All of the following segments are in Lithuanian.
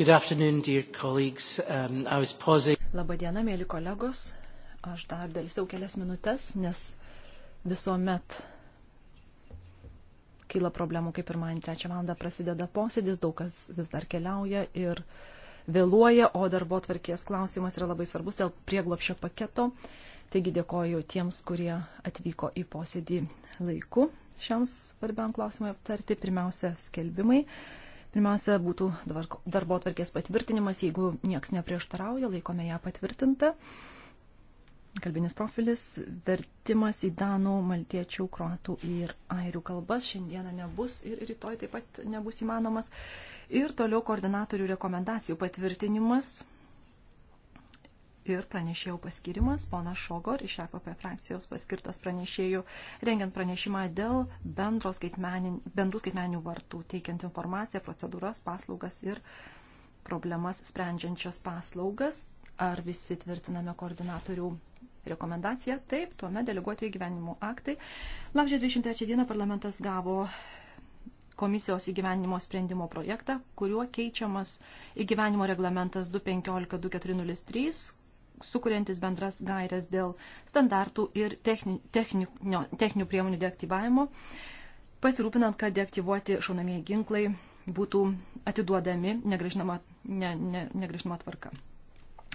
Good afternoon, dear colleagues. Um, I was pausing. Labadiena, mėly kolegos. Aš dar dalysiau kelias minutės, nes visuomet kyla problemų, kaip ir man trečią valandą prasideda posėdis, daug kas vis dar keliauja ir vėluoja, o darbo tvarkės klausimas yra labai svarbus dėl prieglopšio paketo. Taigi dėkoju tiems, kurie atvyko į posėdį laiku šiam svarbiam klausimui aptarti. Pirmiausia, skelbimai. Pirmiausia, būtų darbo atvarkės patvirtinimas, jeigu nieks neprieštarauja, laikome ją patvirtintą. Kalbinis profilis, vertimas į danų, maltiečių, kruatų ir airių kalbas šiandieną nebus ir rytoj taip pat nebus įmanomas. Ir toliau koordinatorių rekomendacijų patvirtinimas ir pranešėjų paskirimas, ponas Šogor iš EPP frakcijos paskirtas pranešėjų, rengiant pranešimą dėl bendrų skaitmeninių vartų, teikiant informaciją, procedūras, paslaugas ir problemas sprendžiančias paslaugas. Ar visi tvirtiname koordinatorių rekomendaciją? Taip, tuomet deleguoti įgyvenimo aktai. Lapžė 23 dieną parlamentas gavo komisijos įgyvenimo sprendimo projektą, kuriuo keičiamas įgyvenimo reglamentas 215-2403, sukuriantis bendras gairias dėl standartų ir techni, techninio, techninių priemonių deaktyvavimo, pasirūpinant, kad deaktyvuoti šaunamieji ginklai būtų atiduodami negražinama, ne, ne, negražinama tvarka.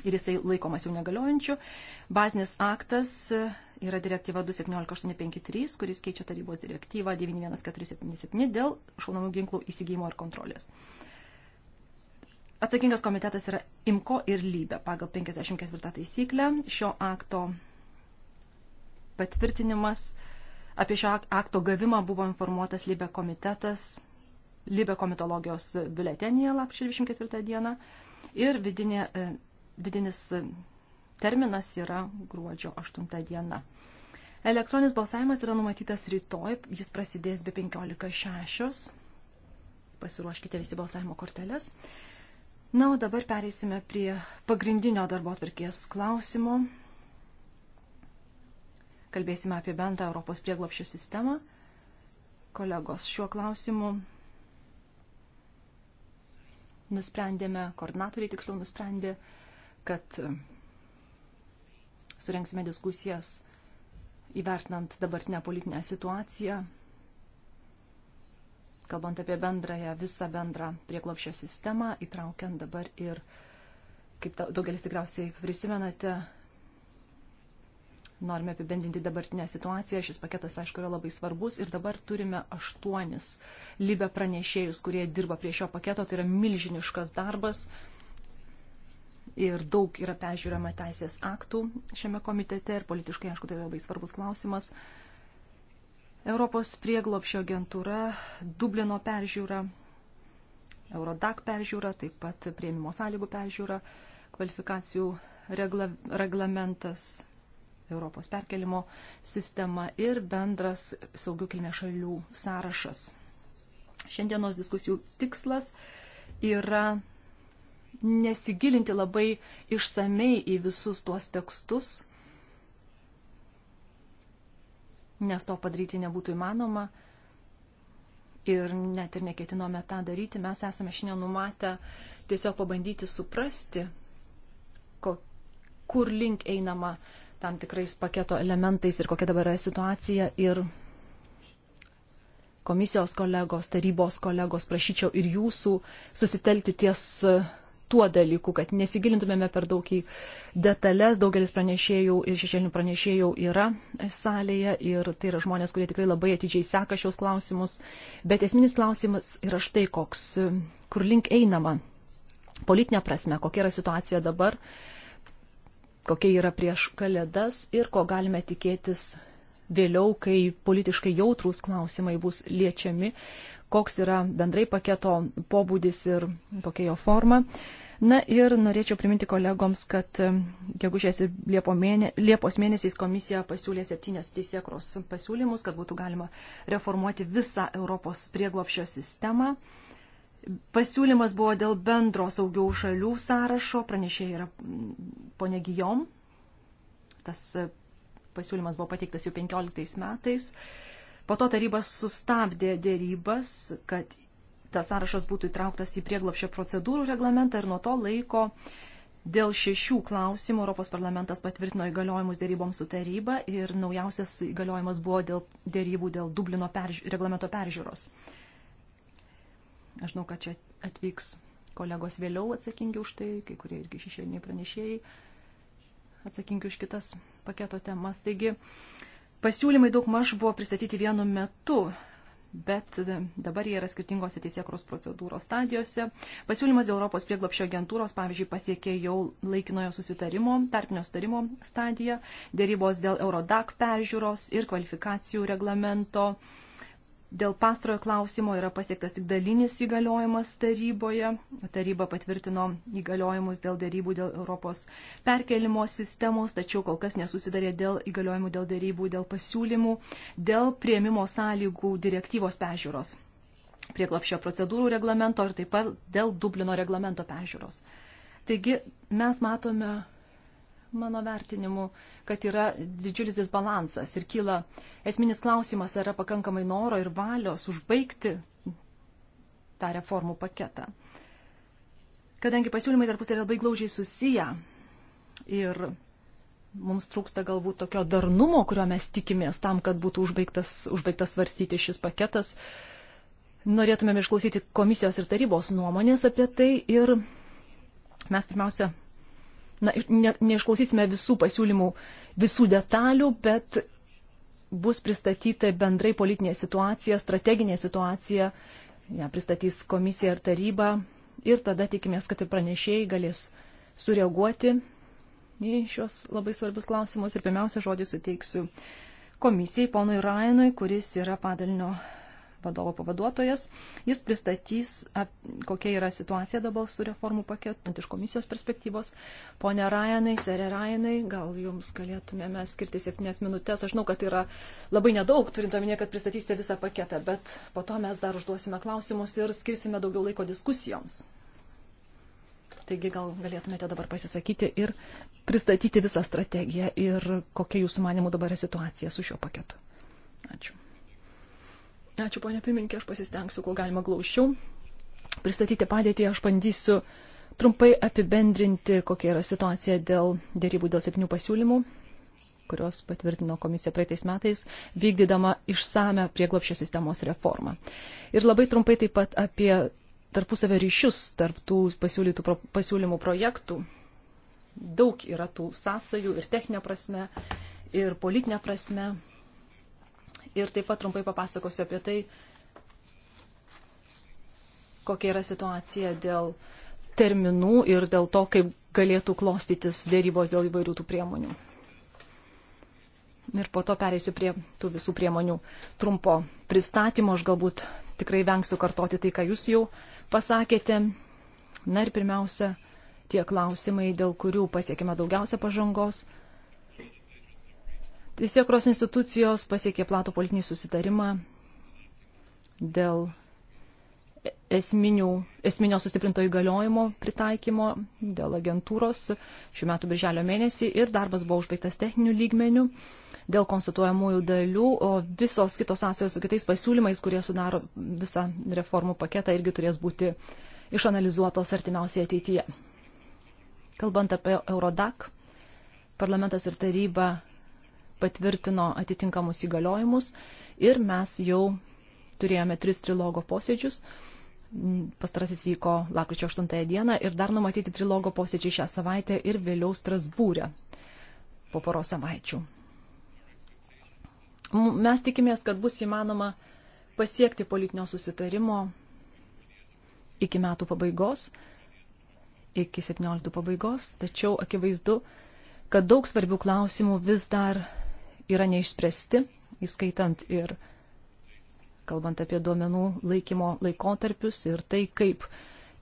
Ir jisai laikomas jau negaliojančiu. Bazinis aktas yra direktyva 217853, kuris keičia tarybos direktyvą 91477 dėl šaunamų ginklų įsigijimo ir kontrolės. Atsakingas komitetas yra IMKO ir LYBE pagal 54 taisyklę. Šio akto patvirtinimas apie šio akto gavimą buvo informuotas LYBE komitetas LYBE komitologijos biuletenyje lapkričio 24 dieną ir vidinė, e, vidinis terminas yra gruodžio 8 diena. Elektroninis balsavimas yra numatytas rytoj, jis prasidės be 15.6. Pasiruoškite visi balsavimo korteles. Na, o dabar pereisime prie pagrindinio darbo atvarkės klausimo. Kalbėsime apie bendrą Europos prieglopščių sistemą. Kolegos, šiuo klausimu nusprendėme, koordinatoriai tiksliau nusprendė, kad surenksime diskusijas įvertinant dabartinę politinę situaciją kalbant apie bendrąją, visą bendrą prieglopščio sistemą, įtraukiant dabar ir, kaip daugelis tikriausiai prisimenate, norime apibendrinti dabartinę situaciją. Šis paketas, aišku, yra labai svarbus ir dabar turime aštuonis libe pranešėjus, kurie dirba prie šio paketo. Tai yra milžiniškas darbas ir daug yra peržiūrama teisės aktų šiame komitete ir politiškai, aišku, tai yra labai svarbus klausimas. Uh, Europos prieglopšio agentūra, Dublino peržiūra, Eurodac peržiūra, taip pat prieimimo sąlygų peržiūra, kvalifikacijų regla, reglamentas, Europos perkelimo sistema ir bendras saugių kilmės šalių sąrašas. Šiandienos diskusijų tikslas yra nesigilinti labai išsamei į visus tuos tekstus, nes to padaryti nebūtų įmanoma. Ir net ir neketinome tą daryti, mes esame šiandien numatę tiesiog pabandyti suprasti, ko, kur link einama tam tikrais paketo elementais ir kokia dabar yra situacija. Ir komisijos kolegos, tarybos kolegos, prašyčiau ir jūsų susitelkti ties tuo dalyku, kad nesigilintumėme per daug į detalės. Daugelis pranešėjų ir šešėlinių pranešėjų yra salėje ir tai yra žmonės, kurie tikrai labai atidžiai seka šios klausimus. Bet esminis klausimas yra štai koks, kur link einama. Politinė prasme, kokia yra situacija dabar, kokia yra prieš kalėdas ir ko galime tikėtis vėliau, kai politiškai jautrūs klausimai bus liečiami koks yra bendrai paketo pobūdis ir kokia jo forma. Na ir norėčiau priminti kolegoms, kad e, gegužės ir Liepo mėne, Liepos mėnesiais komisija pasiūlė septynės teisėkros pasiūlymus, kad būtų galima reformuoti visą Europos prieglopšio sistemą. Pasiūlymas buvo dėl bendro saugių šalių sąrašo, pranešė yra ponė Gijom. Tas e, pasiūlymas buvo pateiktas jau 15 metais. Po to tarybas sustabdė dėrybas, kad tas sąrašas būtų įtrauktas į prieglapšio procedūrų reglamentą ir nuo to laiko dėl šešių klausimų Europos parlamentas patvirtino įgaliojimus dėryboms su taryba ir naujausias įgaliojimas buvo dėl dėrybų dėl Dublino perž... reglamento peržiūros. Aš žinau, kad čia atvyks kolegos vėliau atsakingi už tai, kai kurie irgi šešėliniai pranešėjai atsakingi už kitas paketo temas. Taigi, uh, Pasiūlymai daug maž buvo pristatyti vienu metu, bet dabar jie yra skirtingose teisėkros procedūros stadijose. Pasiūlymas dėl Europos prieglapšio agentūros, pavyzdžiui, pasiekė jau laikinojo susitarimo, tarpinio sutarimo stadiją, dėrybos dėl Eurodac peržiūros ir kvalifikacijų reglamento. Uh, Dėl pastrojo klausimo yra pasiektas tik dalinis įgaliojimas taryboje. Taryba patvirtino įgaliojimus dėl dėrybų dėl Europos perkelimo sistemos, tačiau kol kas nesusidarė dėl įgaliojimų dėl dėrybų, dėl pasiūlymų, dėl prieimimo sąlygų direktyvos pežiūros, prieklapšio procedūrų reglamento ir taip pat dėl Dublino reglamento pežiūros. Taigi mes matome mano vertinimu, kad yra didžiulis disbalansas ir kyla esminis klausimas, ar yra pakankamai noro ir valios užbaigti tą reformų paketą. Kadangi pasiūlymai tarpusavį labai glaužiai susiję ir mums trūksta galbūt tokio darnumo, kurio mes tikimės tam, kad būtų užbaigtas, užbaigtas svarstyti šis paketas, norėtumėm išklausyti komisijos ir tarybos nuomonės apie tai ir mes pirmiausia na, ne, neišklausysime visų pasiūlymų, visų detalių, bet bus pristatyta bendrai politinė situacija, strateginė situacija, ją pristatys komisija ir taryba ir tada tikimės, kad ir pranešėjai galės sureaguoti į šios labai svarbus klausimus ir pirmiausia žodį suteiksiu komisijai, ponui Rainui, kuris yra padalinio vadovo pavaduotojas. Jis pristatys, ap, kokia yra situacija dabar su reformų paketu iš komisijos perspektyvos. Pone Ryanai, serė Ryanai, gal jums galėtumėme skirti septynes minutės. Aš žinau, kad yra labai nedaug, turint omenyje, kad pristatysite visą paketą, bet po to mes dar užduosime klausimus ir skirsime daugiau laiko diskusijoms. Taigi gal galėtumėte dabar pasisakyti ir pristatyti visą strategiją ir kokia jūsų manimų dabar yra situacija su šiuo paketu. Ačiū. Ačiū, ponia pirmininkė, aš pasistengsiu, kuo galima glaušiau. Pristatyti padėtį aš bandysiu trumpai apibendrinti, kokia yra situacija dėl dėrybų dėl septynių pasiūlymų, kurios patvirtino komisija praeitais metais, vykdydama išsame prieglopščio sistemos reformą. Ir labai trumpai taip pat apie tarpusavio ryšius tarp tų pasiūlytų pro, pasiūlymų projektų. Daug yra tų sąsajų ir techninė prasme, ir politinė prasme ir taip pat trumpai papasakosiu apie tai, kokia yra situacija dėl terminų ir dėl to, kaip galėtų klostytis dėrybos dėl įvairių tų priemonių. Ir po to pereisiu prie tų visų priemonių trumpo pristatymo. Aš galbūt tikrai vengsiu kartoti tai, ką jūs jau pasakėte. Na ir pirmiausia, tie klausimai, dėl kurių pasiekime daugiausia pažangos Teisėkros institucijos pasiekė platų politinį susitarimą dėl esminių, esminio sustiprinto įgaliojimo pritaikymo, dėl agentūros šių metų birželio mėnesį ir darbas buvo užbaigtas techninių lygmenių dėl konstatuojamųjų dalių, o visos kitos sąsajos su kitais pasiūlymais, kurie sudaro visą reformų paketą, irgi turės būti išanalizuotos artimiausiai ateityje. Kalbant apie Eurodac, parlamentas ir taryba patvirtino atitinkamus įgaliojimus ir mes jau turėjome tris trilogo posėdžius. Mm, pastarasis vyko lakryčio 8 dieną ir dar numatyti trilogo posėdžiai šią savaitę ir vėliau Strasbūrę po poros savaičių. Mes tikimės, kad bus įmanoma pasiekti politinio susitarimo iki metų pabaigos, iki 17 pabaigos, tačiau akivaizdu, kad daug svarbių klausimų vis dar yra neišspręsti, įskaitant ir kalbant apie duomenų laikymo laikotarpius ir tai, kaip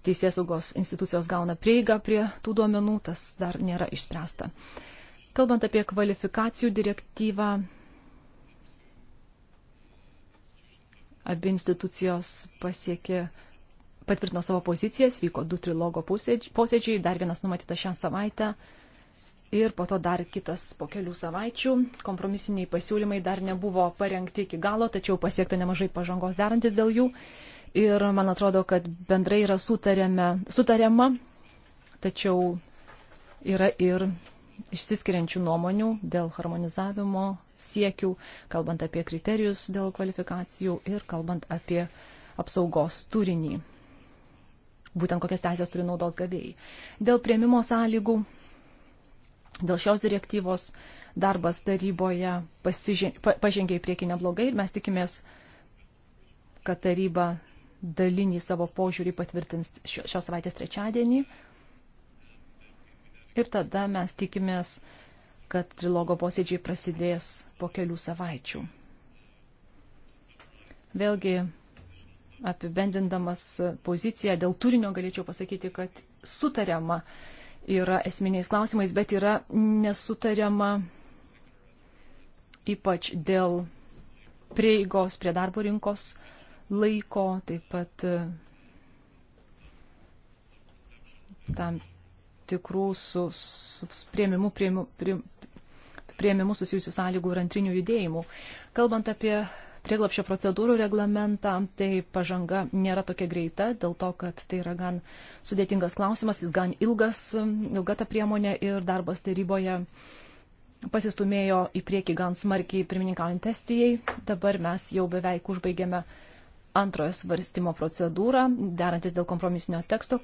teisėsaugos institucijos gauna prieigą prie tų duomenų, tas dar nėra išspręsta. Kalbant apie kvalifikacijų direktyvą, abi institucijos pasiekė, patvirtino savo pozicijas, vyko du trilogo posėdžiai, dar vienas numatytas šią savaitę ir po to dar kitas po kelių savaičių. Kompromisiniai pasiūlymai dar nebuvo parengti iki galo, tačiau pasiekta nemažai pažangos derantis dėl jų. Ir man atrodo, kad bendrai yra sutariama, tačiau yra ir išsiskiriančių nuomonių dėl harmonizavimo siekių, kalbant apie kriterijus dėl kvalifikacijų ir kalbant apie apsaugos turinį. Būtent kokias teisės turi naudos gavėjai. Dėl prieimimo sąlygų Dėl šios direktyvos darbas taryboje pasižen... pažengė į priekį neblogai ir mes tikimės, kad taryba dalinį savo požiūrį patvirtins šios savaitės trečiadienį. Ir tada mes tikimės, kad trilogo posėdžiai prasidės po kelių savaičių. Vėlgi, apibendindamas poziciją dėl turinio galėčiau pasakyti, kad sutariama yra esminiais klausimais, bet yra nesutariama ypač dėl prieigos prie darbo rinkos laiko, taip pat e, tam tikrų su, su prieimimu, prieimimu, prieimimu susijusių sąlygų ir antrinių judėjimų. Kalbant apie prieglapšio procedūrų reglamentą, tai pažanga nėra tokia greita, dėl to, kad tai yra gan sudėtingas klausimas, jis gan ilgas, ilga ta priemonė ir darbas taryboje pasistumėjo į priekį gan smarkiai pirmininkaujant estijai. Dabar mes jau beveik užbaigėme antrojo svarstymo procedūrą, derantis dėl kompromisinio teksto,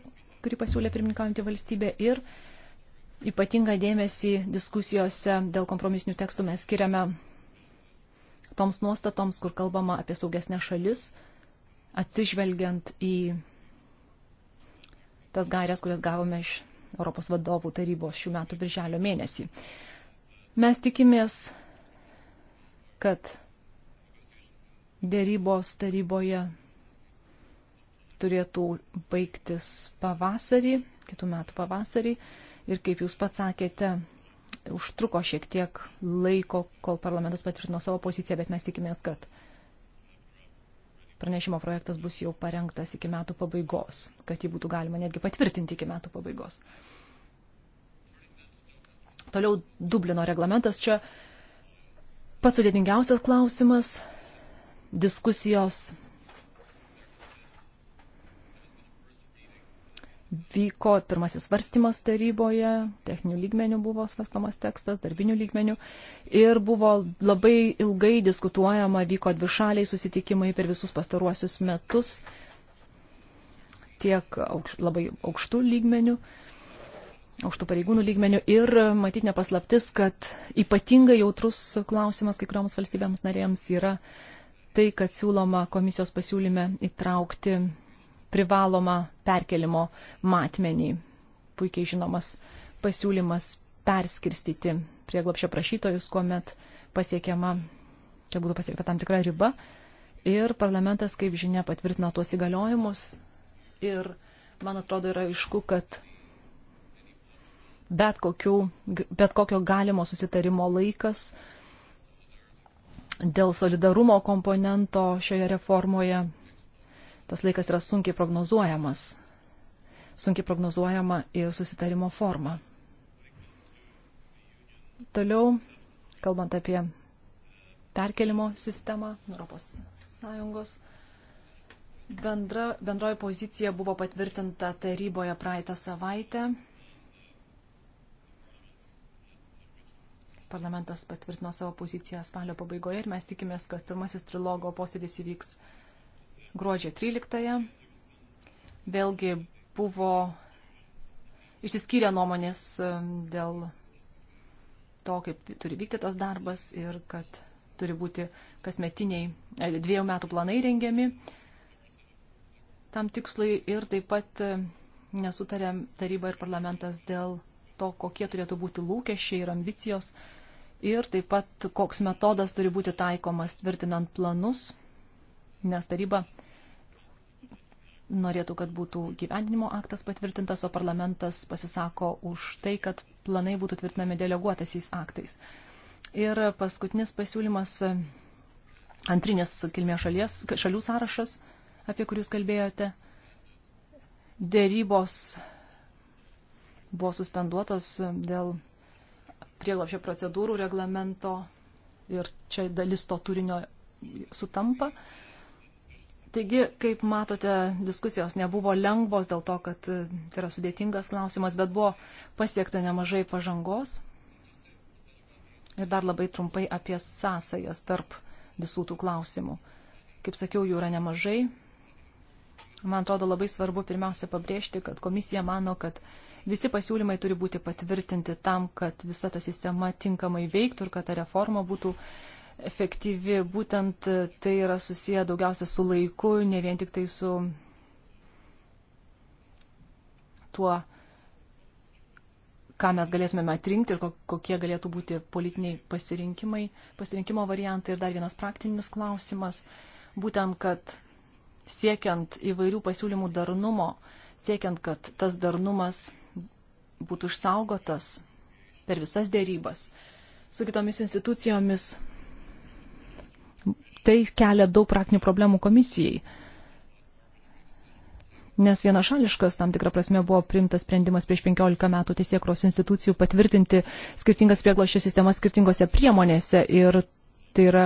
kurį pasiūlė pirmininkaujantį valstybę ir ypatingą dėmesį diskusijose dėl kompromisinių tekstų mes skiriame toms nuostatoms, kur kalbama apie saugesnę šalis, atsižvelgiant į tas gairias, kurias gavome iš Europos vadovų tarybos šių metų birželio mėnesį. Mes tikimės, kad dėrybos taryboje turėtų baigtis pavasarį, kitų metų pavasarį. Ir kaip jūs pats sakėte, užtruko šiek tiek laiko, kol parlamentas patvirtino savo poziciją, bet mes tikimės, kad pranešimo projektas bus jau parengtas iki metų pabaigos, kad jį būtų galima netgi patvirtinti iki metų pabaigos. Toliau Dublino reglamentas čia pats sudėtingiausias klausimas. Diskusijos vyko pirmasis svarstymas taryboje, techninių lygmenių buvo svarstamas tekstas, darbinių lygmenių ir buvo labai ilgai diskutuojama, vyko dvišaliai susitikimai per visus pastaruosius metus tiek aukš, labai aukštų lygmenių, aukštų pareigūnų lygmenių ir matyt nepaslaptis, kad ypatingai jautrus klausimas kai kurioms valstybėms narėms yra tai, kad siūloma komisijos pasiūlyme įtraukti privalomą perkelimo matmenį. Puikiai žinomas pasiūlymas perskirstyti prieglopšio prašytojus, kuomet pasiekiama, čia būtų pasiekta tam tikra riba. Ir parlamentas, kaip žinia, patvirtino tuos įgaliojimus. Ir man atrodo yra aišku, kad bet, kokių, bet kokio galimo susitarimo laikas dėl solidarumo komponento šioje reformoje tas laikas yra sunkiai prognozuojamas, sunkiai prognozuojama ir susitarimo forma. Toliau, kalbant apie perkelimo sistemą Europos Sąjungos, bendra, bendroji pozicija buvo patvirtinta taryboje praeitą savaitę. parlamentas patvirtino savo poziciją spalio pabaigoje ir mes tikimės, kad pirmasis trilogo posėdis įvyks gruodžio 13-ąją. Vėlgi buvo išsiskyrę nuomonės um, dėl to, kaip turi vykti tas darbas ir kad turi būti kasmetiniai e, dviejų metų planai rengiami tam tikslui ir taip pat e, nesutarė taryba ir parlamentas dėl to, kokie turėtų būti lūkesčiai ir ambicijos ir taip pat koks metodas turi būti taikomas tvirtinant planus, nes taryba norėtų, kad būtų gyvendinimo aktas patvirtintas, o parlamentas pasisako už tai, kad planai būtų tvirtinami deleguotasiais aktais. Ir paskutinis pasiūlymas antrinės kilmės šalies, šalių sąrašas, apie kurius kalbėjote. Dėrybos buvo suspenduotos dėl prieglapšio procedūrų reglamento ir čia dalis to turinio sutampa. Uh, Taigi, kaip matote, diskusijos nebuvo lengvos dėl to, kad e, tai yra sudėtingas klausimas, bet buvo pasiekta nemažai pažangos. Ir dar labai trumpai apie sąsajas tarp visų tų klausimų. Kaip sakiau, jų yra nemažai. Man atrodo labai svarbu pirmiausia pabrėžti, kad komisija mano, kad visi pasiūlymai turi būti patvirtinti tam, kad visa ta sistema tinkamai veiktų ir kad ta reforma būtų uh, efektyvi. Būtent tai yra susiję daugiausia su laiku, ne vien tik tai su tuo, ką mes galėsime atrinkti ir kokie galėtų būti politiniai pasirinkimai, pasirinkimo variantai. Ir dar vienas praktinis klausimas. Būtent, kad siekiant įvairių pasiūlymų darnumo, siekiant, kad tas darnumas būtų išsaugotas per visas dėrybas su kitomis institucijomis, tai kelia daug praktinių problemų komisijai. Nes vienašališkas tam tikrą prasme buvo primtas sprendimas prieš 15 metų teisėkros institucijų patvirtinti skirtingas prieglošio sistemas skirtingose priemonėse. Ir tai yra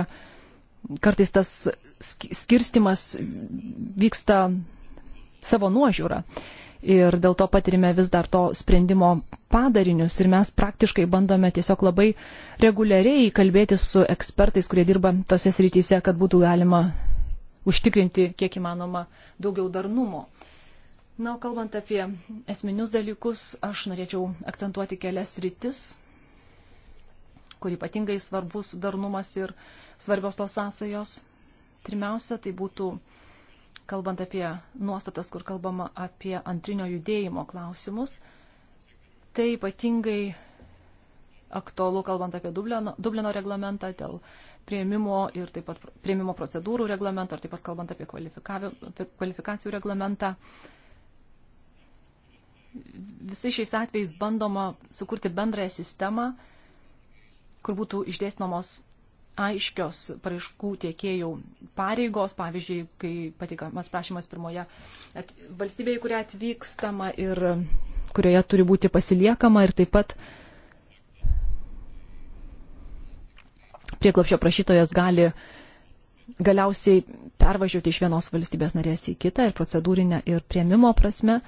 kartais tas skirstimas vyksta savo nuožiūrą. Uh, ir dėl to patirime vis dar to sprendimo padarinius ir mes praktiškai bandome tiesiog labai reguliariai kalbėti su ekspertais, kurie dirba tose srityse, kad būtų galima užtikrinti kiek įmanoma daugiau darnumo. Na, o kalbant apie esminius dalykus, aš norėčiau akcentuoti kelias rytis, kur ypatingai svarbus darnumas ir svarbios tos sąsajos. Pirmiausia, tai būtų uh, kalbant apie nuostatas, kur kalbama apie antrinio judėjimo klausimus. Tai ypatingai aktualu, kalbant apie Dublino, Dublino reglamentą dėl prieimimo ir taip pat prieimimo procedūrų reglamentą, ar taip pat kalbant apie kvalifikacijų reglamentą. Visais šiais atvejais bandoma sukurti bendrąją sistemą, kur būtų išdėstinamos aiškios paraiškų tiekėjų pareigos, pavyzdžiui, kai patikamas prašymas pirmoje valstybėje, kurią atvykstama ir kurioje turi būti pasiliekama ir taip pat prieklapšio prašytojas gali galiausiai pervažiuoti iš vienos valstybės narės į kitą ir procedūrinę ir prieimimo prasme.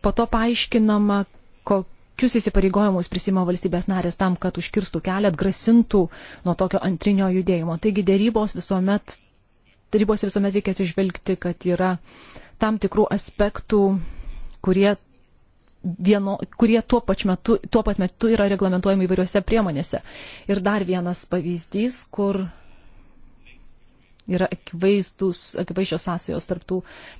Po to paaiškinama, kokia kokius įsipareigojimus prisima valstybės narės tam, kad užkirstų kelią, atgrasintų nuo tokio antrinio judėjimo. Taigi dėrybos visuomet, dėrybos visuomet reikia atsižvelgti, kad yra tam tikrų aspektų, kurie, vieno, kurie tuo, pač metu, tuo pat metu yra reglamentuojami įvairiuose priemonėse. Ir dar vienas pavyzdys, kur yra akivaizdžios sąsajos tarptų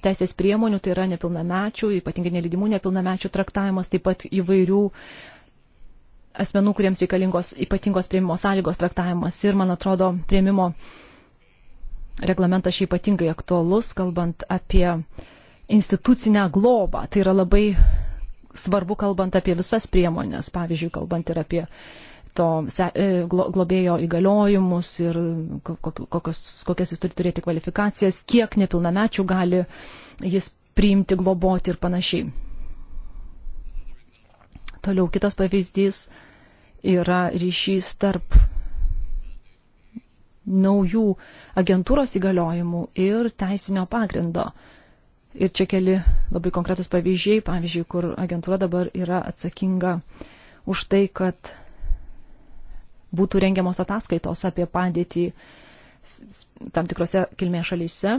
teisės priemonių, tai yra nepilnamečių, ypatingai nelydimų nepilnamečių traktavimas, taip pat įvairių asmenų, kuriems reikalingos ypatingos prieimimo sąlygos traktavimas. Ir, man atrodo, prieimimo reglamentas šiaip ypatingai aktualus, kalbant apie institucinę globą. Tai yra labai svarbu, kalbant apie visas priemonės, pavyzdžiui, kalbant ir apie to e, globėjo įgaliojimus ir kokios, kokias jis turi turėti kvalifikacijas, kiek nepilnamečių gali jis priimti, globoti ir panašiai. Toliau kitas pavyzdys yra ryšys tarp naujų agentūros įgaliojimų ir teisinio pagrindo. Ir čia keli labai konkretus pavyzdžiai, pavyzdžiui, kur agentūra dabar yra atsakinga už tai, kad būtų rengiamos ataskaitos apie padėtį tam tikrose kilmės šalyse.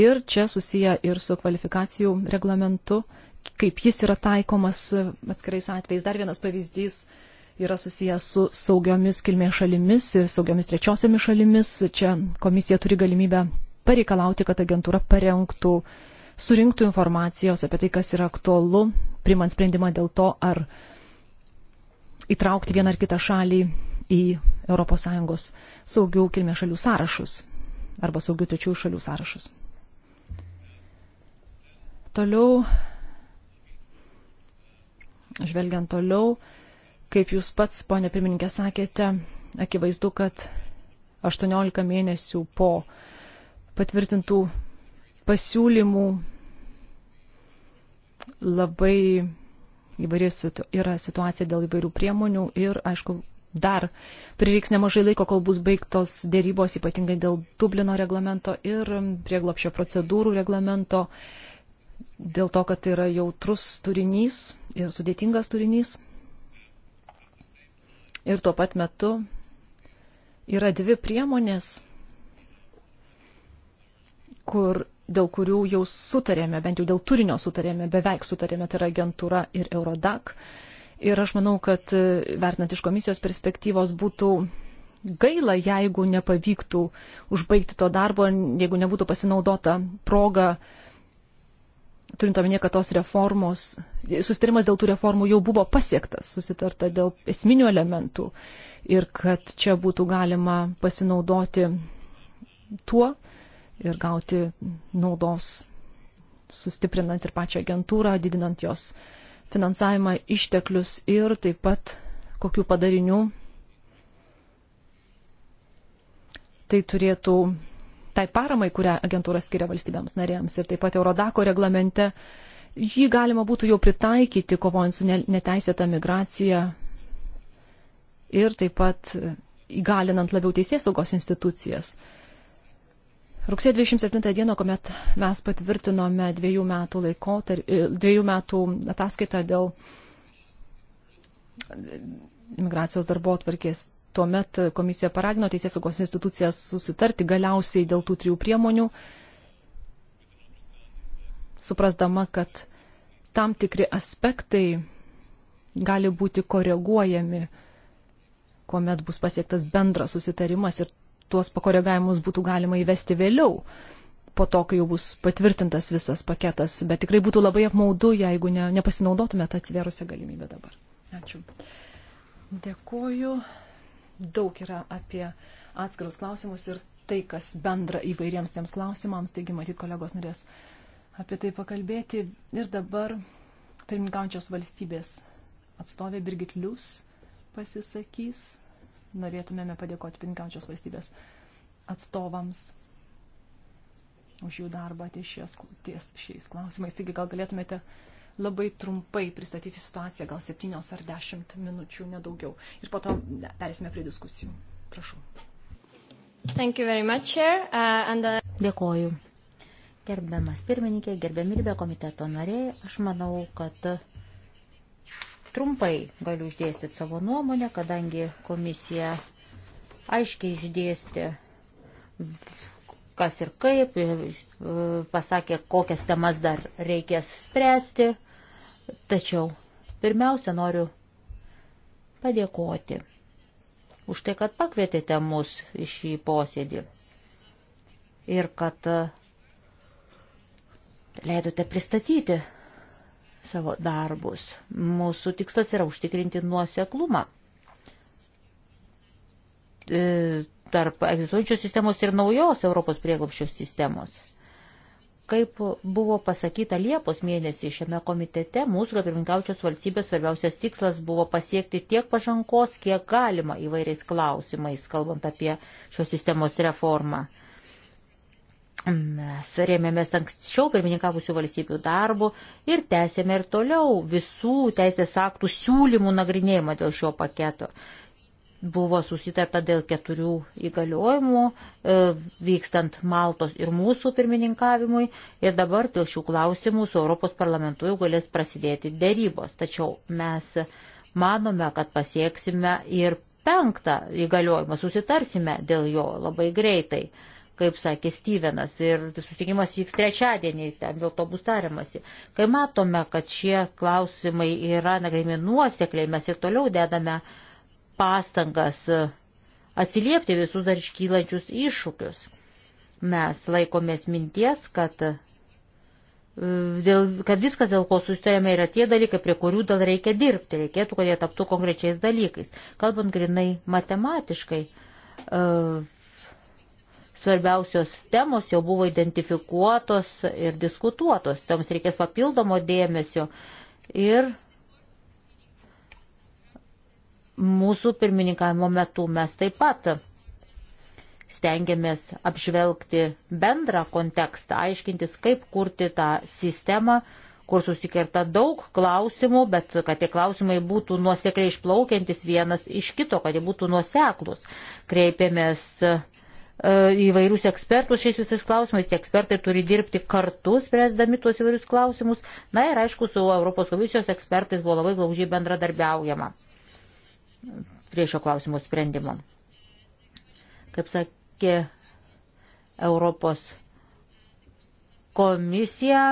Ir čia susiję ir su kvalifikacijų reglamentu, kaip jis yra taikomas atskirais atvejais. Dar vienas pavyzdys yra susijęs su saugiomis kilmės šalimis ir saugiomis trečiosiomis šalimis. Čia komisija turi galimybę pareikalauti, kad agentūra parengtų, surinktų informacijos apie tai, kas yra aktualu, primant sprendimą dėl to, ar įtraukti vieną ar kitą šalį į ES saugių kilmės šalių sąrašus arba saugių trečių šalių sąrašus. Toliau, žvelgiant toliau, kaip jūs pats, ponė pirmininkė, sakėte, akivaizdu, kad 18 mėnesių po patvirtintų pasiūlymų labai įvairi yra situacija dėl įvairių priemonių ir, aišku, dar prireiks nemažai laiko, kol bus baigtos dėrybos, ypatingai dėl Dublino reglamento ir prieglopšio procedūrų reglamento, dėl to, kad tai yra jautrus turinys ir sudėtingas turinys. Ir tuo pat metu yra dvi priemonės, kur dėl kurių jau sutarėme, bent jau dėl turinio sutarėme, beveik sutarėme, tai yra agentūra ir Eurodac. Ir aš manau, kad e, vertinant iš komisijos perspektyvos būtų gaila, jeigu nepavyktų užbaigti to darbo, jeigu nebūtų pasinaudota proga, turint omenyje, kad tos reformos, sustarimas dėl tų reformų jau buvo pasiektas, susitarta dėl esminių elementų ir kad čia būtų galima pasinaudoti tuo, ir gauti naudos, sustiprinant ir pačią agentūrą, didinant jos finansavimą, išteklius ir taip pat kokių padarinių tai turėtų tai paramai, kurią agentūra skiria valstybėms narėms ir taip pat Eurodako reglamente. Jį galima būtų jau pritaikyti, kovojant su neteisėta migracija ir taip pat įgalinant labiau teisės saugos institucijas. Rugsėjo 27 dieną, kuomet mes patvirtinome dviejų metų, laikotar, e, dviejų metų ataskaitą dėl imigracijos darbo atvarkės, tuomet komisija paragino Teisės saugos institucijas susitarti galiausiai dėl tų trijų priemonių, suprasdama, kad tam tikri aspektai gali būti koreguojami kuomet bus pasiektas bendras susitarimas ir tuos pakoregavimus būtų galima įvesti vėliau, po to, kai jau bus patvirtintas visas paketas, bet tikrai būtų labai apmaudu, jeigu ne, nepasinaudotumėte atsiverusią galimybę dabar. Ačiū. Dėkuoju. Daug yra apie atskirus klausimus ir tai, kas bendra įvairiems tiems klausimams, taigi matyt, kolegos norės apie tai pakalbėti. Ir dabar pirmininkaujančios valstybės atstovė Birgit Lius pasisakys norėtumėme padėkoti pininkaujančios valstybės atstovams už jų darbą ties, šies, ties šiais klausimais. Taigi gal galėtumėte labai trumpai pristatyti situaciją, gal septynios ar dešimt minučių, nedaugiau. Ir po to ne, perėsime prie diskusijų. Prašau. Much, Chair, uh, and, uh... Dėkoju. Gerbiamas pirmininkė, gerbiami ribė komiteto nariai, aš manau, kad uh, trumpai galiu išdėstyti savo nuomonę, kadangi komisija aiškiai išdėstė, kas ir kaip, pasakė, kokias temas dar reikės spręsti. Tačiau pirmiausia noriu padėkoti už tai, kad pakvietėte mus į šį posėdį ir kad leidote pristatyti savo darbus. Mūsų tikslas yra užtikrinti nuoseklumą e, tarp egzistuojančios sistemos ir naujos Europos prieglopščio sistemos. Kaip buvo pasakyta Liepos mėnesį šiame komitete, mūsų gabirinkaučios valstybės svarbiausias tikslas buvo pasiekti tiek pažangos, kiek galima įvairiais klausimais, kalbant apie šios sistemos reformą. Mes rėmėmės anksčiau pirmininkavusių valstybių darbų ir tęsėme ir toliau visų teisės aktų siūlymų nagrinėjimą dėl šio paketo. Buvo susitarta dėl keturių įgaliojimų, e, vykstant Maltos ir mūsų pirmininkavimui, ir dabar dėl šių klausimų su Europos parlamentu jau galės prasidėti dėrybos. Tačiau mes manome, kad pasieksime ir penktą įgaliojimą, susitarsime dėl jo labai greitai kaip sakė Stevenas, ir susitikimas vyks trečiadienį, ten dėl to bus tariamasi. Kai matome, kad šie klausimai yra nagrimi nuosekliai, mes ir toliau dedame pastangas atsiliepti visus dar iškylančius iššūkius. Mes laikomės minties, kad, e, dėl, kad viskas, dėl ko susitarėme, yra tie dalykai, prie kurių dar reikia dirbti. Reikėtų, kad jie taptų konkrečiais dalykais. Kalbant grinai matematiškai, uh, svarbiausios temos jau buvo identifikuotos ir diskutuotos. Toms reikės papildomo dėmesio ir mūsų pirmininkavimo metu mes taip pat stengiamės apžvelgti bendrą kontekstą, aiškintis, kaip kurti tą sistemą, kur susikerta daug klausimų, bet kad tie klausimai būtų nuosekliai išplaukiantis vienas iš kito, kad jie būtų nuoseklus. Kreipėmės E, įvairius ekspertus šiais visais klausimais, tie ekspertai turi dirbti kartu, spręsdami tuos įvairius klausimus. Na ir aišku, su Europos komisijos ekspertais buvo labai glaužiai bendradarbiaujama prie šio klausimo sprendimo. Kaip sakė Europos komisija,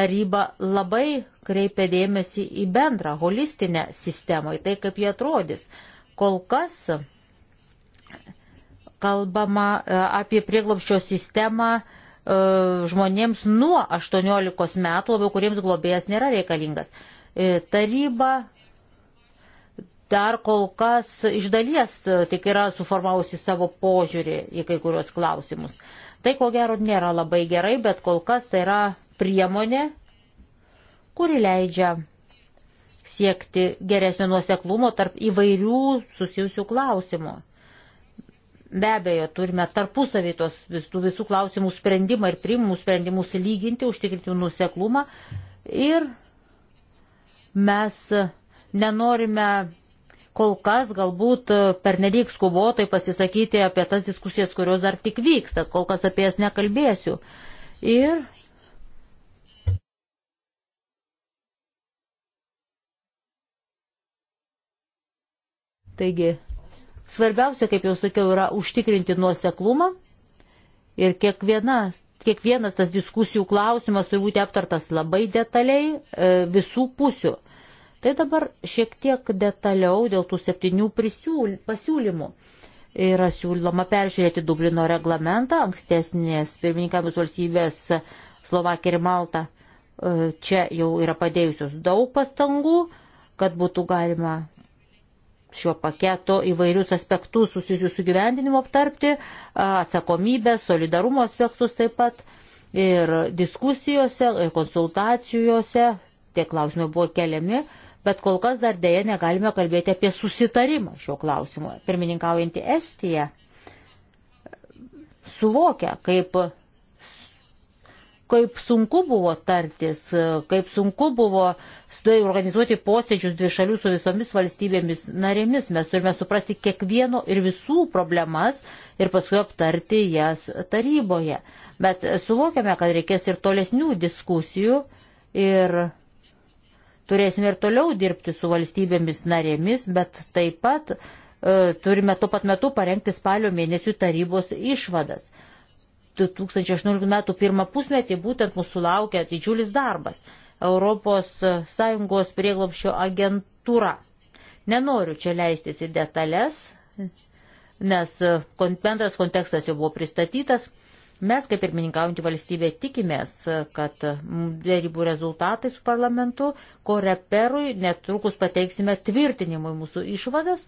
taryba labai kreipia dėmesį į bendrą holistinę sistemą, į tai, kaip jie atrodys. Kol kas kalbama e, apie prieglopščio sistemą e, žmonėms nuo 18 metų, labiau kuriems globėjas nėra reikalingas. E, taryba dar kol kas iš dalies tik yra suformavusi savo požiūrį į kai kurios klausimus. Tai ko gero nėra labai gerai, bet kol kas tai yra priemonė, kuri leidžia siekti geresnio nuoseklumo tarp įvairių susijusių klausimų. Be abejo, turime tarpusavį tos visų, visų klausimų sprendimą ir priimimų sprendimus lyginti, užtikrinti nuseklumą. Ir mes nenorime kol kas galbūt pernelyg skubotai pasisakyti apie tas diskusijas, kurios dar tik vyksta, kol kas apie jas nekalbėsiu. Ir taigi Svarbiausia, kaip jau sakiau, yra užtikrinti nuoseklumą ir kiekviena, kiekvienas tas diskusijų klausimas turi būti aptartas labai detaliai e, visų pusių. Tai dabar šiek tiek detaliau dėl tų septynių pasiūlymų. Yra siūloma peržiūrėti Dublino reglamentą, ankstesnės pirmininkavimus valstybės Slovakija ir Malta e, čia jau yra padėjusios daug pastangų, kad būtų galima šio paketo įvairius aspektus susijusius su gyvendinimu aptarti, atsakomybę, solidarumo aspektus taip pat. Ir diskusijose, ir konsultacijose tie klausimai buvo keliami, bet kol kas dar dėja negalime kalbėti apie susitarimą šio klausimu. Pirmininkaujantį Estiją suvokia, kaip kaip sunku buvo tartis, kaip sunku buvo tai organizuoti posėdžius dvišalių su visomis valstybėmis narėmis. Mes turime suprasti kiekvieno ir visų problemas ir paskui aptarti jas taryboje. Bet suvokiame, kad reikės ir tolesnių diskusijų ir turėsime ir toliau dirbti su valstybėmis narėmis, bet taip pat e, turime tuo pat metu parengti spalio mėnesių tarybos išvadas 2018 metų pirmą pusmetį būtent mūsų laukia didžiulis darbas - ES prieglopščio agentūra. Nenoriu čia leistis į detalės, nes bendras kontekstas jau buvo pristatytas. Mes, kaip ir mininkaujantį valstybę, tikimės, kad dėrybų rezultatai su parlamentu, ko reperui netrukus pateiksime tvirtinimui mūsų išvadas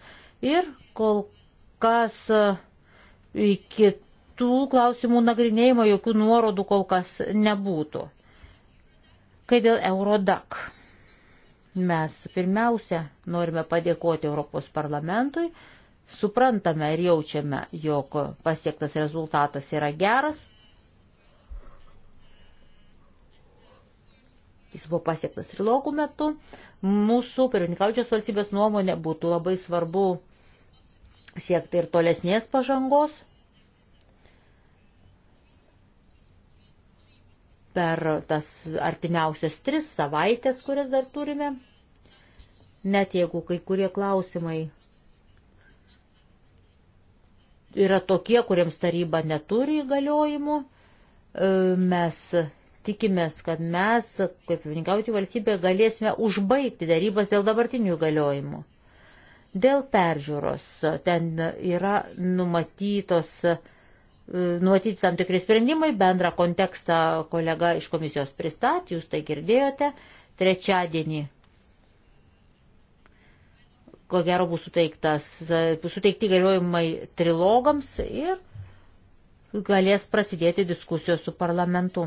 ir kol kas iki tų klausimų nagrinėjimo jokių nuorodų kol kas nebūtų. Kai dėl Eurodak. Mes pirmiausia norime padėkoti Europos parlamentui, suprantame ir jaučiame, jog pasiektas rezultatas yra geras. Jis buvo pasiektas trilogų metu. Mūsų pirmininkaučios valstybės nuomonė būtų labai svarbu siekti ir tolesnės pažangos per tas artimiausias tris savaitės, kurias dar turime, net jeigu kai kurie klausimai yra tokie, kuriems taryba neturi įgaliojimų, e, mes tikimės, kad mes, kaip vininkauti valstybė, galėsime užbaigti darybas dėl dabartinių įgaliojimų. Dėl peržiūros ten yra numatytos uh, nuotyti tam tikri sprendimai, bendrą kontekstą kolega iš komisijos pristatė, jūs tai girdėjote, trečiadienį. Ko gero bus suteiktas, bus suteikti galiojimai trilogams ir galės prasidėti diskusijos su parlamentu.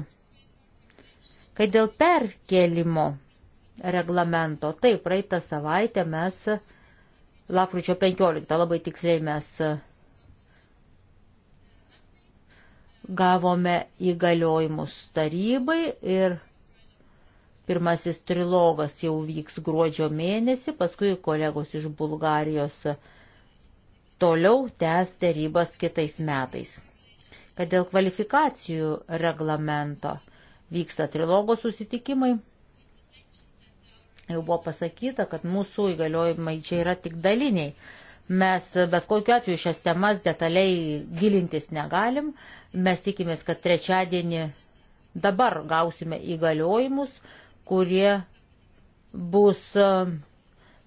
Kai dėl perkelimo reglamento, taip, praeitą savaitę mes, lapkričio 15, labai tiksliai mes gavome įgaliojimus tarybai ir pirmasis trilogas jau vyks gruodžio mėnesį, paskui kolegos iš Bulgarijos toliau tęs tarybas kitais metais. Kad dėl kvalifikacijų reglamento vyksta trilogo susitikimai, jau buvo pasakyta, kad mūsų įgaliojimai čia yra tik daliniai. Mes bet kokiu atveju šias temas detaliai gilintis negalim. Mes tikimės, kad trečiadienį dabar gausime įgaliojimus, kurie bus e,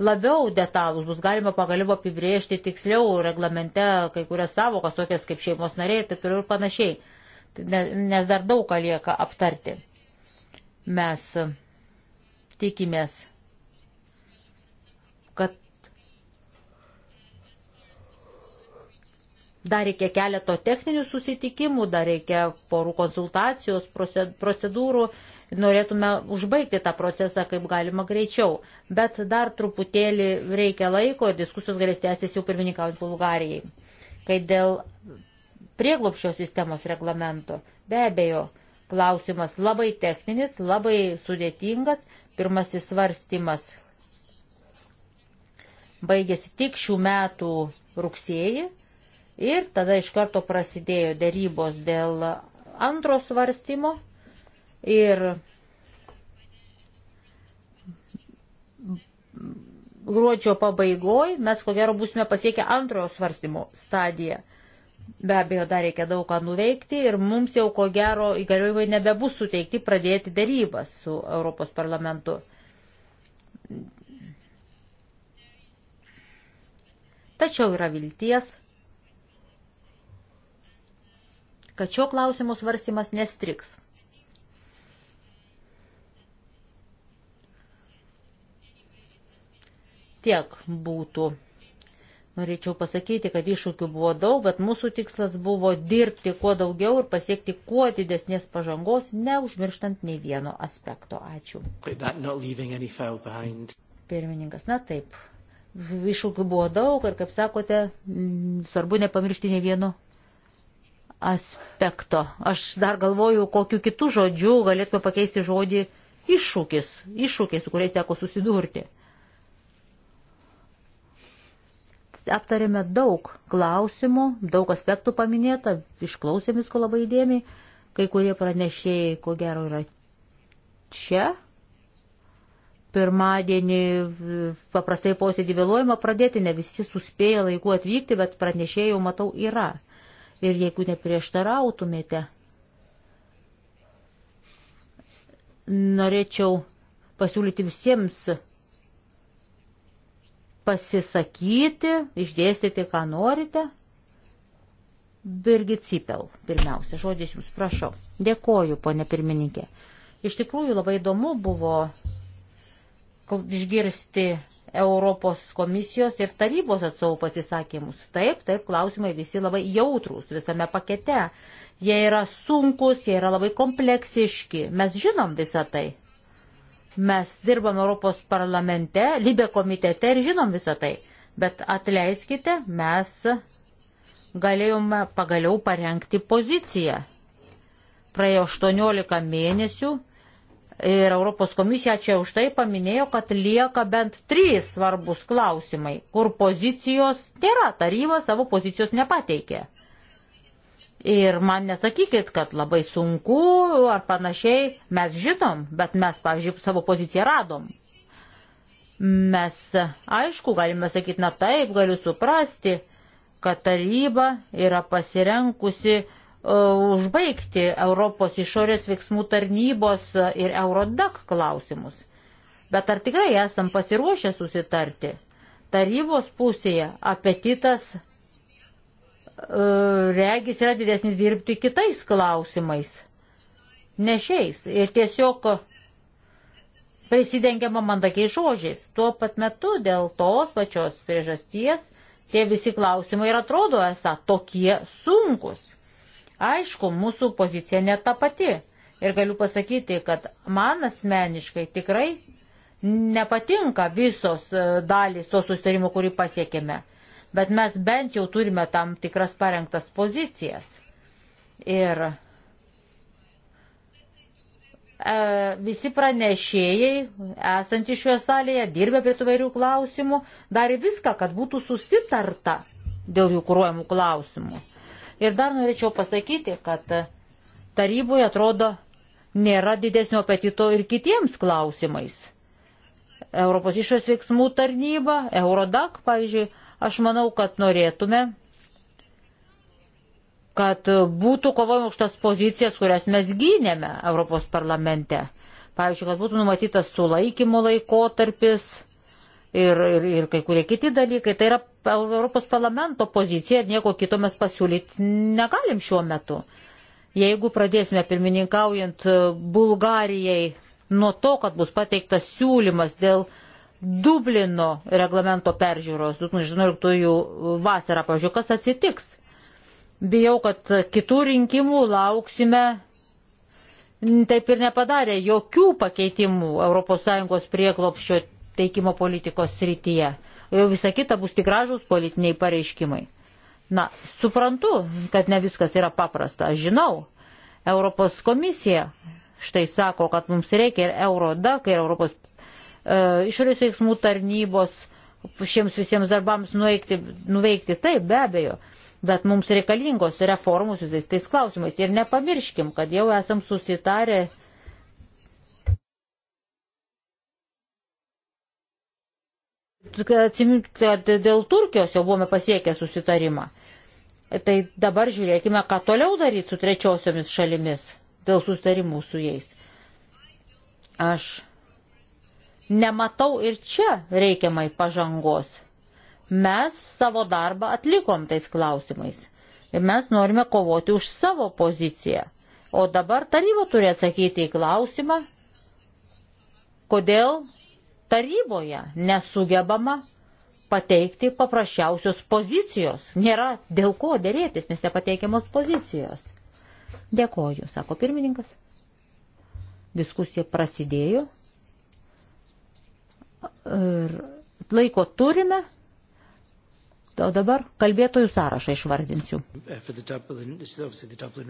labiau detalūs, bus galima pagaliau apibriežti tiksliau reglamente kai kurias savokas, tokias kaip šeimos nariai ir taip toliau ir panašiai, nes dar daug ką lieka aptarti. Mes e, tikimės, kad Dar reikia keleto techninių susitikimų, dar reikia porų konsultacijos, procedūrų. Norėtume užbaigti tą procesą kaip galima greičiau. Bet dar truputėlį reikia laiko, diskusijos galės tęstis jau pirmininkaujant Bulgarijai. Kai dėl prieglopščio sistemos reglamento, be abejo, klausimas labai techninis, labai sudėtingas. Pirmasis svarstymas baigėsi tik šių metų rugsėjį Ir tada iš karto prasidėjo dėrybos dėl antro svarstymo ir gruodžio pabaigoje mes ko gero būsime pasiekę antrojo svarstymo stadiją. Be abejo, dar reikia daug ką nuveikti ir mums jau ko gero įgaliojimai nebebus suteikti pradėti dėrybas su Europos parlamentu. Tačiau yra vilties kad šio klausimo svarstymas nestriks. Tiek būtų. Norėčiau pasakyti, kad iššūkių buvo daug, bet mūsų tikslas buvo dirbti kuo daugiau ir pasiekti kuo didesnės pažangos, neužmirštant nei vieno aspekto. Ačiū. Pirmininkas, na taip, iššūkių buvo daug ir, kaip sakote, svarbu nepamiršti nei vieno aspekto. Aš dar galvoju, kokiu kitų žodžių galėtume pakeisti žodį iššūkis, iššūkiai, su kuriais teko susidurti. Aptarėme daug klausimų, daug aspektų paminėta, išklausėm visko labai įdėmiai, kai kurie pranešėjai, ko gero, yra čia. Pirmadienį paprastai posėdį vėluojama pradėti, ne visi suspėja laiku atvykti, bet pranešėjų, matau, yra. Ir jeigu neprieštarautumėte, norėčiau pasiūlyti visiems pasisakyti, išdėstyti, ką norite. Birgit Cipel, pirmiausia, žodis jums, prašau. Dėkoju, ponė pirmininkė. Iš tikrųjų labai įdomu buvo išgirsti Europos komisijos ir tarybos atstovų pasisakymus. Taip, taip, klausimai visi labai jautrus visame pakete. Jie yra sunkus, jie yra labai kompleksiški. Mes žinom visą tai. Mes dirbam Europos parlamente, Libė komitete ir žinom visą tai. Bet atleiskite, mes galėjome pagaliau parengti poziciją. Praėjo 18 mėnesių Ir Europos komisija čia už tai paminėjo, kad lieka bent trys svarbus klausimai, kur pozicijos nėra, taryba savo pozicijos nepateikė. Ir man nesakykit, kad labai sunku ar panašiai, mes žinom, bet mes, pavyzdžiui, savo poziciją radom. Mes, aišku, galime sakyti, na taip, galiu suprasti, kad taryba yra pasirenkusi uh, E, užbaigti Europos išorės veiksmų tarnybos ir Eurodak klausimus. Bet ar tikrai esam pasiruošę susitarti? Tarybos pusėje apetitas e, regis yra didesnis dirbti kitais klausimais, ne šiais. Ir tiesiog prisidengiama mandagiai žodžiais. Tuo pat metu dėl tos pačios priežasties tie visi klausimai ir atrodo esą tokie sunkus Aišku, mūsų pozicija ne ta pati. Ir galiu pasakyti, kad man asmeniškai tikrai nepatinka visos e, dalys to sustarimo, kurį pasiekėme. Bet mes bent jau turime tam tikras parengtas pozicijas. Ir e, visi pranešėjai, esantys šioje salėje, dirbę prie tų vairių klausimų, darė viską, kad būtų susitarta dėl jų kūruojamų klausimų. Ir dar norėčiau pasakyti, kad taryboje atrodo nėra didesnio apetito ir kitiems klausimais. Europos išorės veiksmų tarnyba, Eurodak, pavyzdžiui, aš manau, kad norėtume, kad būtų kovojama už tas pozicijas, kurias mes gynėme Europos parlamente. Pavyzdžiui, kad būtų numatytas sulaikymo laikotarpis ir, ir, ir kai kurie kiti dalykai. Tai yra Europos parlamento pozicija ir nieko kito mes pasiūlyti negalim šiuo metu. Jeigu pradėsime pirmininkaujant e, Bulgarijai nuo to, kad bus pateiktas siūlymas dėl Dublino reglamento peržiūros 2011 vasarą, pažiūrėjau, kas atsitiks. Bijau, kad kitų rinkimų lauksime taip ir nepadarė jokių pakeitimų ES prieklopščio teikimo politikos srityje. Visa kita bus tik gražus politiniai pareiškimai. Na, suprantu, kad ne viskas yra paprasta. Aš žinau, Europos komisija štai sako, kad mums reikia ir Eurodak, ir Europos e, išorės veiksmų tarnybos šiems visiems darbams nuveikti, nuveikti. Taip, be abejo bet mums reikalingos reformos visais tais klausimais. Ir nepamirškim, kad jau esam susitarę kad dėl Turkijos jau buvome pasiekę susitarimą. Tai dabar žiūrėkime, ką toliau daryti su trečiosiomis šalimis dėl susitarimų su jais. Aš nematau ir čia reikiamai pažangos. Mes savo darbą atlikom tais klausimais. Ir mes norime kovoti už savo poziciją. O dabar taryba turi atsakyti į klausimą, kodėl taryboje nesugebama pateikti paprasčiausios pozicijos. Nėra dėl ko dėrėtis, nes nepateikiamos pozicijos. Dėkoju, sako pirmininkas. Diskusija prasidėjo. Ir laiko turime. O dabar kalbėtojų sąrašą išvardinsiu. Uh, um,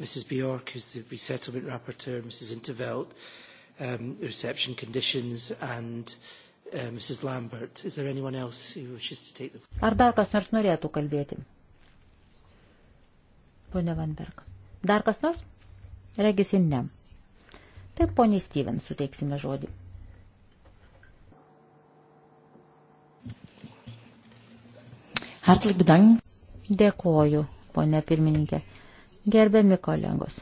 Mrs. Bjork, who's the resettlement rapporteur, Mrs. Intervelt, um, reception conditions and uh, Mrs. Lambert. Is there anyone else who wishes to take the floor? Ar dar kas nors norėtų kalbėti? Pone Vanberg. Dar kas nors? Regisi ne. Taip, poniai Stevens, suteiksime žodį. Hartlik bedank. Dėkoju, ponė pirmininkė. Gerbiami kolegos.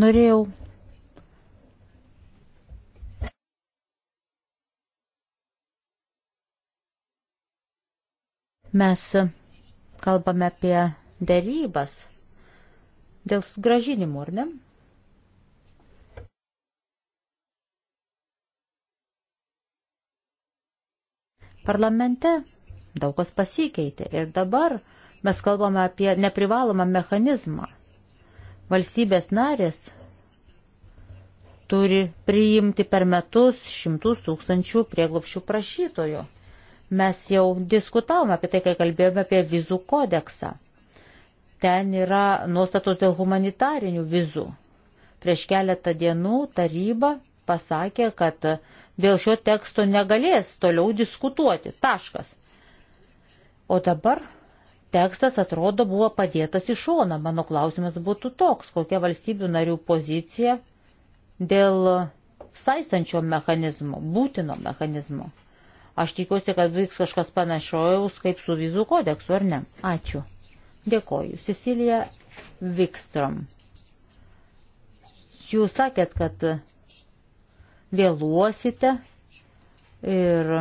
Norėjau mes kalbame apie dėrybas dėl sugražinimų, ar ne? Parlamente daug kas pasikeitė ir dabar mes kalbame apie neprivalomą mechanizmą Valstybės narės turi priimti per metus šimtus tūkstančių prieglopšių prašytojų. Mes jau diskutavome apie tai, kai kalbėjome apie vizų kodeksą. Ten yra nuostatos dėl humanitarinių vizų. Prieš keletą dienų taryba pasakė, kad dėl šio teksto negalės toliau diskutuoti. Taškas. O dabar tekstas atrodo buvo padėtas į šoną. Mano klausimas būtų toks, kokia valstybių narių pozicija dėl saistančio mechanizmo, būtino mechanizmo. Aš tikiuosi, kad vyks kažkas panašaus kaip su vizų kodeksu, ar ne? Ačiū. Dėkoju. Cecilija Vikstrom. Jūs sakėt, kad vėluosite ir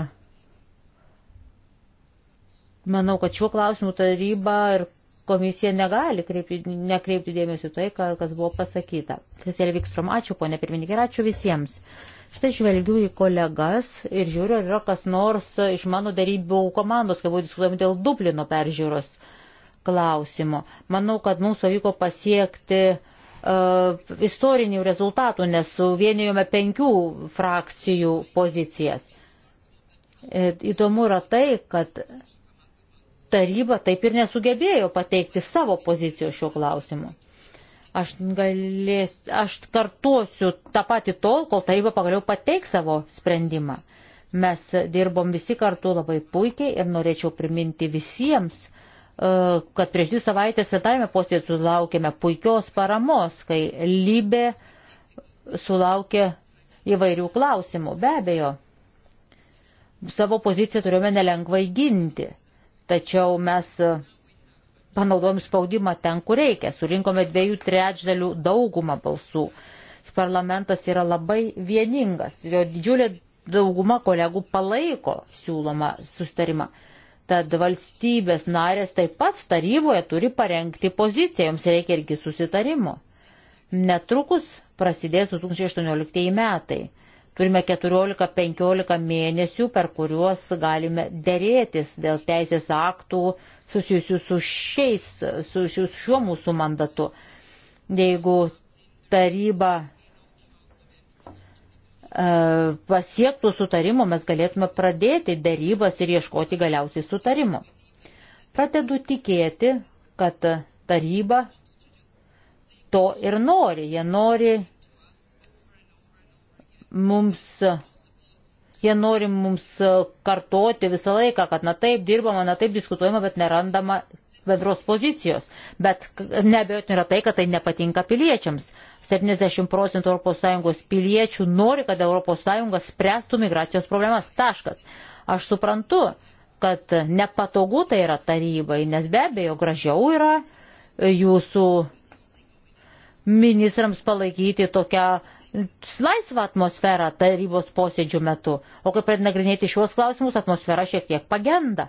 Manau, kad šiuo klausimu taryba ir komisija negali kreipti, nekreipti dėmesio tai, kas buvo pasakyta. Seselė Vikstrom, ačiū ponė pirmininkė ir ačiū visiems. Štai žvelgiu į kolegas ir žiūriu, ar yra kas nors iš mano darybų komandos, kai buvo diskutuojama dėl Dublino peržiūros klausimo. Manau, kad mums pavyko pasiekti uh, istorinių rezultatų, nes suvienijome penkių frakcijų pozicijas. E, įdomu yra tai, kad taryba taip ir nesugebėjo pateikti savo pozicijos šiuo klausimu. Aš, galės, aš kartuosiu tą patį tol, kol taryba pagaliau pateiks savo sprendimą. Mes dirbom visi kartu labai puikiai ir norėčiau priminti visiems, e, kad prieš dvi savaitės plenarėme posėdėje sulaukėme puikios paramos, kai lybė sulaukė įvairių klausimų. Be abejo, savo poziciją turėjome nelengvai ginti tačiau mes e, panaudojom spaudimą ten, kur reikia. Surinkome dviejų trečdalių daugumą balsų. Parlamentas yra labai vieningas. Jo didžiulė dauguma kolegų palaiko siūlomą sustarimą. Tad valstybės narės taip pat taryboje turi parengti poziciją, joms reikia irgi susitarimo. Netrukus prasidės 2018 metai. Turime 14-15 mėnesių, per kuriuos galime dėrėtis dėl teisės aktų susijusių su, šiais, su šiuo mūsų mandatu. Jeigu taryba e, pasiektų sutarimo, mes galėtume pradėti darybas ir ieškoti galiausiai sutarimo. Pradedu tikėti, kad taryba to ir nori. Jie nori mums, jie nori mums kartoti visą laiką, kad na taip dirbama, na taip diskutuojama, bet nerandama bendros pozicijos. Bet nebejotinai yra tai, kad tai nepatinka piliečiams. 70 procentų ES piliečių nori, kad ES spręstų migracijos problemas. Taškas. Aš suprantu, kad nepatogu tai yra tarybai, nes be abejo gražiau yra jūsų ministrams palaikyti tokią laisvą atmosferą tarybos posėdžių metu, o kai pradeda nagrinėti šiuos klausimus, atmosfera šiek tiek pagenda.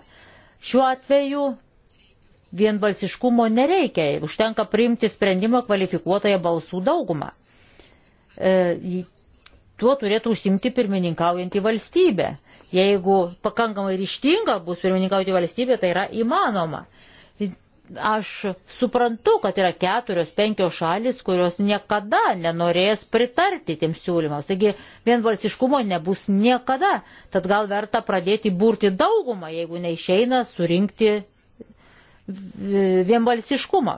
Šiuo atveju vienbalsiškumo nereikia, užtenka priimti sprendimą kvalifikuotąją balsų daugumą. E, tuo turėtų užsimti pirmininkaujantį valstybę. Jeigu pakankamai ryštinga bus pirmininkaujantį valstybę, tai yra įmanoma aš suprantu, kad yra keturios, penkios šalis, kurios niekada nenorės pritarti tiems siūlymams. Taigi vienbalsiškumo nebus niekada. Tad gal verta pradėti būrti daugumą, jeigu neišeina surinkti vienbalsiškumą.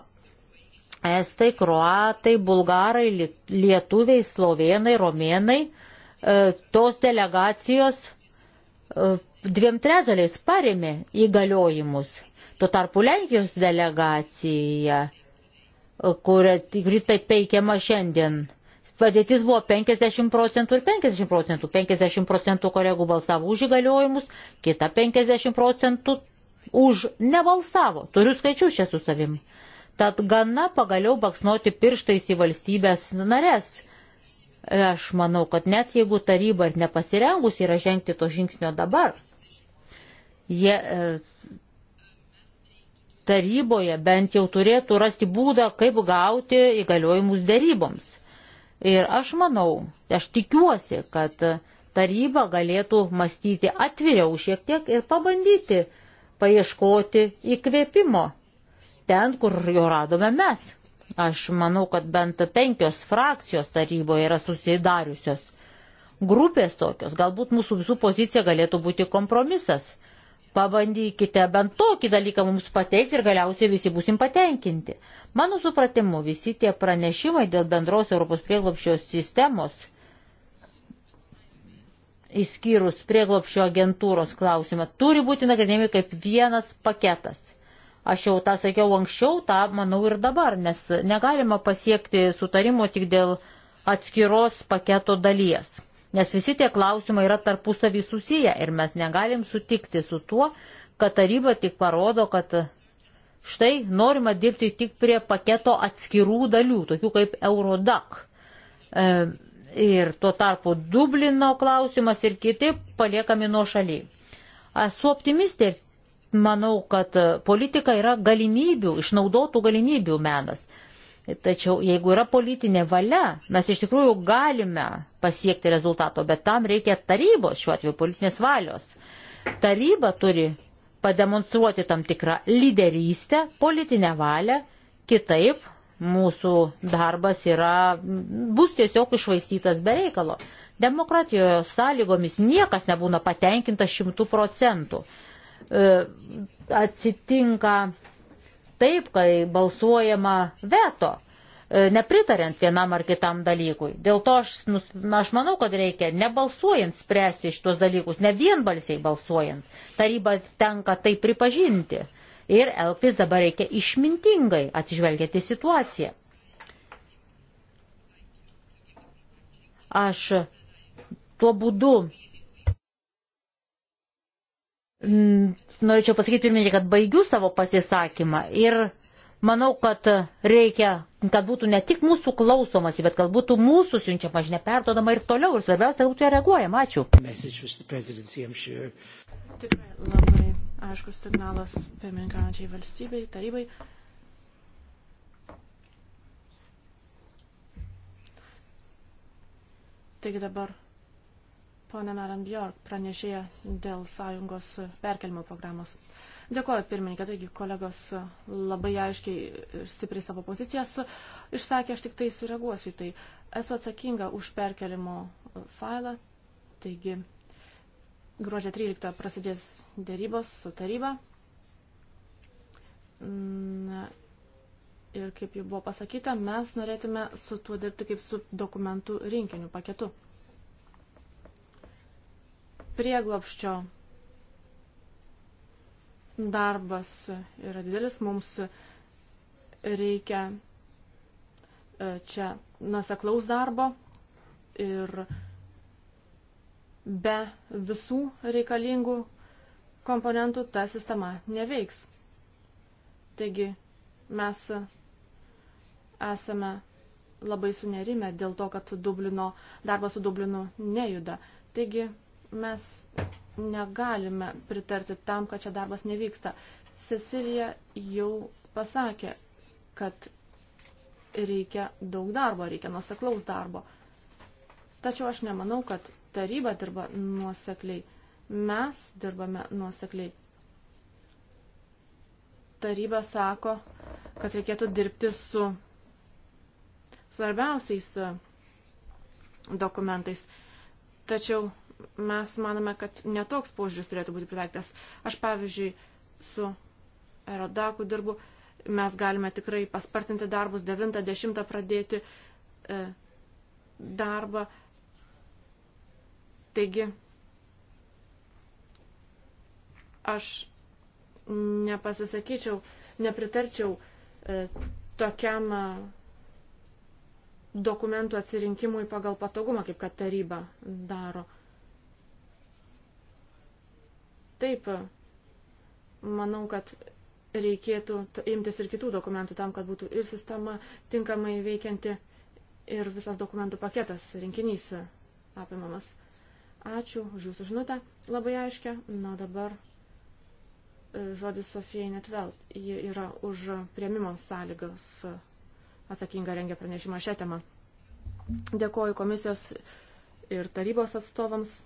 Estai, kroatai, bulgarai, lietuviai, slovenai, romėnai, e, tos delegacijos e, dviem trečdaliais paremė įgaliojimus Tuo tarpu Lenkijos delegacija, kuria tikrai taip peikiama šiandien, padėtis buvo 50 procentų ir 50 procentų. 50 procentų kolegų balsavo už įgaliojimus, kita 50 procentų už nebalsavo. Turiu skaičius čia su savim. Tad gana pagaliau baksnuoti pirštais į valstybės narės. Aš manau, kad net jeigu taryba ir nepasirengus yra žengti to žingsnio dabar, jie e, taryboje bent jau turėtų rasti būdą, kaip gauti įgaliojimus dėryboms. Ir aš manau, aš tikiuosi, kad taryba galėtų mąstyti atviriau šiek tiek ir pabandyti paieškoti įkvėpimo ten, kur jo radome mes. Aš manau, kad bent penkios frakcijos taryboje yra susidariusios. Grupės tokios, galbūt mūsų visų pozicija galėtų būti kompromisas Pabandykite bent tokį dalyką mums pateikti ir galiausiai visi busim patenkinti. Mano supratimu, visi tie pranešimai dėl bendros Europos prieglopščio sistemos, įskyrus prieglopščio agentūros klausimą, turi būti nagrinėjami kaip vienas paketas. Aš jau tą sakiau anksčiau, tą manau ir dabar, nes negalima pasiekti sutarimo tik dėl atskiros paketo dalies. Nes visi tie klausimai yra tarpusavį susiję ir mes negalim sutikti su tuo, kad taryba tik parodo, kad štai norima dirbti tik prie paketo atskirų dalių, tokių kaip Eurodak. E, ir tuo tarpu Dublino klausimas ir kiti paliekami nuo šaly. Esu optimistė ir manau, kad politika yra galimybių, išnaudotų galimybių menas. Tačiau jeigu yra politinė valia, mes iš tikrųjų galime pasiekti rezultato, bet tam reikia tarybos, šiuo atveju politinės valios. Taryba turi pademonstruoti tam tikrą lyderystę, politinę valią, kitaip mūsų darbas yra, bus tiesiog išvaistytas be reikalo. Demokratijoje sąlygomis niekas nebūna patenkintas šimtų procentų. E, atsitinka taip, kai balsuojama veto, e, nepritariant vienam ar kitam dalykui. Dėl to aš, na, aš manau, kad reikia nebalsuojant spręsti šitos dalykus, ne vienbalsiai balsuojant. Taryba tenka tai pripažinti. Ir elgtis dabar reikia išmintingai atsižvelgiant į situaciją. Aš tuo būdu norėčiau pasakyti pirmininkė, kad baigiu savo pasisakymą ir manau, kad reikia, kad būtų ne tik mūsų klausomasi, bet kad būtų mūsų siunčiama žinia perdodama ir toliau ir svarbiausia, kad būtų reaguojama. Ačiū. Sure. Tikrai labai aiškus signalas pirmininkaujančiai valstybei, tarybai. Taigi dabar Pone Meran Bjork, pranešėja dėl sąjungos perkelimo programos. Dėkuoju pirmininkė, taigi kolegos labai aiškiai ir stipriai savo pozicijas išsakė, aš tik tai sureaguosiu. Tai esu atsakinga už perkelimo failą, taigi gruodžio 13 prasidės dėrybos su taryba. Na, ir kaip jau buvo pasakyta, mes norėtume su tuo dirbti kaip su dokumentų rinkiniu paketu prieglopščio darbas yra didelis, mums reikia e, čia nuseklaus darbo ir be visų reikalingų komponentų ta sistema neveiks. Taigi mes esame labai sunerime dėl to, kad Dublino, darbas su Dublinu nejuda. Taigi mes negalime pritarti tam, kad čia darbas nevyksta. Cecilija jau pasakė, kad reikia daug darbo, reikia nuoseklaus darbo. Tačiau aš nemanau, kad taryba dirba nuosekliai. Mes dirbame nuosekliai. Taryba sako, kad reikėtų dirbti su svarbiausiais dokumentais. Tačiau mes manome, kad netoks požiūris turėtų būti priveiktas. Aš, pavyzdžiui, su Erodaku dirbu, mes galime tikrai paspartinti darbus, 9-10 pradėti e, darbą. Taigi, aš nepasisakyčiau, nepritarčiau e, tokiam e, dokumentų atsirinkimui pagal patogumą, kaip kad taryba daro. Taip, manau, kad reikėtų imtis ir kitų dokumentų tam, kad būtų ir sistema tinkamai veikianti, ir visas dokumentų paketas, rinkinys apimamas. Ačiū už Jūsų žinutę, labai aiškia. Na dabar e, žodis Sofijai Netvelt. Ji yra už prieimimo sąlygas atsakinga rengia pranešimą šią temą. Dėkoju komisijos ir tarybos atstovams.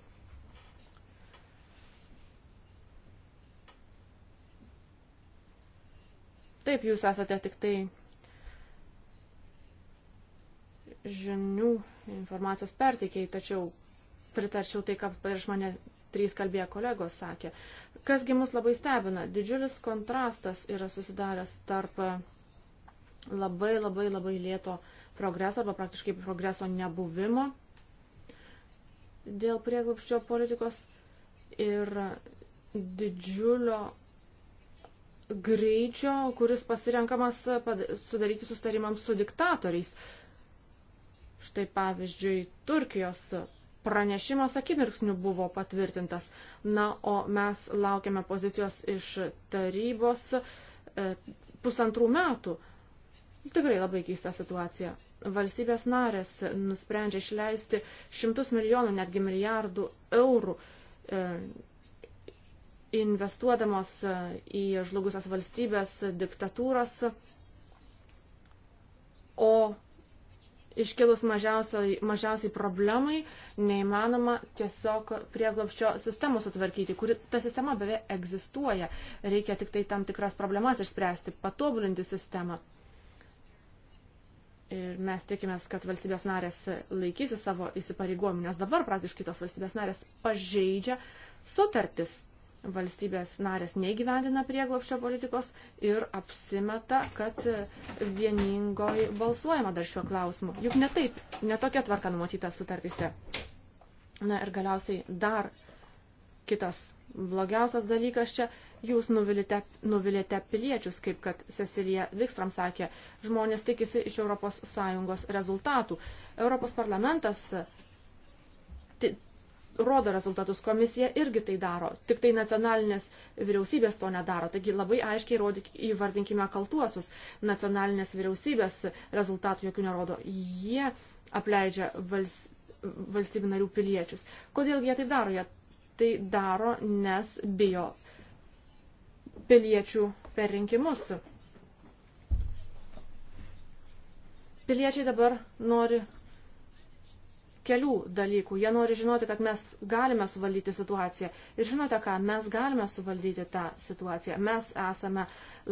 Taip, jūs esate tik tai žinių informacijos perteikiai, tačiau pritarčiau tai, ką prieš mane trys kalbėję kolegos sakė. Kasgi mus labai stebina, didžiulis kontrastas yra susidaręs tarp labai labai labai lėto progreso arba praktiškai progreso nebuvimo dėl prieglupščio politikos ir didžiulio greičio, kuris pasirenkamas sudaryti sustarimams su diktatoriais. Štai pavyzdžiui, Turkijos pranešimas akimirksniu buvo patvirtintas. Na, o mes laukiame pozicijos iš tarybos e, pusantrų metų. Tikrai labai keista situacija. Valstybės narės nusprendžia išleisti šimtus milijonų, netgi milijardų eurų e, investuodamos e, į žlugusios valstybės diktatūras, o iškilus mažiausiai, mažiausiai problemai neįmanoma tiesiog prieglopščio sistemų sutvarkyti, kuri ta sistema beveik egzistuoja. Reikia tik tai tam tikras problemas išspręsti, patobulinti sistemą. Ir mes tikimės, kad valstybės narės laikysi savo įsipareigojimų, nes dabar praktiškai tos valstybės narės pažeidžia sutartis valstybės narės neįgyvendina prieglopščio politikos ir apsimeta, kad vieningoji balsuojama dar šiuo klausimu. Juk netaip, netokia tvarka numatyta sutartyse. Na ir galiausiai dar kitas blogiausias dalykas čia, jūs nuvilite, nuvilite piliečius, kaip kad Cecilija Vikstram sakė, žmonės tikisi iš ES rezultatų. Europos parlamentas rodo rezultatus. Komisija irgi tai daro. Tik tai nacionalinės vyriausybės to nedaro. Taigi labai aiškiai rodik, įvardinkime kaltuosius. Nacionalinės vyriausybės rezultatų jokių nerodo. Jie apleidžia vals, valstybių narių piliečius. Kodėl jie taip daro? Jie tai daro, nes bijo piliečių per rinkimus. Piliečiai dabar nori kelių dalykų. Jie nori žinoti, kad mes galime suvaldyti situaciją. Ir žinote ką, mes galime suvaldyti tą situaciją. Mes esame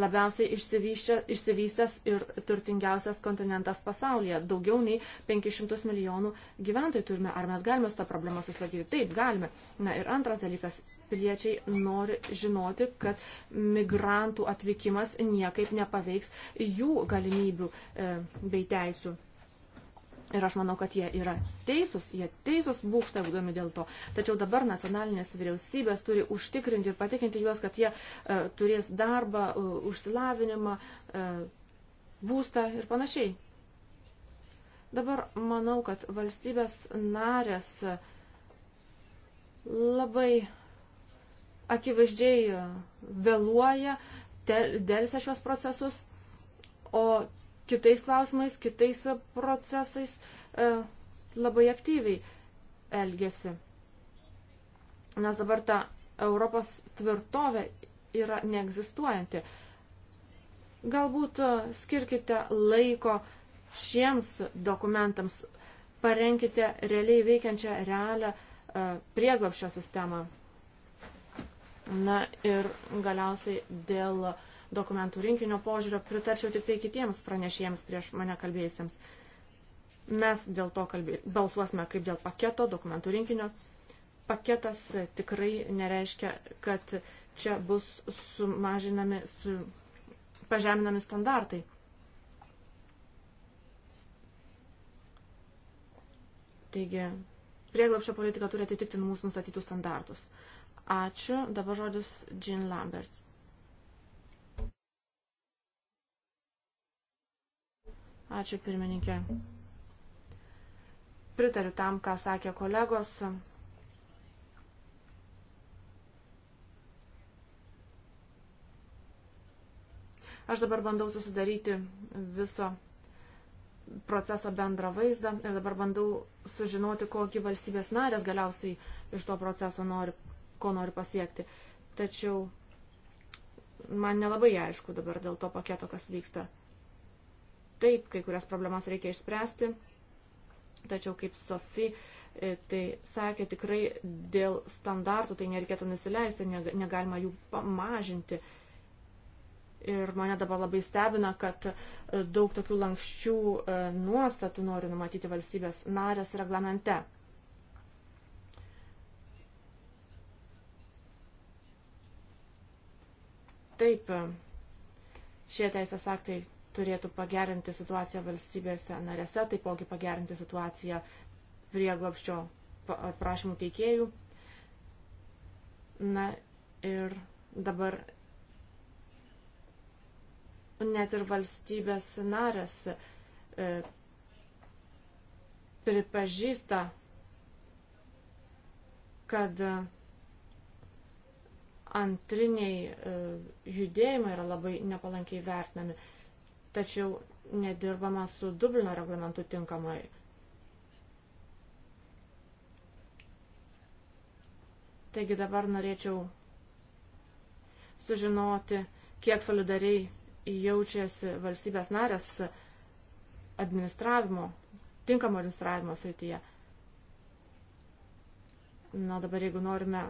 labiausiai išsivystęs ir turtingiausias kontinentas pasaulyje. Daugiau nei 500 milijonų gyventojų turime. Ar mes galime su tą problemą susitvarkyti? Taip, galime. Na ir antras dalykas. Piliečiai nori žinoti, kad migrantų atvykimas niekaip nepaveiks jų galimybių e, bei teisų. Ir aš manau, kad jie yra teisūs, jie teisūs būkštavudami dėl to. Tačiau dabar nacionalinės vyriausybės turi užtikrinti ir patikinti juos, kad jie e, turės darbą, e, užsilavinimą, e, būstą ir panašiai. Dabar manau, kad valstybės narės e, labai akivaizdžiai e, vėluoja, dėlsia šios procesus, o kitais klausimais, kitais procesais e, labai aktyviai elgesi. Nes dabar ta Europos tvirtovė yra neegzistuojanti. Galbūt e, skirkite laiko šiems dokumentams, parenkite realiai veikiančią realią e, prieglapščio sistemą. Na ir galiausiai dėl uh, dokumentų rinkinio požiūrio pritarčiau tik tai kitiems pranešėjams prieš mane kalbėjusiems. Mes dėl to kalbė... balsuosime kaip dėl paketo, dokumentų rinkinio. Paketas tikrai nereiškia, kad čia bus sumažinami, su... pažeminami standartai. Taigi, prieglapšio politika turi atitikti mūsų nustatytus standartus. Ačiū. Dabar žodis Jean Lamberts. Ačiū pirmininkė. Pritariu tam, ką sakė kolegos. Aš dabar bandau susidaryti viso proceso bendrą vaizdą ir dabar bandau sužinoti, kokį valstybės narės galiausiai iš to proceso nori, ko nori pasiekti. Tačiau man nelabai aišku dabar dėl to paketo, kas vyksta. Taip, kai kurias problemas reikia išspręsti, tačiau kaip Sofi e, tai sakė, tikrai dėl standartų tai nereikėtų nusileisti, negalima jų pamažinti. Ir mane dabar labai stebina, kad e, daug tokių lankščių e, nuostatų nori numatyti valstybės narės reglamente. Taip, šie teisės aktai turėtų pagerinti situaciją valstybėse narėse, taipogi pagerinti situaciją prieglapščio prašymų teikėjų. Na ir dabar net ir valstybės narės e, pripažįsta, kad antriniai e, judėjimai yra labai nepalankiai vertinami tačiau nedirbama su Dublino reglamentu tinkamai. Taigi dabar norėčiau sužinoti, kiek solidariai jaučiasi valstybės narės administravimo, tinkamo administravimo srityje. Na dabar, jeigu norime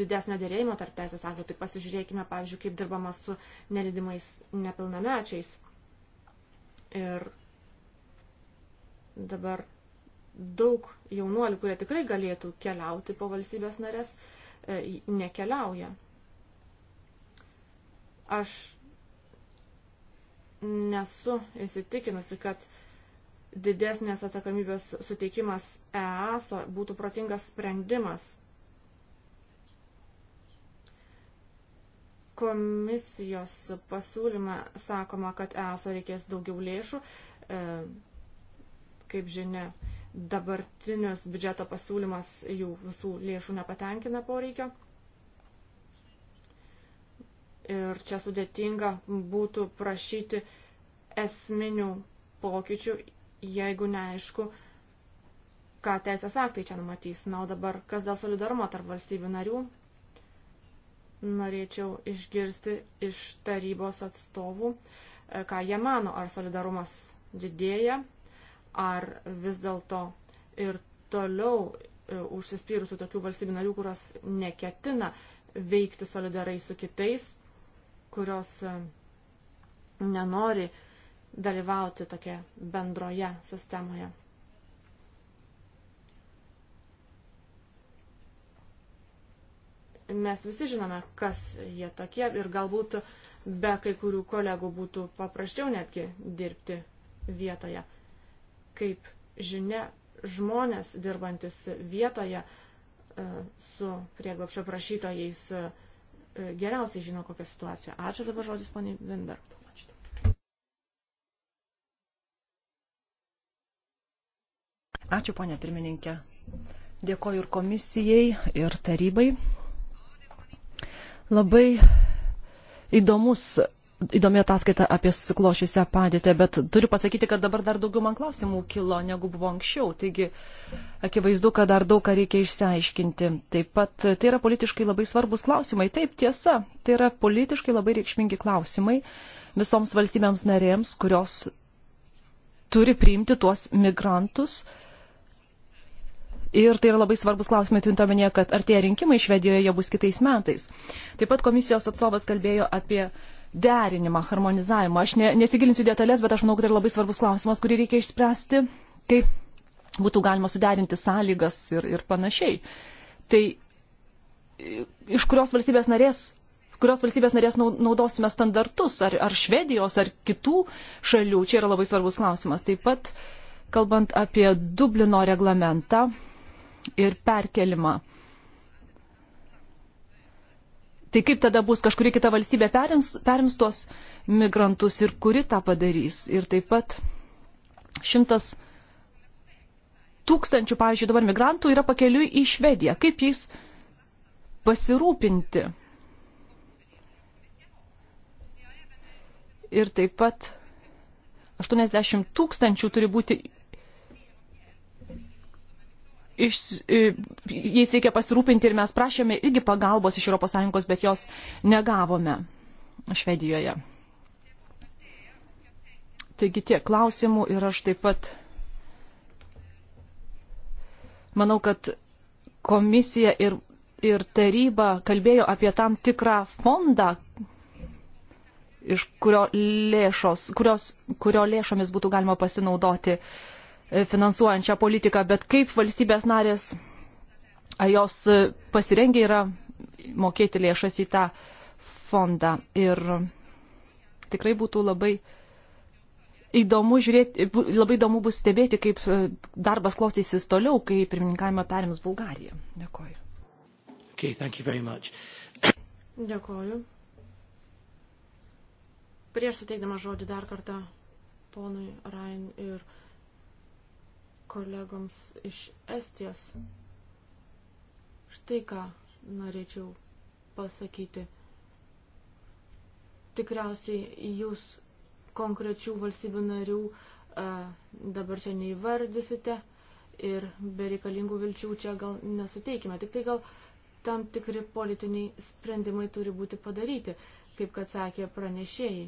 didesnio dėrėjimo tarp teisės aktų. Tai pasižiūrėkime, pavyzdžiui, kaip dirbama su nelidimais nepilnamečiais. Ir dabar daug jaunuolių, kurie tikrai galėtų keliauti po valstybės narės, e, nekeliauja. Aš nesu įsitikinusi, kad didesnės atsakomybės suteikimas EASO būtų protingas sprendimas komisijos pasiūlyme sakoma, kad ESO reikės daugiau lėšų. E, kaip žinia, dabartinis biudžeto pasiūlymas jų visų lėšų nepatenkina poreikio. Ir čia sudėtinga būtų prašyti esminių pokyčių, jeigu neaišku, ką teisės aktai čia numatys. Na, o dabar kas dėl solidarumo tarp valstybių narių, norėčiau išgirsti iš tarybos atstovų, e, ką jie mano, ar solidarumas didėja, ar vis dėlto ir toliau e, užsispyrusių tokių valstybių narių, kurios neketina veikti solidarai su kitais, kurios e, nenori dalyvauti tokia bendroje sistemoje. mes visi žinome, kas jie tokie ir galbūt be kai kurių kolegų būtų paprasčiau netgi dirbti vietoje. Kaip žinia, žmonės dirbantis vietoje e, su prieglopšio prašytojais e, geriausiai žino kokią situaciją. Ačiū dabar žodis poniai Vinberg. Ačiū, ponė pirmininkė. Dėkoju ir komisijai, ir tarybai Labai įdomus, įdomi ataskaita apie susiklošiusią padėtę, bet turiu pasakyti, kad dabar dar daugiau man klausimų kilo, negu buvo anksčiau. Taigi, akivaizdu, kad dar daug ką reikia išsiaiškinti. Taip pat tai yra politiškai labai svarbus klausimai. Taip, tiesa, tai yra politiškai labai reikšmingi klausimai visoms valstybėms narėms, kurios turi priimti tuos migrantus Ir tai yra labai svarbus klausimai, turint omenyje, kad artėja rinkimai Švedijoje bus kitais metais. Taip pat komisijos atstovas kalbėjo apie derinimą, harmonizavimą. Aš ne, nesigilinsiu detalės, bet aš manau, kad tai yra labai svarbus klausimas, kurį reikia išspręsti, kaip būtų galima suderinti sąlygas ir, ir panašiai. Tai iš kurios valstybės narės kurios valstybės narės naudosime standartus, ar, ar Švedijos, ar kitų šalių, čia yra labai svarbus klausimas. Taip pat, kalbant apie Dublino reglamentą, ir perkelimą. Tai kaip tada bus, kažkuri kita valstybė perims, perims tuos migrantus ir kuri tą padarys. Ir taip pat šimtas tūkstančių, pavyzdžiui, dabar migrantų yra pakeliui į Švediją. Kaip jais pasirūpinti? Ir taip pat 80 tūkstančių turi būti iš, e, jais reikia pasirūpinti ir mes prašėme irgi pagalbos iš ES, bet jos negavome Švedijoje. Taigi tiek klausimų ir aš taip pat manau, kad komisija ir, ir taryba kalbėjo apie tam tikrą fondą, iš kurio, lėšos, kurios, kurio lėšomis būtų galima pasinaudoti uh, finansuojančią politiką, bet kaip valstybės narės, ar jos e, pasirengia yra mokėti lėšas į tą fondą. Ir tikrai būtų labai įdomu žiūrėti, labai įdomu bus stebėti, kaip e, darbas klostysis toliau, kai pirmininkavimą perims Bulgarija. Dėkoju. Okay, Dėkoju. Prieš suteikdama žodį dar kartą ponui Rain ir kolegoms iš Estijos. Štai ką norėčiau pasakyti. Tikriausiai jūs konkrečių valstybių narių a, dabar čia neįvardysite ir bereikalingų vilčių čia gal nesuteikime. Tik tai gal tam tikri politiniai sprendimai turi būti padaryti, kaip kad sakė pranešėjai.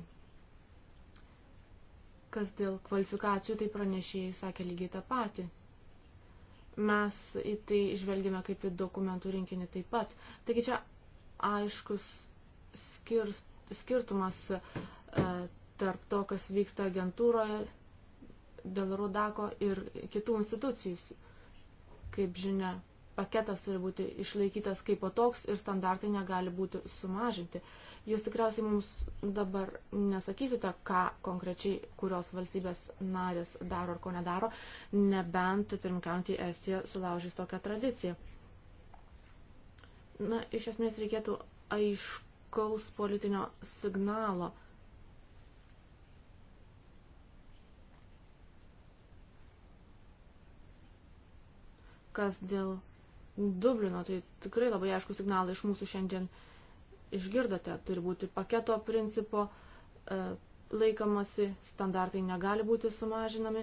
Kas dėl kvalifikacijų, tai pranešėjai sakė lygiai tą patį. Mes į tai žvelgime kaip į dokumentų rinkinį taip pat. Taigi čia aiškus skir, skirtumas e, tarp to, kas vyksta agentūroje dėl Rudako ir kitų institucijų. Kaip žinia, paketas turi būti išlaikytas kaip o toks ir standartai negali būti sumažinti. Jūs tikriausiai mums dabar nesakysite, ką konkrečiai kurios valstybės narės daro ar ko nedaro, nebent pirmkiaujantį Estiją sulaužys tokią tradiciją. Na, iš esmės reikėtų aiškaus politinio signalo. kas dėl Dublino. Tai tikrai labai aišku signalą iš mūsų šiandien išgirdote. Turi būti paketo principo e, laikomasi, standartai negali būti sumažinami.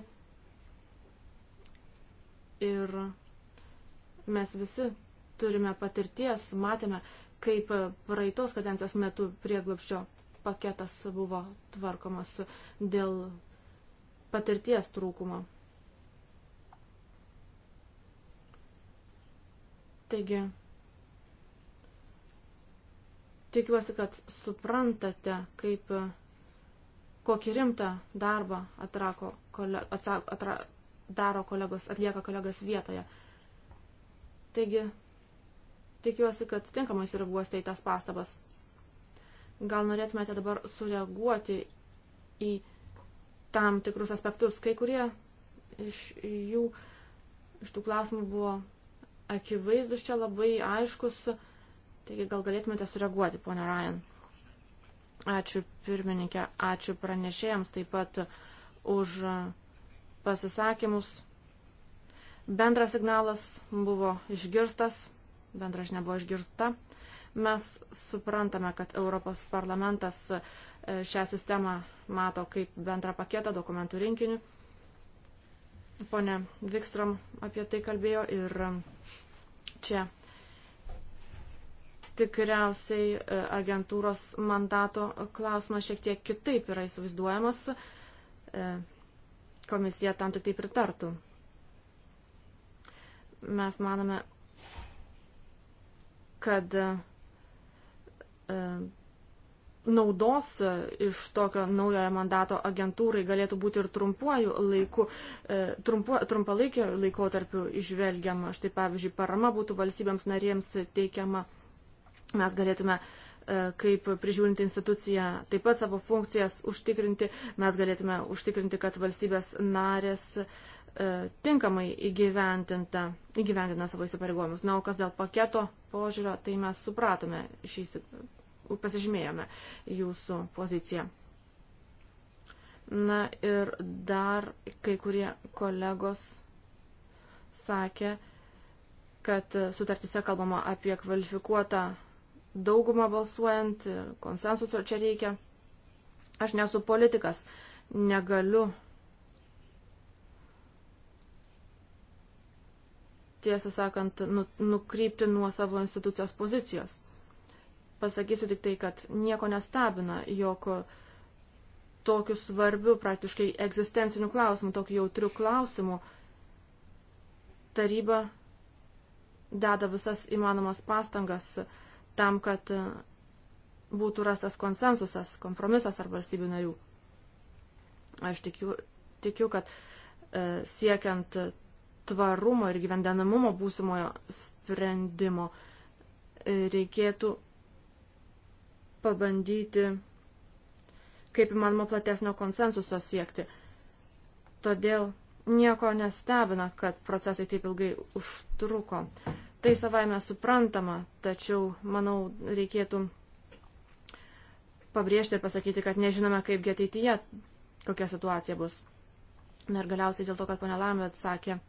Ir mes visi turime patirties, matėme, kaip praeitos kadencijos metu prieglapščio paketas buvo tvarkomas dėl patirties trūkumo. Taigi, tikiuosi, kad suprantate, kaip kokį rimtą darbą atrako, kole, atsak, atra, daro kolegos, atlieka kolegas vietoje. Taigi, tikiuosi, kad tinkamai sureaguosite į tas pastabas. Gal norėtumėte dabar sureaguoti į tam tikrus aspektus. Kai kurie iš jų, iš tų klausimų buvo akivaizdus čia labai aiškus, taigi gal galėtumėte sureaguoti, ponia Ryan. Ačiū pirmininkė, ačiū pranešėjams taip pat už pasisakymus. Bendras signalas buvo išgirstas, bendras nebuvo išgirsta. Mes suprantame, kad Europos parlamentas e, šią sistemą mato kaip bendrą paketą dokumentų rinkinių Pone Vikstrom apie tai kalbėjo ir čia tikriausiai e, agentūros mandato klausimas šiek tiek kitaip yra įsivaizduojamas. E, komisija tam tik tai pritartų. Mes manome, kad e, naudos e, iš tokio naujojo mandato agentūrai galėtų būti ir trumpuoju laiku, e, trumpu, trumpalaikio laikotarpiu išvelgiama. Štai pavyzdžiui, parama būtų valstybėms narėms teikiama. Mes galėtume e, kaip prižiūrinti instituciją taip pat savo funkcijas užtikrinti. Mes galėtume užtikrinti, kad valstybės narės tinkamai įgyvendina savo įsipareigojimus. Na, o kas dėl paketo požiūrio, tai mes supratome šį pasižymėjome jūsų poziciją. Na ir dar kai kurie kolegos sakė, kad sutartise kalbama apie kvalifikuotą daugumą balsuojant, konsensuso čia reikia. Aš nesu politikas, negaliu. Tiesą sakant, nu, nukrypti nuo savo institucijos pozicijos pasakysiu tik tai, kad nieko nestabina, jog tokiu svarbiu, praktiškai egzistenciniu klausimu, tokiu jautriu klausimu taryba deda visas įmanomas pastangas tam, kad būtų rastas konsensusas, kompromisas ar valstybių narių. Aš tikiu, tikiu kad e, siekiant tvarumo ir gyvendinamumo būsimojo sprendimo e, reikėtų pabandyti kaip įmanoma platesnio konsensuso siekti. Todėl nieko nestebina, kad procesai taip ilgai užtruko. Tai savaime suprantama, tačiau, manau, reikėtų pabrėžti ir pasakyti, kad nežinome, kaipgi ateityje kokia situacija bus. Na ir galiausiai dėl to, kad ponė Lamė atsakė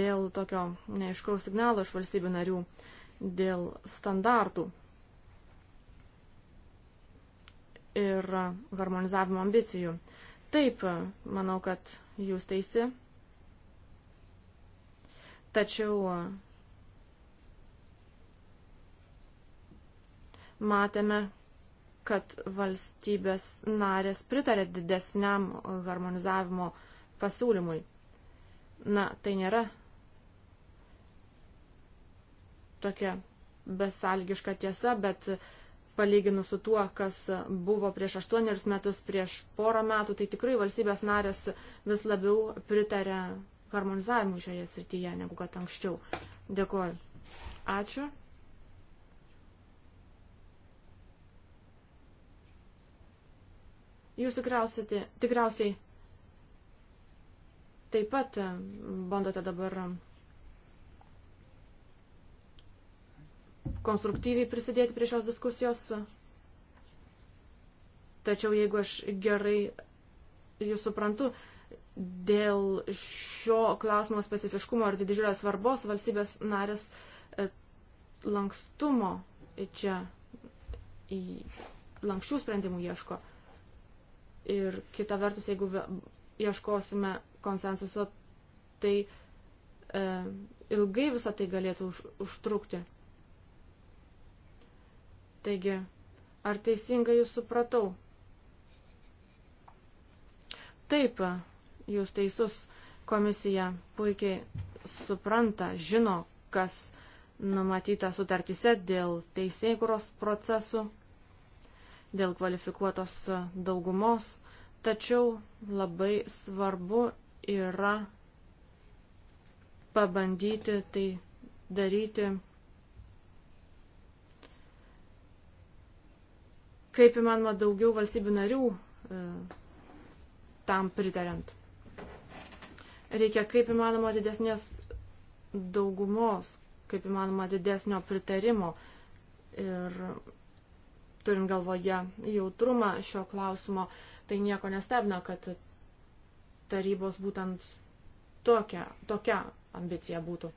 dėl tokio neaiškaus signalo iš valstybių narių, dėl standartų ir harmonizavimo ambicijų. Taip, manau, kad jūs teisi. Tačiau matėme, kad valstybės narės pritarė didesniam harmonizavimo pasiūlymui. Na, tai nėra tokia besalgiška tiesa, bet palyginus su tuo, kas buvo prieš aštuonerius metus, prieš porą metų, tai tikrai valstybės narės vis labiau pritarė harmonizavimui šioje srityje, negu kad anksčiau. Dėkuoju. Ačiū. Jūs tikriausiai, tikriausiai taip pat bandote dabar konstruktyviai prisidėti prie šios diskusijos. Tačiau jeigu aš gerai jūs suprantu, dėl šio klausimo specifiškumo ir didžiulės svarbos valstybės narės e, lankstumo čia į lankščių sprendimų ieško. Ir kita vertus, jeigu ieškosime konsensuso, tai e, ilgai visą tai galėtų už, užtrukti. Taigi, ar teisingai jūs supratau? Taip, jūs teisus, komisija puikiai supranta, žino, kas numatyta sutartise dėl teisėkuros procesų, dėl kvalifikuotos daugumos, tačiau labai svarbu yra pabandyti tai daryti kaip įmanoma daugiau valstybių narių e, tam pritariant. Reikia kaip įmanoma didesnės daugumos, kaip įmanoma didesnio pritarimo ir turint galvoje jautrumą šio klausimo, tai nieko nestebina, kad tarybos būtent tokia, tokia ambicija būtų.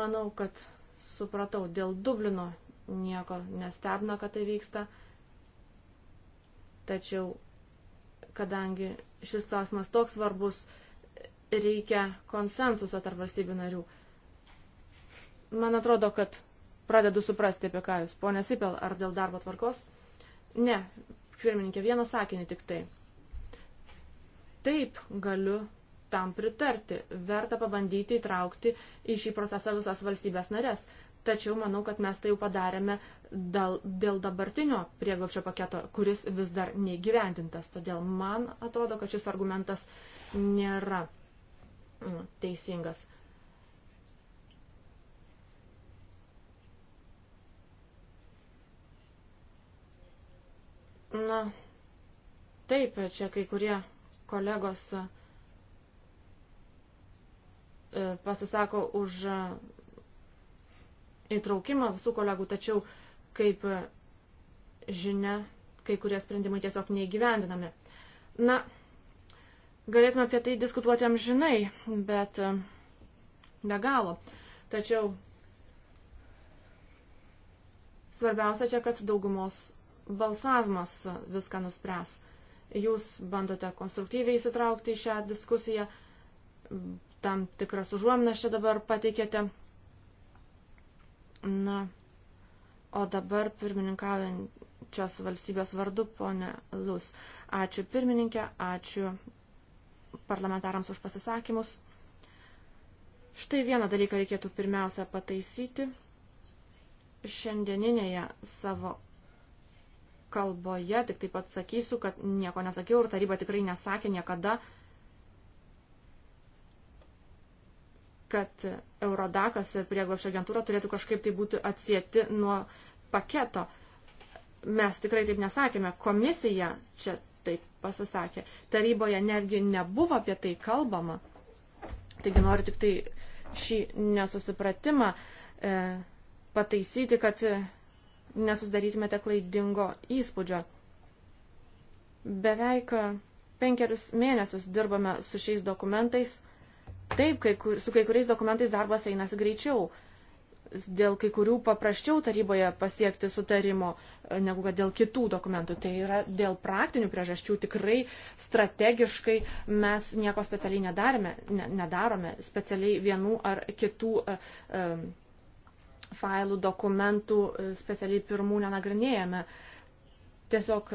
Manau, kad supratau, dėl Dublino nieko nestebina, kad tai vyksta. Tačiau, kadangi šis klausimas toks svarbus, reikia konsensuso tarp valstybių narių. Man atrodo, kad pradedu suprasti, apie ką jūs. Pone Sipel, ar dėl darbo tvarkos? Ne, pirmininkė, vieną sakinį tik tai. Taip, galiu tam pritarti. Verta pabandyti įtraukti į šį procesą visas valstybės narės tačiau manau, kad mes tai jau padarėme dėl, dėl dabartinio prieglopščio paketo, kuris vis dar neįgyvendintas. Todėl man atrodo, kad šis argumentas nėra mm, teisingas. Na, taip, čia kai kurie kolegos e, pasisako už e, įtraukimą visų kolegų, tačiau, kaip žinia, kai kurie sprendimai tiesiog neįgyvendinami. Na, galėtume apie tai diskutuoti amžinai, bet e, be galo. Tačiau svarbiausia čia, kad daugumos balsavimas viską nuspręs. Jūs bandote konstruktyviai įsitraukti į šią diskusiją, tam tikras užuominas čia dabar pateikėte. Na, o dabar pirmininkaujančios valstybės vardu, ponė Lus. Ačiū pirmininkė, ačiū parlamentarams už pasisakymus. Štai vieną dalyką reikėtų pirmiausia pataisyti. Šiandieninėje savo kalboje tik taip pat sakysiu, kad nieko nesakiau ir taryba tikrai nesakė niekada, kad Eurodakas ir prieglobšio agentūra turėtų kažkaip tai būti atsieti nuo paketo. Mes tikrai taip nesakėme. Komisija čia taip pasisakė. Taryboje netgi nebuvo apie tai kalbama. Taigi noriu tik tai šį nesusipratimą e, pataisyti, kad nesusidarytumėte klaidingo įspūdžio. Beveik penkerius mėnesius dirbame su šiais dokumentais Taip, kai kur, su kai kuriais dokumentais darbas einasi greičiau. Dėl kai kurių paprasčiau taryboje pasiekti sutarimo e, negu kad dėl kitų dokumentų. Tai yra dėl praktinių priežasčių tikrai strategiškai mes nieko specialiai nedarime, ne, nedarome, specialiai vienų ar kitų uh, um, failų, dokumentų, specialiai pirmų nenagrinėjame. Tiesiog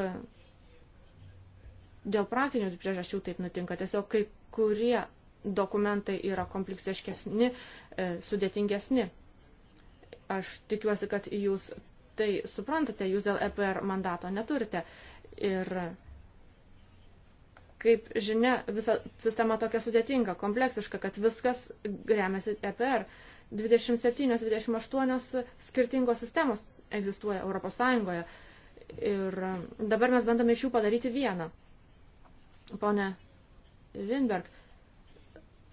dėl praktinių priežasčių taip nutinka. Tiesiog kai kurie dokumentai yra kompleksiškesni, e, sudėtingesni. Aš tikiuosi, kad jūs tai suprantate, jūs dėl EPR mandato neturite. Ir kaip žinia, visa sistema tokia sudėtinga, kompleksiška, kad viskas remiasi e EPR. 27-28 skirtingos sistemos egzistuoja Europos Sąjungoje. Ir e, dabar mes bandome iš jų padaryti vieną. Pone Vinberg,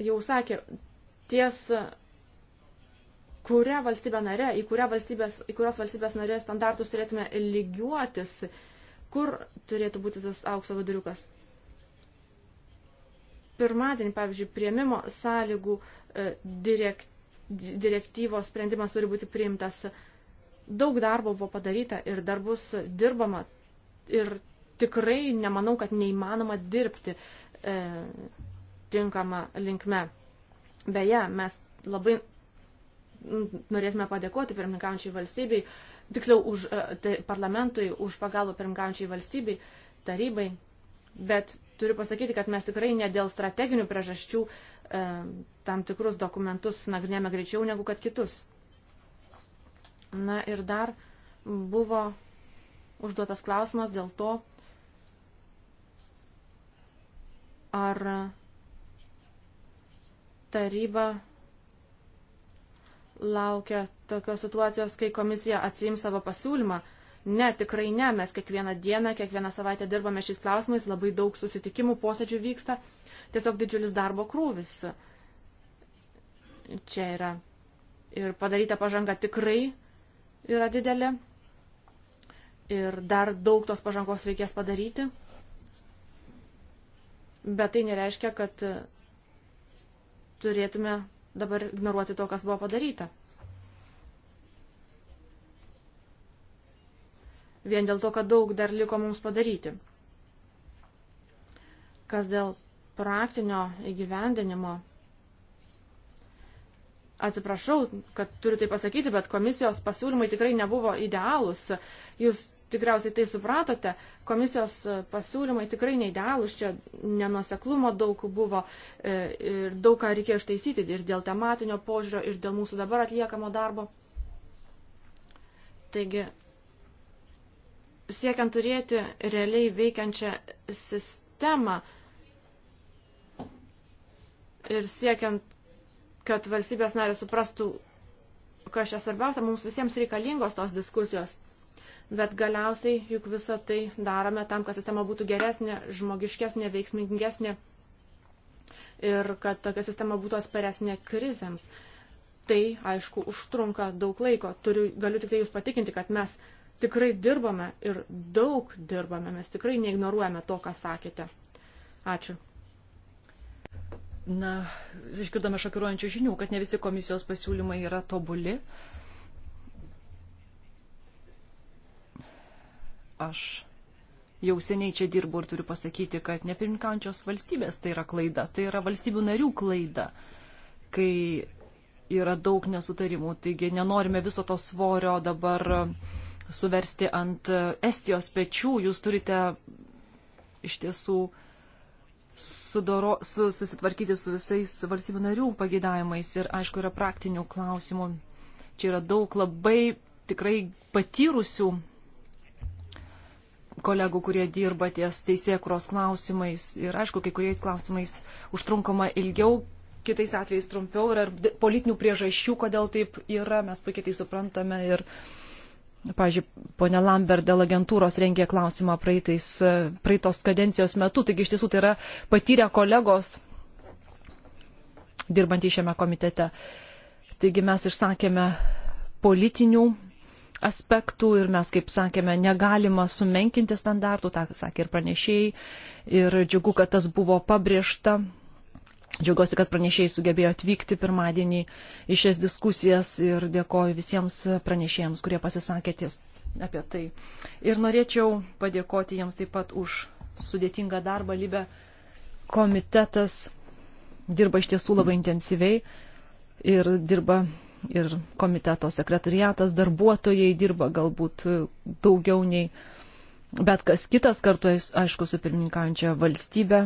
jau sakė, ties kurią valstybę narę, į, kurią valstybės, į kurios valstybės narės standartus turėtume lygiuotis, kur turėtų būti tas aukso viduriukas. Pirmadienį, pavyzdžiui, prieimimo sąlygų e, direk, direktyvos sprendimas turi būti priimtas. Daug darbo buvo padaryta ir dar bus dirbama. Ir tikrai nemanau, kad neįmanoma dirbti. E, tinkama linkme. Beje, mes labai norėtume padėkoti pirmininkaujančiai valstybei, tiksliau už tai, parlamentui, už pagalbą pirmininkaujančiai valstybei, tarybai, bet turiu pasakyti, kad mes tikrai ne dėl strateginių priežasčių e, tam tikrus dokumentus nagrinėjame greičiau negu kad kitus. Na ir dar buvo užduotas klausimas dėl to, ar taryba laukia tokios situacijos, kai komisija atsiims savo pasiūlymą. Ne, tikrai ne. Mes kiekvieną dieną, kiekvieną savaitę dirbame šiais klausimais, labai daug susitikimų, posėdžių vyksta. Tiesiog didžiulis darbo krūvis. Čia yra. Ir padaryta pažanga tikrai yra didelė. Ir dar daug tos pažangos reikės padaryti. Bet tai nereiškia, kad turėtume dabar ignoruoti to, kas buvo padaryta. Vien dėl to, kad daug dar liko mums padaryti. Kas dėl praktinio įgyvendinimo. Atsiprašau, kad turiu tai pasakyti, bet komisijos pasiūlymai tikrai nebuvo idealūs. Jūs tikriausiai tai supratote, komisijos e, pasiūlymai tikrai neidealūs, čia nenuseklumo daug buvo e, ir daug ką reikėjo ištaisyti ir dėl tematinio požiūrio, ir dėl mūsų dabar atliekamo darbo. Taigi, siekiant turėti realiai veikiančią sistemą ir siekiant, kad valstybės narės suprastų, kas čia svarbiausia, mums visiems reikalingos tos diskusijos bet galiausiai juk visą tai darome tam, kad sistema būtų geresnė, žmogiškesnė, veiksmingesnė ir kad tokia sistema būtų asperesnė krizėms. Tai, aišku, užtrunka daug laiko. Turiu, galiu tik tai jūs patikinti, kad mes tikrai dirbame ir daug dirbame, mes tikrai neignoruojame to, ką sakėte. Ačiū. Na, išgirdome šokiruojančių žinių, kad ne visi komisijos pasiūlymai yra tobuli. Uh, Aš jau seniai čia dirbu ir turiu pasakyti, kad nepirminkančios valstybės tai yra klaida, tai yra valstybių narių klaida, kai yra daug nesutarimų, taigi nenorime viso to svorio dabar suversti ant Estijos pečių, jūs turite iš tiesų sudoro, su, susitvarkyti su visais valstybių narių pagėdavimais ir aišku yra praktinių klausimų. Čia yra daug labai tikrai patyrusių kolegų, kurie dirba ties teisėkuros klausimais. Ir aišku, kai kuriais klausimais užtrunkama ilgiau, kitais atvejais trumpiau. Ir politinių priežasčių, kodėl taip yra, mes puikiai tai suprantame. Ir, pažiūrėjau, ponė Lambert dėl agentūros rengė klausimą praeitais, praeitos kadencijos metu. Taigi iš tiesų tai yra patyrę kolegos dirbantys šiame komitete. Taigi mes išsakėme politinių aspektų ir mes, kaip sakėme, negalima sumenkinti standartų, tą sakė ir pranešėjai. Ir džiugu, kad tas buvo pabrėžta. Džiaugiuosi, kad pranešėjai sugebėjo atvykti pirmadienį į šias diskusijas ir dėkoju visiems pranešėjams, kurie pasisakė ties apie tai. Ir norėčiau padėkoti jiems taip pat už sudėtingą darbą. Libe komitetas dirba iš tiesų labai intensyviai ir dirba ir komiteto sekretariatas, darbuotojai dirba galbūt daugiau nei bet kas kitas kartu, aišku, su pirmininkaujančia valstybė.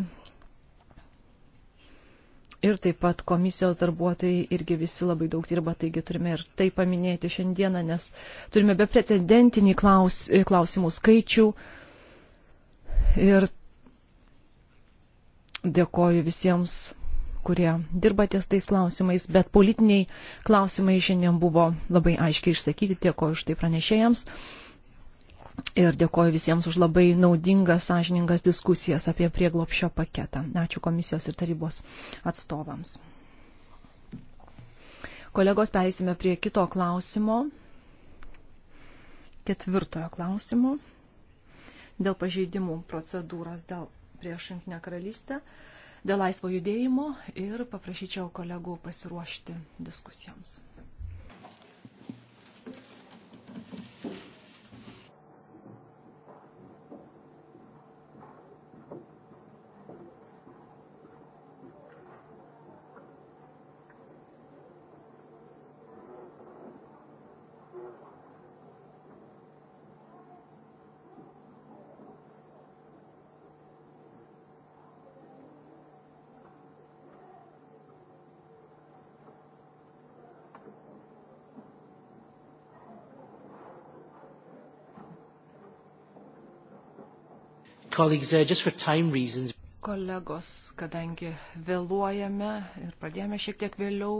Ir taip pat komisijos darbuotojai irgi visi labai daug dirba, taigi turime ir tai paminėti šiandieną, nes turime beprecedentinį klaus, klausimų skaičių. Ir dėkoju visiems kurie dirba ties tais klausimais, bet politiniai klausimai šiandien buvo labai aiškiai išsakyti, dėkoju už tai pranešėjams ir dėkoju visiems už labai naudingas, sąžiningas diskusijas apie prieglopšio paketą. Ačiū komisijos ir tarybos atstovams. Kolegos, pereisime prie kito klausimo, ketvirtojo klausimo, dėl pažeidimų procedūros dėl prieš Junktinę karalystę dėl laisvo judėjimo ir paprašyčiau kolegų pasiruošti diskusijoms. Uh, Kolegos, kadangi vėluojame ir pradėjome šiek tiek vėliau,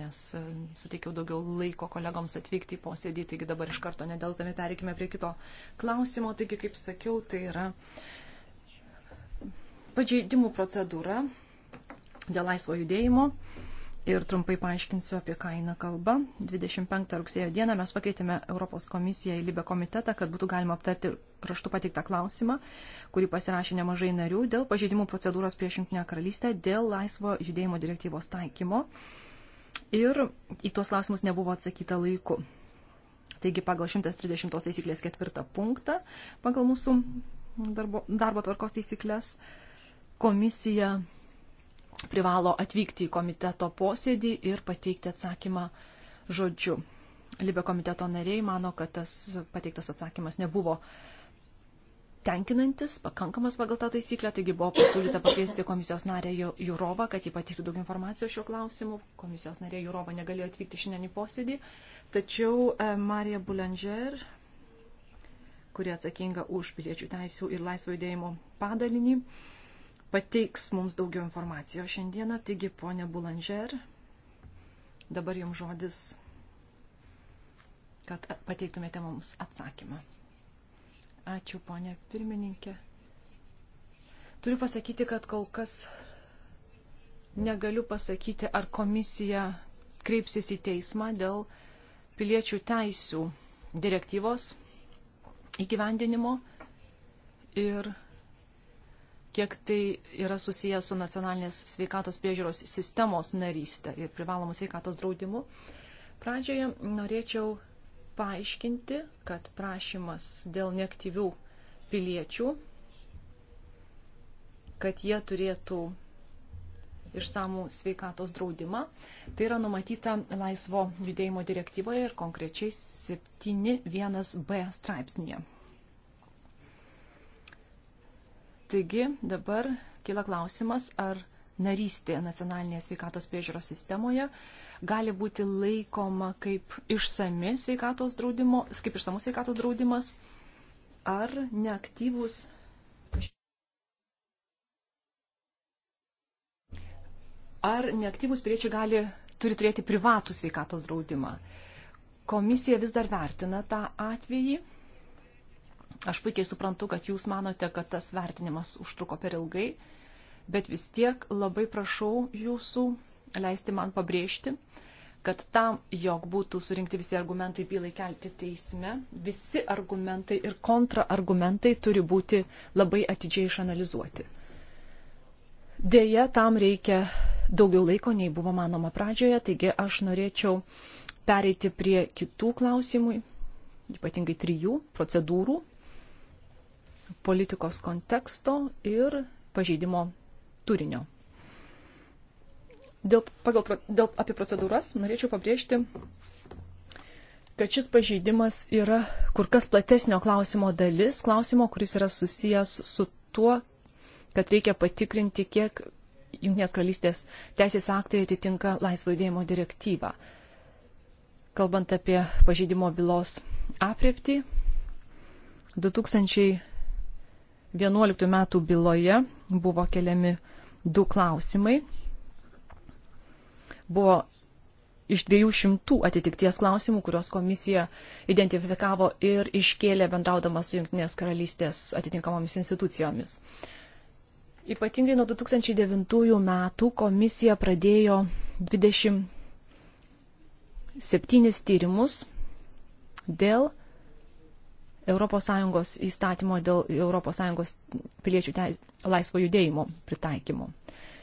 nes uh, suteikiau daugiau laiko kolegoms atvykti į posėdį, taigi dabar iš karto nedelsdami pereikime prie kito klausimo. Taigi, kaip sakiau, tai yra pažeidimų procedūra dėl laisvo judėjimo ir trumpai paaiškinsiu, apie ką eina kalba. 25 rugsėjo dieną mes pakeitėme Europos komisiją į Libę komitetą, kad būtų galima aptarti raštu pateiktą klausimą, kurį pasirašė nemažai narių dėl pažeidimų procedūros prieš Junktinę karalystę, dėl laisvo judėjimo direktyvos taikymo. Ir į tuos klausimus nebuvo atsakyta laiku. Taigi pagal 130 taisyklės ketvirtą punktą, pagal mūsų darbo, darbo tvarkos taisyklės, komisija privalo atvykti į komiteto posėdį ir pateikti atsakymą žodžiu. Libė komiteto nariai mano, kad tas pateiktas atsakymas nebuvo tenkinantis, pakankamas pagal tą taisyklę, taigi buvo pasiūlyta pakviesti komisijos narę Jurovą, kad ji patirtų daug informacijos šiuo klausimu. Komisijos narė Jurova negalėjo atvykti šiandien į posėdį, tačiau e, Marija Boulanger, kuri atsakinga už piliečių teisų ir laisvo judėjimo padalinį, pateiks mums daugiau informacijos šiandieną. Taigi, ponė Bulanger, dabar jums žodis, kad pateiktumėte mums atsakymą. Ačiū, ponė pirmininkė. Turiu pasakyti, kad kol kas negaliu pasakyti, ar komisija kreipsis į teismą dėl piliečių teisių direktyvos įgyvendinimo ir kiek tai yra susijęs su nacionalinės sveikatos priežiūros sistemos narystė ir privalomų sveikatos draudimu. Pradžioje norėčiau paaiškinti, kad prašymas dėl neaktyvių piliečių, kad jie turėtų išsamų sveikatos draudimą. Tai yra numatyta laisvo judėjimo direktyvoje ir konkrečiai 7.1b straipsnėje. Taigi dabar kyla klausimas, ar narystė nacionalinėje sveikatos priežiūros sistemoje gali būti laikoma kaip išsami sveikatos draudimo, kaip išsamus sveikatos draudimas, ar neaktyvus. Ar neaktyvus piliečiai gali, turi turėti privatų sveikatos draudimą? Komisija vis dar vertina tą atvejį Aš puikiai suprantu, kad jūs manote, kad tas vertinimas užtruko per ilgai, bet vis tiek labai prašau jūsų leisti man pabrėžti, kad tam, jog būtų surinkti visi argumentai bylai kelti teisme, visi argumentai ir kontraargumentai turi būti labai atidžiai išanalizuoti. Deja, tam reikia daugiau laiko, nei buvo manoma pradžioje, taigi aš norėčiau pereiti prie kitų klausimų, ypatingai trijų procedūrų politikos konteksto ir pažeidimo turinio. Dėl, pagal, dėl, apie procedūras norėčiau pabrėžti, kad šis pažeidimas yra kur kas platesnio klausimo dalis, klausimo, kuris yra susijęs su tuo, kad reikia patikrinti, kiek Junktinės karalystės teisės aktai atitinka laisvo judėjimo direktyvą. Kalbant apie pažeidimo bylos apriepti, 2000 2011 metų byloje buvo keliami du klausimai. Buvo iš 200 atitikties klausimų, kuriuos komisija identifikavo ir iškėlė bendraudama su Junktinės karalystės atitinkamomis institucijomis. Ypatingai nuo 2009 metų komisija pradėjo 27 tyrimus dėl ES įstatymo dėl ES piliečių teis, laisvo judėjimo pritaikymo.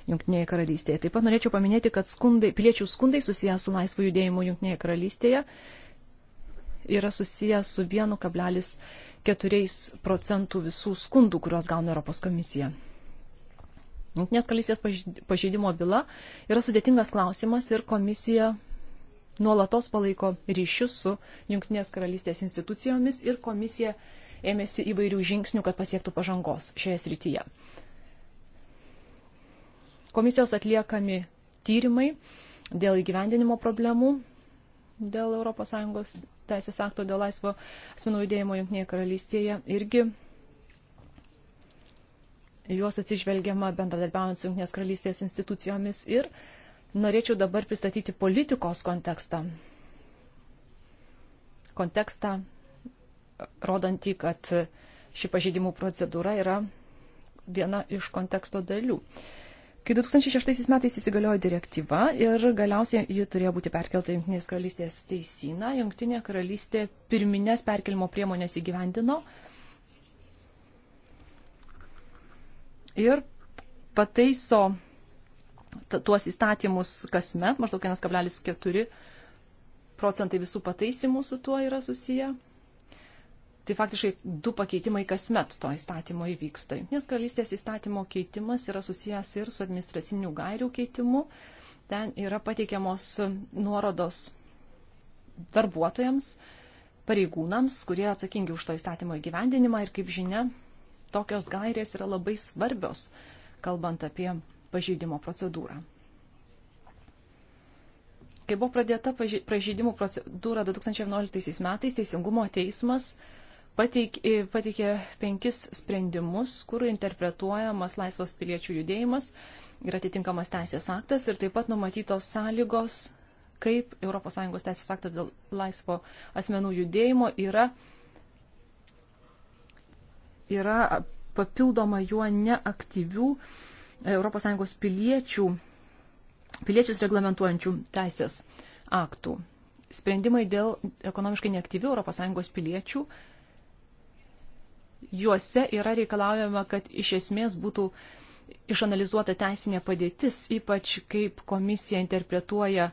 Junktinėje karalystėje. Taip pat norėčiau paminėti, kad skundai, piliečių skundai susijęs su laisvo judėjimu Junktinėje karalystėje yra susijęs su 1,4 procentų visų skundų, kuriuos gauna Europos komisija. Junktinės karalystės pažeidimo byla yra sudėtingas klausimas ir komisija nuolatos palaiko ryšius su Junktinės karalystės institucijomis ir komisija ėmėsi įvairių žingsnių, kad pasiektų pažangos šioje srityje. Komisijos atliekami tyrimai dėl įgyvendinimo problemų, dėl ES teisės akto, dėl laisvo asmenų judėjimo Junktinėje karalystėje irgi juos atsižvelgiama bendradarbiaujant su Junktinės karalystės institucijomis ir uh, norėčiau dabar pristatyti politikos kontekstą. Kontekstą, rodantį, kad ši pažeidimų procedūra yra viena iš konteksto dalių. Kai 2006 metais įsigaliojo direktyva ir galiausiai ji turėjo būti perkelta Junktinės karalystės teisyną, Junktinė karalystė pirminės perkelimo priemonės įgyvendino ir pataiso tuos įstatymus kasmet, maždaug 1,4 procentai visų pataisimų su tuo yra susiję. Tai faktiškai du pakeitimai kasmet to įstatymo įvyksta. Nes karalystės įstatymo keitimas yra susijęs ir su administracinių gairių keitimu. Ten yra pateikiamos nuorodos darbuotojams, pareigūnams, kurie atsakingi už to įstatymo įgyvendinimą. Ir kaip žinia, tokios gairės yra labai svarbios, kalbant apie pažeidimo procedūrą. Kai buvo pradėta pažeidimų procedūra 2011 metais, Teisingumo teismas pateik, pateikė penkis sprendimus, kur interpretuojamas laisvas piliečių judėjimas ir atitinkamas teisės aktas ir taip pat numatytos sąlygos, kaip ES teisės aktas dėl laisvo asmenų judėjimo yra, yra papildoma juo neaktyvių ES piliečių, piliečius reglamentuojančių teisės aktų. Sprendimai dėl ekonomiškai neaktyvių ES piliečių, juose yra reikalaujama, kad iš esmės būtų išanalizuota teisinė padėtis, ypač kaip komisija interpretuoja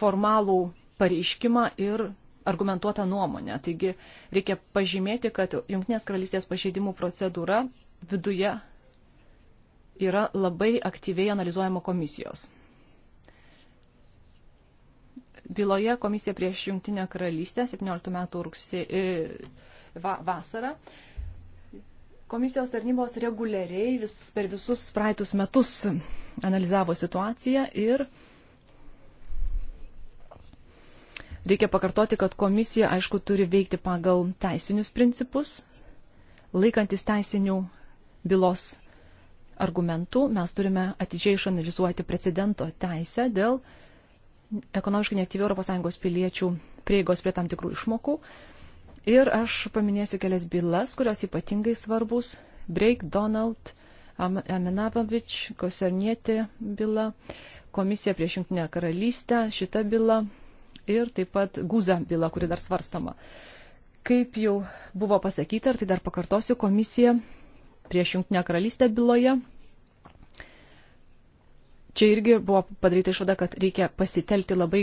formalų pareiškimą ir argumentuotą nuomonę. Taigi reikia pažymėti, kad Junktinės karalystės pažeidimų procedūra viduje yra labai aktyviai analizuojama komisijos. Byloje komisija prieš Junktinę karalystę 17 metų rugsė, e, va, vasarą. Komisijos tarnybos reguliariai vis, per visus praeitus metus analizavo situaciją ir reikia pakartoti, kad komisija, aišku, turi veikti pagal teisinius principus, laikantis teisinių bylos argumentų mes turime atidžiai išanalizuoti precedento teisę dėl ekonomiškai neaktyvių ES piliečių prieigos prie tam tikrų išmokų. Ir aš paminėsiu kelias bylas, kurios ypatingai svarbus. Break Donald, Amenabavič, Kosernietė byla, Komisija prieš Junktinę karalystę, šita byla ir taip pat Guza byla, kuri dar svarstama. Kaip jau buvo pasakyta, ir tai dar pakartosiu, komisija prieš Junktinę karalystę byloje. Čia irgi buvo padaryta išvada, kad reikia pasitelti labai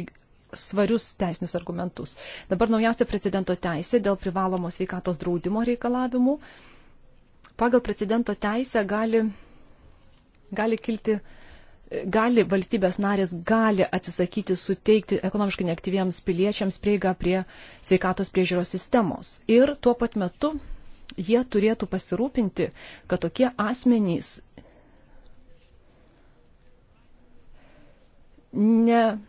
svarius teisinius argumentus. Dabar naujausia precedento teisė dėl privalomos sveikatos draudimo reikalavimų. Pagal precedento teisę gali, gali kilti gali valstybės narės gali atsisakyti suteikti ekonomiškai neaktyviems piliečiams prieigą prie sveikatos priežiūros sistemos. Ir tuo pat metu jie turėtų pasirūpinti, kad tokie asmenys ne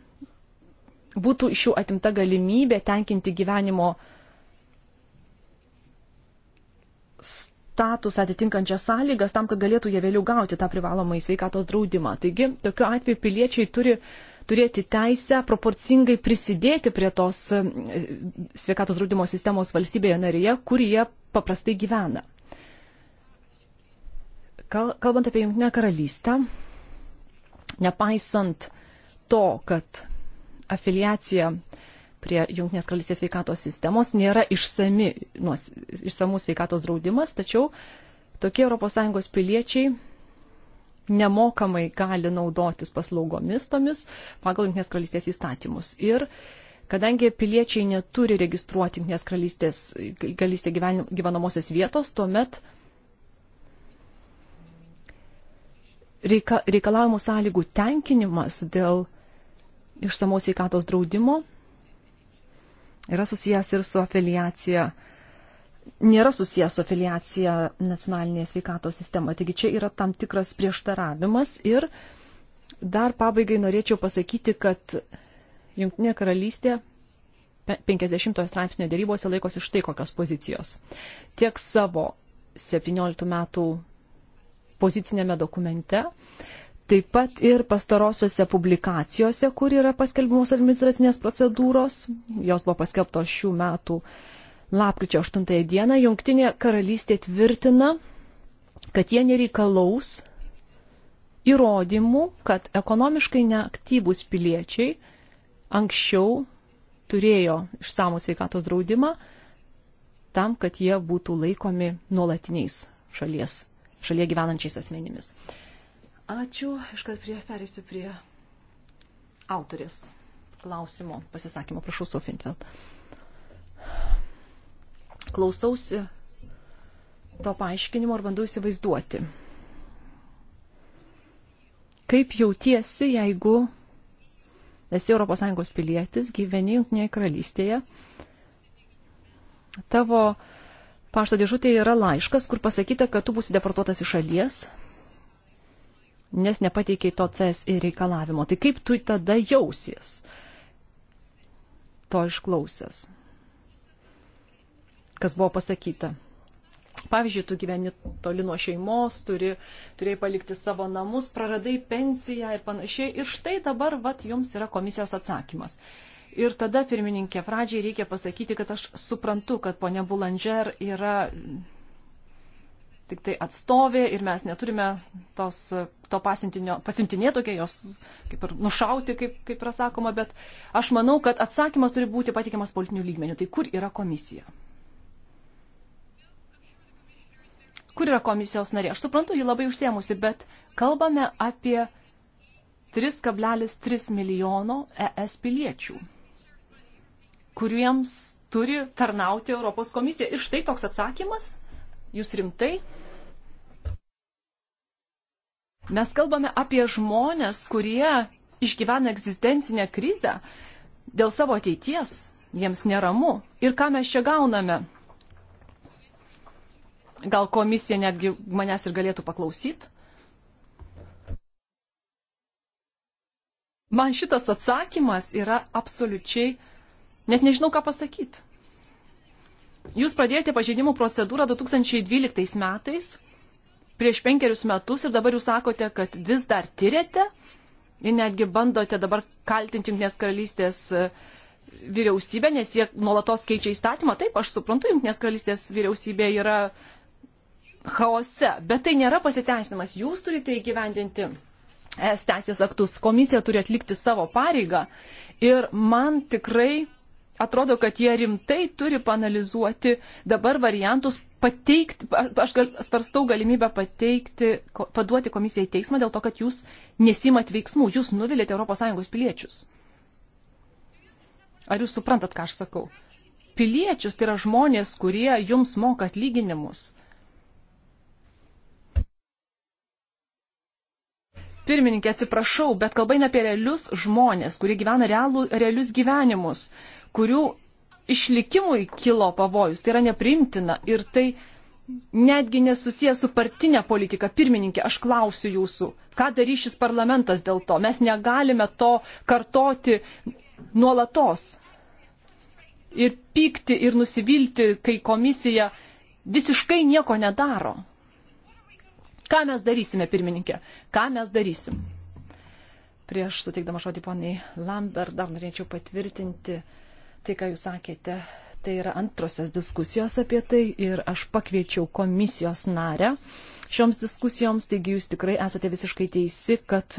būtų iš jų atimta galimybė tenkinti gyvenimo status atitinkančias sąlygas tam, kad galėtų jie vėliau gauti tą privalomą į sveikatos draudimą. Taigi, tokiu atveju piliečiai turi uh, turėti teisę proporcingai prisidėti prie tos e, sveikatos draudimo sistemos valstybėje narėje, kur jie paprastai gyvena. Kalbant apie Junktinę karalystę, nepaisant to, kad afiliacija prie Junktinės karalystės sveikatos sistemos nėra išsami, nuos, išsamus sveikatos draudimas, tačiau tokie ES piliečiai nemokamai gali naudotis paslaugomis tomis pagal Junktinės karalystės įstatymus. Ir kadangi piliečiai neturi registruoti Junktinės karalystės karalystė gyvenamosios vietos, tuomet reika, reikalavimų sąlygų tenkinimas dėl išsamaus sveikatos draudimo yra susijęs ir su afiliacija nėra susijęs su afiliacija nacionalinėje sveikatos sistemoje. Taigi čia yra tam tikras prieštaravimas ir dar pabaigai norėčiau pasakyti, kad Junktinė karalystė 50 straipsnio dėrybose laikosi štai kokios pozicijos. Tiek savo 17 metų pozicinėme dokumente, taip pat ir pastarosiuose publikacijose, kur yra paskelbimos administracinės procedūros, jos buvo paskelbtos šių metų uh, lapkričio 8 dieną Junktinė karalystė tvirtina, kad jie nereikalaus įrodymų, kad ekonomiškai neaktyvūs piliečiai anksčiau turėjo išsamų sveikatos draudimą tam, kad jie būtų laikomi nuolatiniais šalies, šalyje gyvenančiais asmenimis. Ačiū, iškart prie, perėsiu prie autorės klausimo, pasisakymo, prašau, Sofintveld klausausi to paaiškinimo ir bandau įsivaizduoti. Kaip jautiesi, jeigu esi ES pilietis, gyveni Junktinėje karalystėje, tavo pašto dėžutėje yra laiškas, kur pasakyta, kad tu būsi deportuotas iš šalies, nes nepateikiai to CSI reikalavimo. Tai kaip tu tada jausies to išklausęs? kas buvo pasakyta. Pavyzdžiui, tu gyveni toli nuo šeimos, turi, turėjai palikti savo namus, praradai pensiją ir panašiai. Ir štai dabar, vat, jums yra komisijos atsakymas. Ir tada, pirmininkė, pradžiai reikia pasakyti, kad aš suprantu, kad ponia Bulanger yra tik tai atstovė ir mes neturime tos, to pasimtinė tokia jos kaip ir nušauti, kaip, kaip yra sakoma, bet aš manau, kad atsakymas turi būti patikimas politinių lygmenių. Tai kur yra komisija? Kur yra komisijos narė? Aš suprantu, ji labai užsiemusi, bet kalbame apie 3,3 milijono ES piliečių, kuriems turi tarnauti Europos komisija. Ir štai toks atsakymas. Jūs rimtai? Mes kalbame apie žmonės, kurie išgyvena egzistencinę krizę dėl savo ateities, jiems neramu. Ir ką mes čia gauname? Gal komisija netgi manęs ir galėtų paklausyti? Man šitas atsakymas yra absoliučiai, net nežinau, ką pasakyti. Jūs pradėjote pažeidimų procedūrą 2012 metais, prieš penkerius metus ir dabar jūs sakote, kad vis dar tyrėte ir netgi bandote dabar kaltinti Junktinės karalystės e, vyriausybę, nes jie nuolatos keičia įstatymą. Taip, aš suprantu, Junktinės karalystės vyriausybė yra chaose. Bet tai nėra pasiteisinimas. Jūs turite įgyvendinti es teisės aktus. Komisija turi atlikti savo pareigą. Ir man tikrai atrodo, kad jie rimtai turi panalizuoti dabar variantus pateikti, aš gal, svarstau galimybę pateikti, paduoti komisiją į teismą dėl to, kad jūs nesimat veiksmų, jūs nuvilėte ES piliečius. Ar jūs suprantat, ką aš sakau? Piliečius tai yra žmonės, kurie jums moka atlyginimus pirmininkė, atsiprašau, bet kalba eina apie realius žmonės, kurie gyvena realų, realius gyvenimus, kurių išlikimui kilo pavojus. Tai yra neprimtina ir tai netgi nesusijęs su partinė politika. Pirmininkė, aš klausiu jūsų, ką darys šis parlamentas dėl to? Mes negalime to kartoti nuolatos ir pykti ir nusivilti, kai komisija visiškai nieko nedaro. Ką mes darysime, pirmininkė? Ką mes darysim? Prieš suteikdama žodį poniai Lambert dar norėčiau patvirtinti tai, ką jūs sakėte. Tai yra antrosios diskusijos apie tai ir aš pakviečiau komisijos narę šioms diskusijoms, taigi jūs tikrai esate visiškai teisi, kad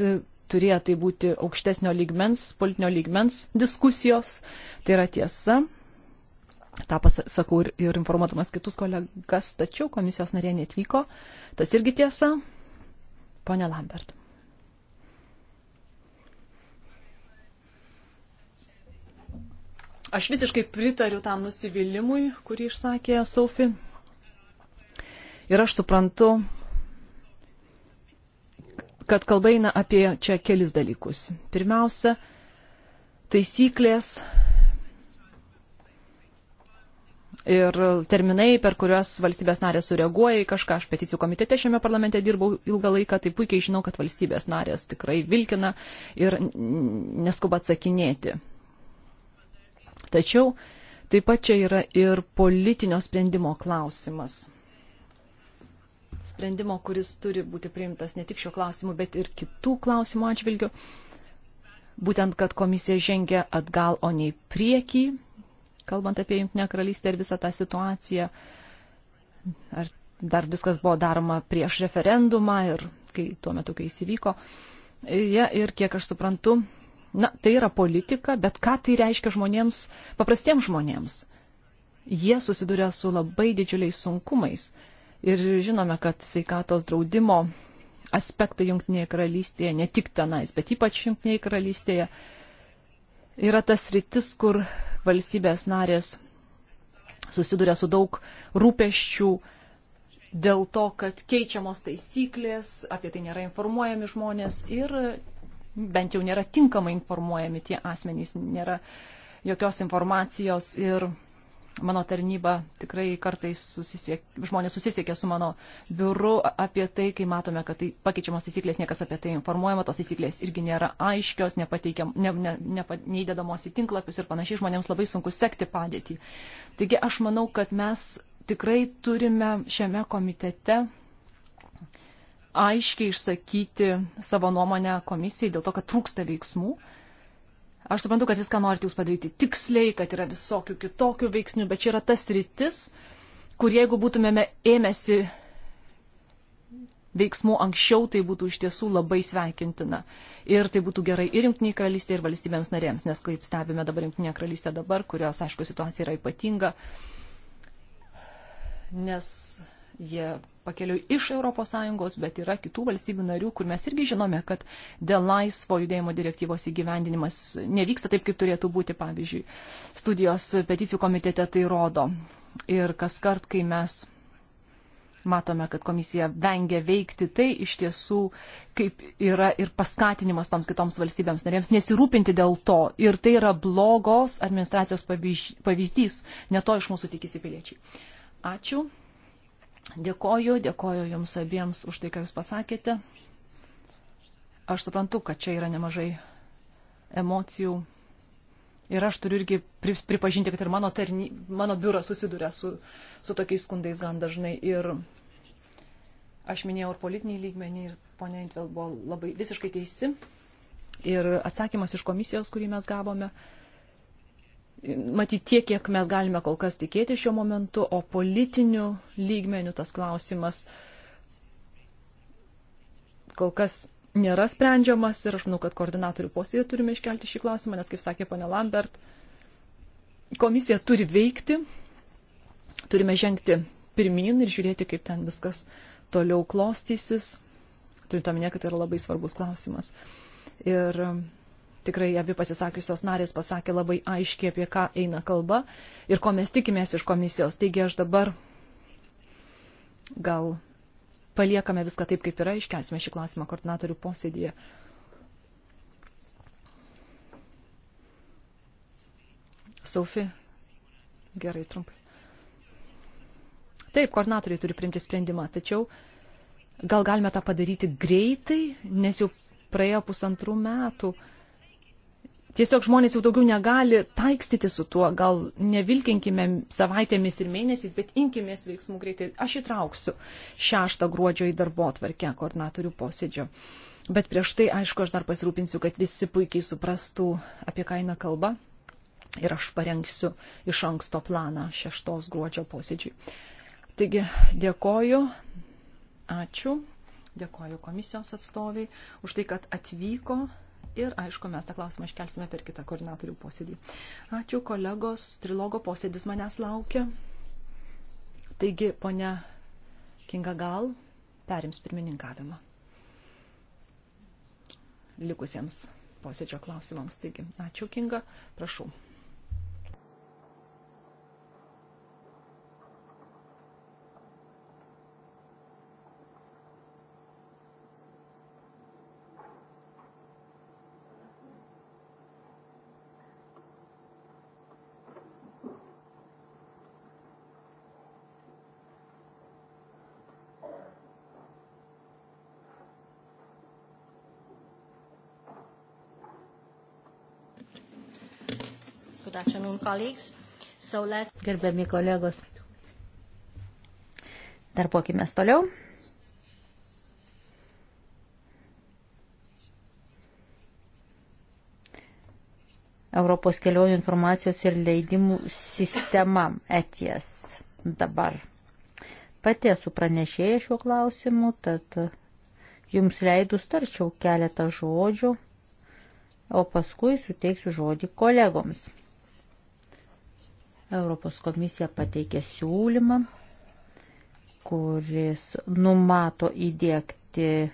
turėjo tai būti aukštesnio lygmens, politinio lygmens diskusijos. Tai yra tiesa, tą pasakau ir, ir informuodamas kitus kolegas, tačiau komisijos narė netvyko. Tas irgi tiesa. Pone Lambert. Aš visiškai pritariu tam nusivylimui, kurį išsakė Sofi. Ir aš suprantu, kad kalba eina apie čia kelis dalykus. Pirmiausia, taisyklės ir terminai, per kuriuos valstybės narės sureaguoja į kažką. Aš peticijų komitete šiame parlamente dirbau ilgą laiką, tai puikiai žinau, kad valstybės narės tikrai vilkina ir neskuba atsakinėti. Tačiau taip pat čia yra ir politinio sprendimo klausimas. Sprendimo, kuris turi būti priimtas ne tik šio klausimu, bet ir kitų klausimų atžvilgių. Būtent, kad komisija žengia atgal, o ne į priekį kalbant apie Junktinę karalystę ir visą tą situaciją, ar dar viskas buvo daroma prieš referendumą ir kai, tuo metu, kai jis įvyko. Ja, ir kiek aš suprantu, na, tai yra politika, bet ką tai reiškia žmonėms, paprastiems žmonėms? Jie susiduria su labai didžiuliais sunkumais. Ir žinome, kad sveikatos draudimo aspektai Junktinėje karalystėje, ne tik tenais, bet ypač Junktinėje karalystėje, yra tas rytis, kur valstybės narės susiduria su daug rūpeščių dėl to, kad keičiamos taisyklės, apie tai nėra informuojami žmonės ir bent jau nėra tinkamai informuojami tie asmenys, nėra jokios informacijos ir mano tarnyba tikrai kartais susisiek, žmonės susisiekia su mano biuru apie tai, kai matome, kad tai pakeičiamos taisyklės, niekas apie tai informuojama, tos taisyklės irgi nėra aiškios, nepateikiam, ne, ne, ne, neįdedamos į tinklapius ir panašiai, žmonėms labai sunku sekti padėtį. Taigi aš manau, kad mes tikrai turime šiame komitete aiškiai išsakyti savo nuomonę komisijai dėl to, kad trūksta veiksmų. Uh, Aš suprantu, kad viską norite jūs padaryti tiksliai, kad yra visokių kitokių veiksnių, bet čia yra tas rytis, kur jeigu būtumėme ėmėsi veiksmų anksčiau, tai būtų iš tiesų labai sveikintina. Ir tai būtų gerai ir Junktiniai karalystė, ir valstybėms narėms, nes kaip stebime dabar Junktinė karalystė dabar, kurios, aišku, situacija yra ypatinga, nes jie pakeliui iš ES, bet yra kitų valstybių narių, kur mes irgi žinome, kad dėl laisvo judėjimo direktyvos įgyvendinimas nevyksta taip, kaip turėtų būti. Pavyzdžiui, studijos peticijų komitete tai rodo. Ir kas kart, kai mes matome, kad komisija vengia veikti, tai iš tiesų kaip yra ir paskatinimas toms kitoms valstybėms narėms nesirūpinti dėl to. Ir tai yra blogos administracijos pavyzdys, ne to iš mūsų tikisi piliečiai. Ačiū. Dėkoju, dėkoju Jums abiems už tai, ką Jūs pasakėte. Aš suprantu, kad čia yra nemažai emocijų. Ir aš turiu irgi pripažinti, kad ir mano, tarny, mano biuras susiduria su, su tokiais skundais gan dažnai. Ir aš minėjau ir politinį lygmenį, ir ponia Intveld buvo labai visiškai teisi. Ir atsakymas iš komisijos, kurį mes gavome, uh, Matyt, tiek, kiek mes galime kol kas tikėti šiuo momentu, o politiniu lygmeniu tas klausimas kol kas nėra sprendžiamas ir aš manau, kad koordinatorių posėdėje turime iškelti šį klausimą, nes, kaip sakė ponė Lambert, komisija turi veikti, turime žengti pirmin ir žiūrėti, kaip ten viskas toliau klostysis. Turint omenyje, kad tai yra labai svarbus klausimas. Ir Tikrai abi pasisakiusios narės pasakė labai aiškiai, apie ką eina kalba ir ko mes tikimės iš komisijos. Taigi aš dabar gal paliekame viską taip, kaip yra, iškelsime šį klausimą koordinatorių posėdėje. Saufi, gerai trumpai. Taip, koordinatoriai turi priimti sprendimą, tačiau gal galime tą padaryti greitai, nes jau praėjo pusantrų metų tiesiog žmonės jau daugiau negali taikstyti su tuo, gal nevilkinkime savaitėmis ir mėnesiais, bet imkimės veiksmų greitai. Aš įtrauksiu 6 gruodžio į darbo atvarkę koordinatorių posėdžio. Bet prieš tai, aišku, aš dar pasirūpinsiu, kad visi puikiai suprastų, apie ką eina kalba. Ir aš parengsiu iš anksto planą 6 gruodžio posėdžiui. Taigi, dėkoju. Ačiū. Dėkoju komisijos atstoviai už tai, kad atvyko ir, aišku, mes tą klausimą iškelsime per kitą koordinatorių posėdį. Ačiū, kolegos, trilogo posėdis manęs laukia. Taigi, ponia Kinga Gal perims pirmininkavimą likusiems posėdžio klausimams. Taigi, ačiū Kinga, prašau. afternoon, colleagues. So let... Gerbiami kolegos, darbuokime toliau. Europos kelionių informacijos ir leidimų sistema ETIES dabar. Pati esu pranešėję šiuo klausimu, tad jums leidus tarčiau keletą žodžių, o paskui suteiksiu žodį kolegoms. Europos komisija pateikė siūlymą, kuris numato įdėkti e,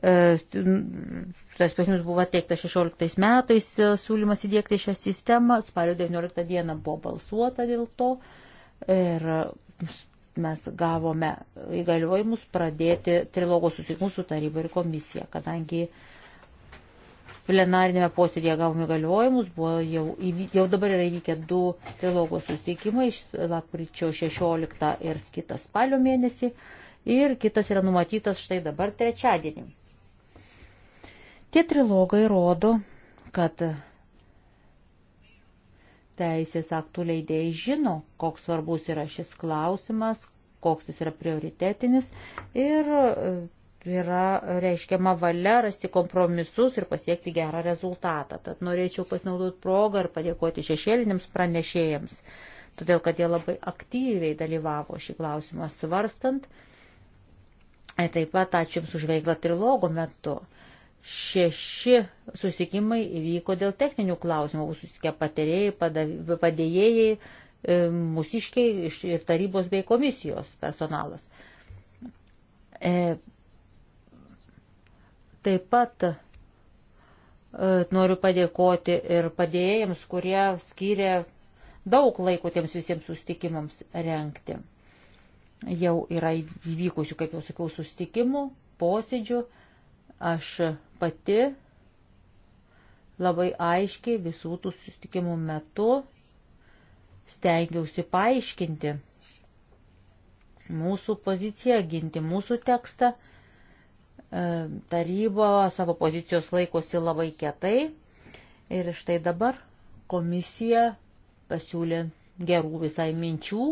tas pasiūlymas buvo teiktas 16 metais, e, siūlymas įdėkti šią sistemą, spalio 19 dieną buvo balsuota dėl to ir mes gavome įgaliojimus pradėti trilogo susitikimus su taryba ir komisija, kadangi uh, plenarinėme posėdėje gavome galiojimus, jau, jau dabar yra įvykę du trilogo susitikimai, lapkričio 16 ir kitas spalio mėnesį, ir kitas yra numatytas štai dabar trečiadienį. Tie trilogai rodo, kad teisės aktų leidėjai žino, koks svarbus yra šis klausimas, koks jis yra prioritetinis ir yra reiškiama valia rasti kompromisus ir pasiekti gerą rezultatą. Tad norėčiau pasinaudoti progą ir padėkoti šešėlinims pranešėjams, todėl kad jie labai aktyviai dalyvavo šį klausimą svarstant. E, taip pat ačiū Jums už veiklą trilogo metu. Šeši susikimai įvyko dėl techninių klausimų, susikę patarėjai, padėjėjai, e, mūsiškiai ir tarybos bei komisijos personalas e, Taip pat e, noriu padėkoti ir padėjėjams, kurie skyrė daug laiko tiems visiems sustikimams renkti. Jau yra įvykusių, kaip jau sakiau, sustikimų, posėdžių. Aš pati labai aiškiai visų tų sustikimų metu stengiausi paaiškinti mūsų poziciją, ginti mūsų tekstą E, taryba savo pozicijos laikosi labai kietai ir štai dabar komisija pasiūlė gerų visai minčių,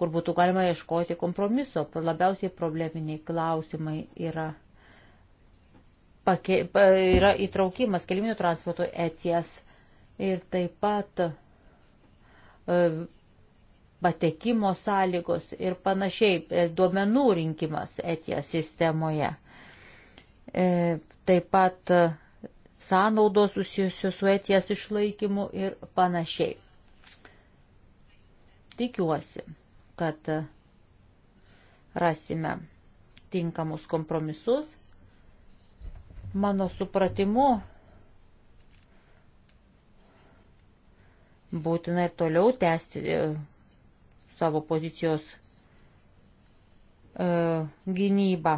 kur būtų galima ieškoti kompromiso. Labiausiai probleminiai klausimai yra, pake, yra įtraukimas keliminio transporto ETS ir taip pat e, patekimo sąlygos ir panašiai e, duomenų rinkimas ETS sistemoje. E, taip pat e, sąnaudos susijusios su eties išlaikymu ir panašiai. Tikiuosi, kad e, rasime tinkamus kompromisus. Mano supratimu, būtina ir toliau tęsti savo pozicijos gynybą.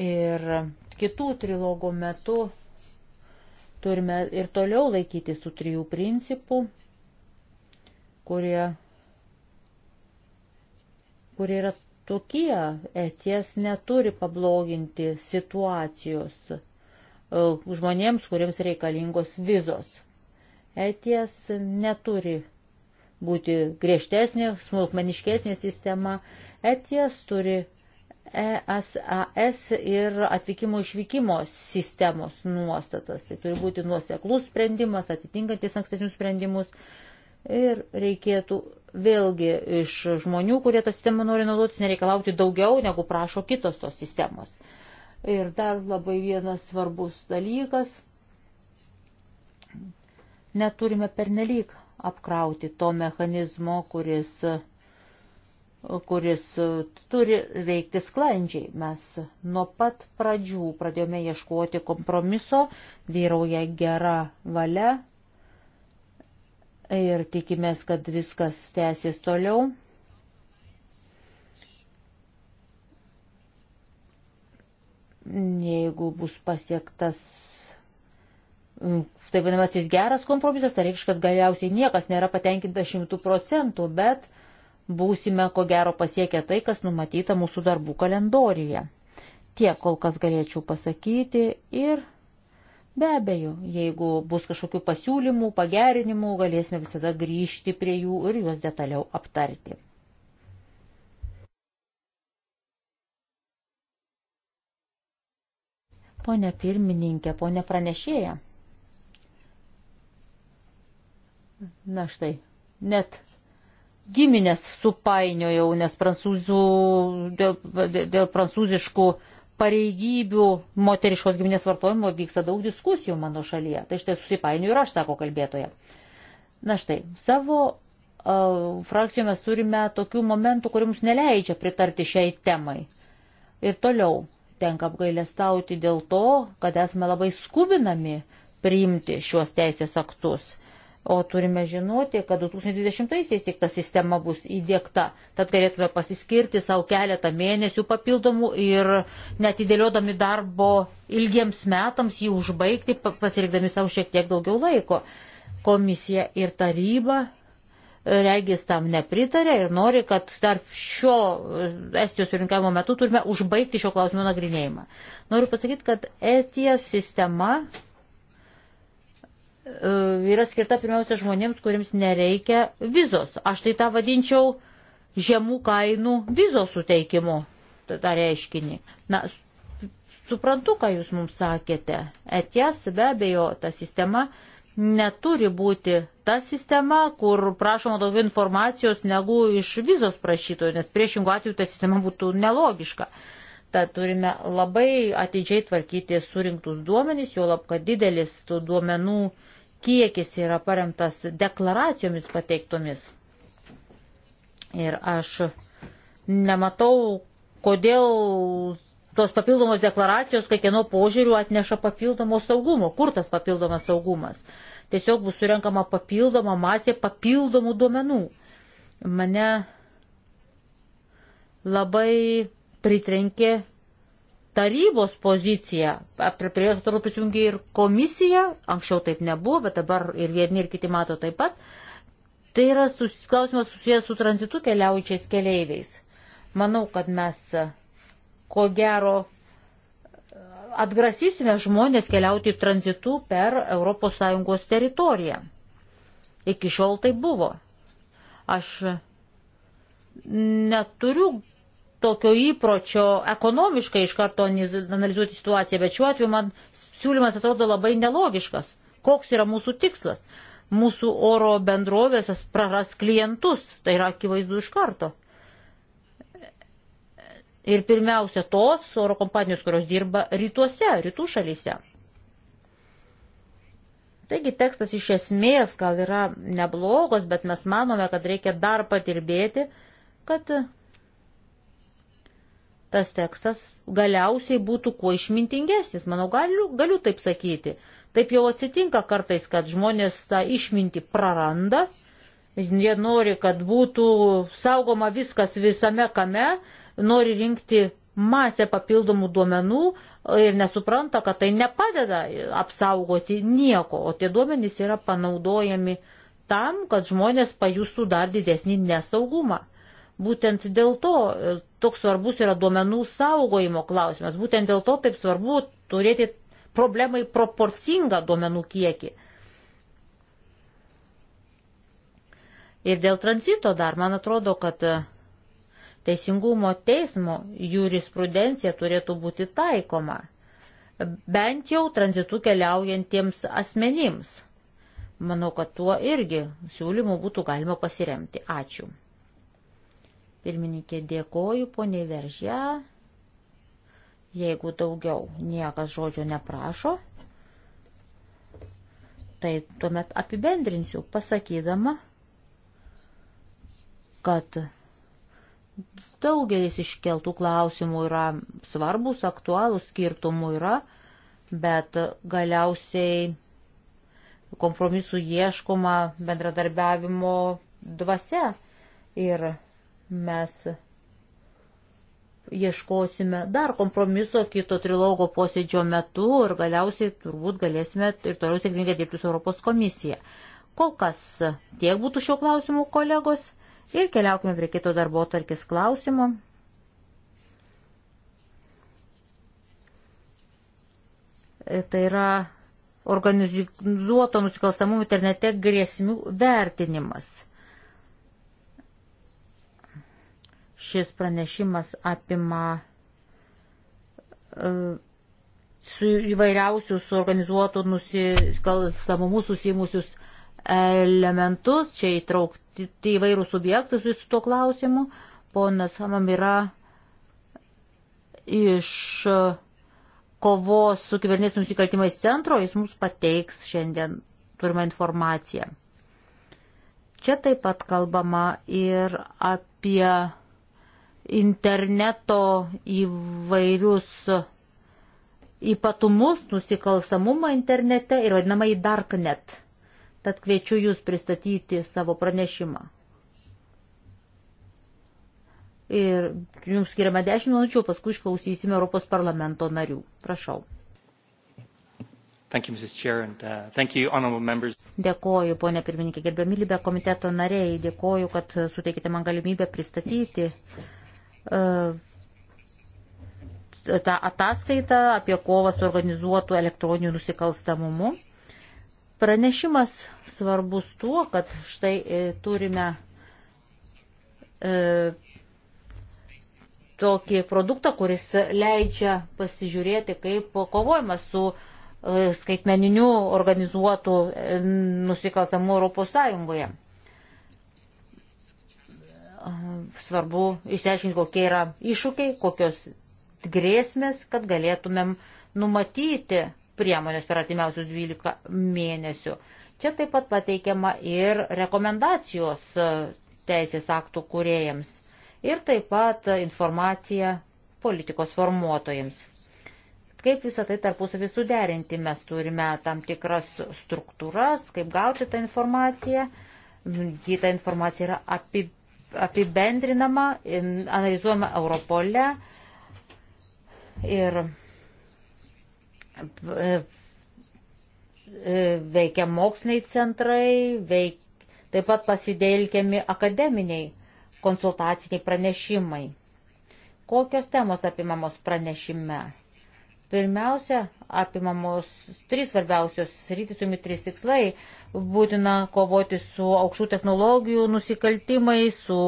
Ir kitų trilogų metu turime ir toliau laikytis tų trijų principų, kurie, kurie yra tokie, eties neturi pabloginti situacijos e, žmonėms, kuriems reikalingos vizos. Eties neturi būti griežtesnė, smulkmeniškesnė sistema. Eties turi ESAS ir atvykimo išvykimo sistemos nuostatas. Tai turi būti nuoseklus sprendimas, atitinkantis ankstesnius sprendimus. Ir reikėtų vėlgi iš žmonių, kurie tą sistemą nori naudotis, nereikalauti daugiau, negu prašo kitos tos sistemos. Ir dar labai vienas svarbus dalykas. Neturime pernelyg apkrauti to mechanizmo, kuris kuris e, turi veikti sklandžiai. Mes nuo pat pradžių pradėjome ieškoti kompromiso, vyrauja gera valia ir tikimės, kad viskas tęsis toliau. Jeigu bus pasiektas taip vadinamasis geras kompromisas, tai reikš, kad galiausiai niekas nėra patenkinta šimtų procentų, bet uh, būsime ko gero pasiekę tai, kas numatyta mūsų darbų kalendorijoje. Tiek kol kas galėčiau pasakyti ir be abejo, jeigu bus kažkokių pasiūlymų, pagerinimų, galėsime visada grįžti prie jų ir juos detaliau aptarti. Pone pirmininkė, pone pranešėja. Na štai, net giminės supainiojau, nes prancūzų, dėl, dėl prancūziškų pareigybių moteriškos giminės vartojimo vyksta daug diskusijų mano šalyje. Tai štai susipainioju ir aš, sako kalbėtoja. Na štai, savo uh, frakcijoje mes turime tokių momentų, kur mums neleidžia pritarti šiai temai. Ir toliau tenka apgailestauti dėl to, kad esame labai skubinami priimti šiuos teisės aktus O turime žinoti, kad 2020-aisiais tik ta sistema bus įdėkta. Tad galėtume pasiskirti savo keletą mėnesių papildomų ir netidėliodami darbo ilgiems metams jį užbaigti, pasirinkdami savo šiek tiek daugiau laiko. Komisija ir taryba e, regis tam nepritarė ir nori, kad tarp šio e, Estijos surinkavimo metu turime užbaigti šio klausimo nagrinėjimą. Noriu pasakyti, kad Estijos sistema E, yra skirta pirmiausia žmonėms, kuriems nereikia vizos. Aš tai tą vadinčiau žemų kainų vizos suteikimu, tą reiškinį. Na, suprantu, ką jūs mums sakėte. Eties be abejo, ta sistema neturi būti ta sistema, kur prašoma daugiau informacijos negu iš vizos prašytojų, nes priešingų atveju ta sistema būtų nelogiška. Tad turime labai atidžiai tvarkyti surinktus duomenys, jo lab, kad didelis tų duomenų kiekis yra paremtas deklaracijomis pateiktomis. Ir aš nematau, kodėl tos papildomos deklaracijos, kai kieno požiūrių atneša papildomo saugumo. Kur tas papildomas saugumas? Tiesiog bus surinkama papildoma masė papildomų duomenų. Mane labai pritrenkė tarybos poziciją, prie jos atrodo prisijungė ir komisija, anksčiau taip nebuvo, bet dabar ir vieni ir kiti mato taip pat, tai yra sus, klausimas susijęs su tranzitu keliaujančiais keleiviais. Manau, kad mes ko gero atgrasysime žmonės keliauti tranzitu per ES teritoriją. Iki šiol tai buvo. Aš neturiu tokio įpročio ekonomiškai iš karto analizuoti situaciją, bet šiuo atveju man siūlymas atrodo labai nelogiškas. Koks yra mūsų tikslas? Mūsų oro bendrovės praras klientus, tai yra akivaizdu iš karto. Ir pirmiausia, tos oro kompanijos, kurios dirba rytuose, rytų šalyse. Taigi tekstas iš esmės gal yra neblogas, bet mes manome, kad reikia dar patirbėti, kad tas tekstas galiausiai būtų kuo išmintingesnis. Manau, galiu, galiu taip sakyti. Taip jau atsitinka kartais, kad žmonės tą išmintį praranda, jie nori, kad būtų saugoma viskas visame kame, nori rinkti masę papildomų duomenų ir nesupranta, kad tai nepadeda apsaugoti nieko, o tie duomenys yra panaudojami tam, kad žmonės pajustų dar didesnį nesaugumą. Būtent dėl to e, toks svarbus yra duomenų saugojimo klausimas. Būtent dėl to taip svarbu turėti problemai proporcingą duomenų kiekį. Ir dėl tranzito dar, man atrodo, kad e, teisingumo teismo jurisprudencija turėtų būti taikoma bent jau tranzitu keliaujantiems asmenims. Manau, kad tuo irgi siūlymu būtų galima pasiremti. Ačiū. Pirmininkė, dėkoju, poniai Veržė. Jeigu daugiau niekas žodžio neprašo, tai tuomet apibendrinsiu, pasakydama, kad daugelis iškeltų klausimų yra svarbus, aktualūs skirtumų yra, bet galiausiai kompromisų ieškoma bendradarbiavimo dvasia. Ir mes ieškosime dar kompromiso kito trilogo posėdžio metu ir galiausiai turbūt galėsime ir toliau sėkmingai dirbti su Europos komisija. Kol kas tiek būtų šio klausimų kolegos ir keliaukime prie kito darbo tarkis klausimo. Tai yra organizuoto nusikalstamų internete grėsmių vertinimas. Šis pranešimas apima e, su įvairiausius organizuotų nusikalstamumų susimusius elementus, čia įtraukti tai įvairių subjektų su tuo klausimu. Ponas Hamam yra iš kovos su kibernetiniais nusikaltimais centro, jis mums pateiks šiandien turimą informaciją. Čia taip pat kalbama ir apie interneto įvairius ypatumus, nusikalstamumą internete ir vadinamą į darknet. Tad kviečiu Jūs pristatyti savo pranešimą. Ir Jums skiriama 10 minučių, paskui išklausysime Europos parlamento narių. Prašau. Thank you, Mrs. Chair, and, uh, thank you, honorable members. Dėkoju, ponė pirmininkė, gerbiamybė komiteto nariai, dėkoju, kad suteikite man galimybę pristatyti uh, E, tą ataskaitą apie kovą su organizuotu elektroniniu nusikalstamumu. Pranešimas svarbus tuo, kad štai e, turime e, tokį produktą, kuris leidžia pasižiūrėti, kaip kovojama su e, skaitmeniniu organizuotu e, nusikalstamu Europos Sąjungoje svarbu išsiaiškinti, kokie yra iššūkiai, kokios grėsmės, kad galėtumėm numatyti priemonės per artimiausius 12 mėnesių. Čia taip pat pateikiama ir rekomendacijos e, teisės aktų kuriejams ir taip pat informacija politikos formuotojams. Kaip visą tai tarpusavį suderinti, mes turime tam tikras struktūras, kaip gauti tą informaciją. Ji ta informacija yra apibūdinta apibendrinama, analizuojama Europole ir e, e, veikia moksliniai centrai, veik, taip pat pasidėlkiami akademiniai konsultaciniai pranešimai. Kokios temos apimamos pranešime? Pirmiausia, apimamos trys svarbiausios rytis, jumi trys tikslai. Būtina kovoti su aukštų technologijų nusikaltimais, su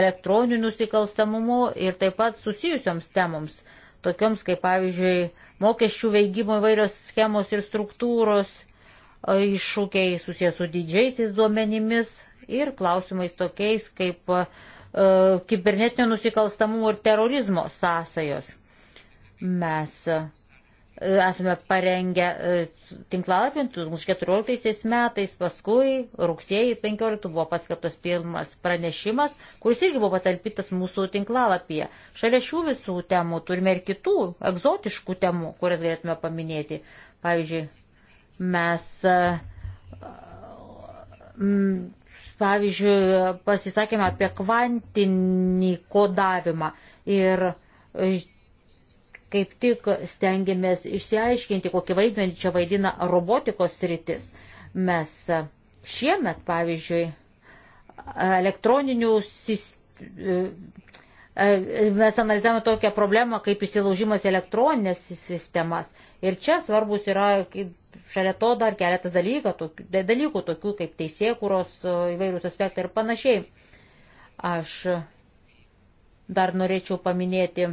elektroniniu nusikalstamumu ir taip pat susijusioms temoms, tokioms kaip pavyzdžiui mokesčių veigimo įvairios schemos ir struktūros, e, iššūkiai susijęs su didžiaisiais duomenimis ir klausimais tokiais kaip e, kibernetinio nusikalstamumo ir terorizmo sąsajos. Mes esame parengę e, tinklalapį 2014 metais, paskui rugsėjai 15 buvo paskaptas pirmas pranešimas, kuris irgi buvo patalpytas mūsų tinklalapyje. Šalia šių visų temų turime ir kitų egzotiškų temų, kurias galėtume paminėti. Pavyzdžiui, mes. E, pavyzdžiui, pasisakėme apie kvantinį kodavimą ir e, kaip tik stengiamės išsiaiškinti, kokį vaidmenį čia vaidina robotikos sritis. Mes šiemet, pavyzdžiui, elektroninių sistemų. Mes analizavome tokią problemą, kaip įsilaužimas elektroninės sistemas. Ir čia svarbus yra šalia to dar keletas dalyka, tokių, dalykų, tokių kaip teisėkuros įvairūs aspektai ir panašiai. Aš dar norėčiau paminėti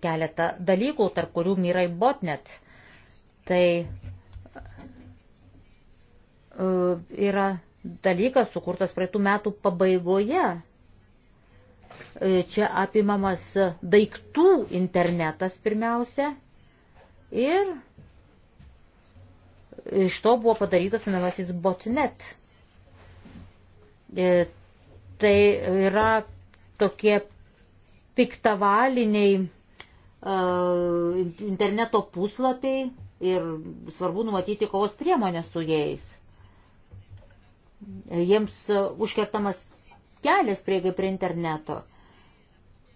keletą dalykų, tarp kurių Mirai Botnet. Tai e, yra dalykas sukurtas praeitų metų pabaigoje. E, čia apimamas daiktų internetas pirmiausia ir iš to buvo padarytas vienamasis botnet. E, tai yra tokie piktavaliniai interneto puslapiai ir svarbu numatyti kovos priemonės su jais. Jiems užkertamas kelias prieigai prie interneto.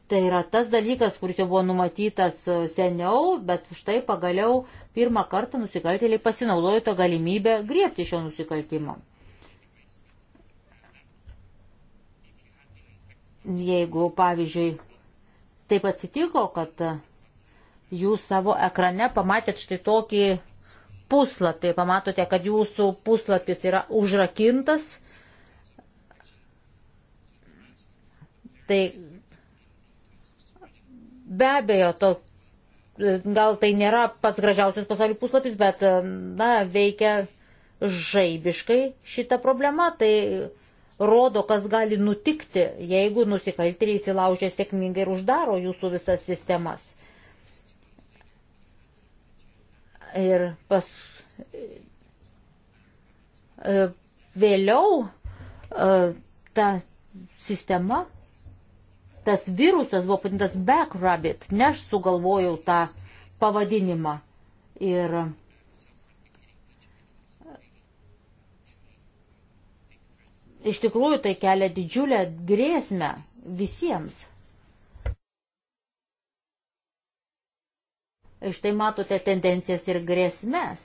Tai yra tas dalykas, kuris jau buvo numatytas seniau, bet štai pagaliau pirmą kartą nusikaltėliai pasinaudojo tą galimybę griebti šio nusikaltimo. Jeigu, pavyzdžiui, taip atsitiko, kad jūs savo ekrane pamatėt štai tokį puslapį, pamatote, kad jūsų puslapis yra užrakintas, tai be abejo, to, gal tai nėra pats gražiausias pasaulio puslapis, bet, na, veikia žaibiškai šita problema, tai rodo, kas gali nutikti, jeigu nusikaltėliai įsilaužia sėkmingai ir uždaro jūsų visas sistemas. ir pas, e, vėliau e, ta sistema, tas virusas buvo padintas Backrabbit, ne aš sugalvojau tą pavadinimą. Ir iš tikrųjų tai kelia didžiulę grėsmę visiems. Štai matote tendencijas ir grėsmės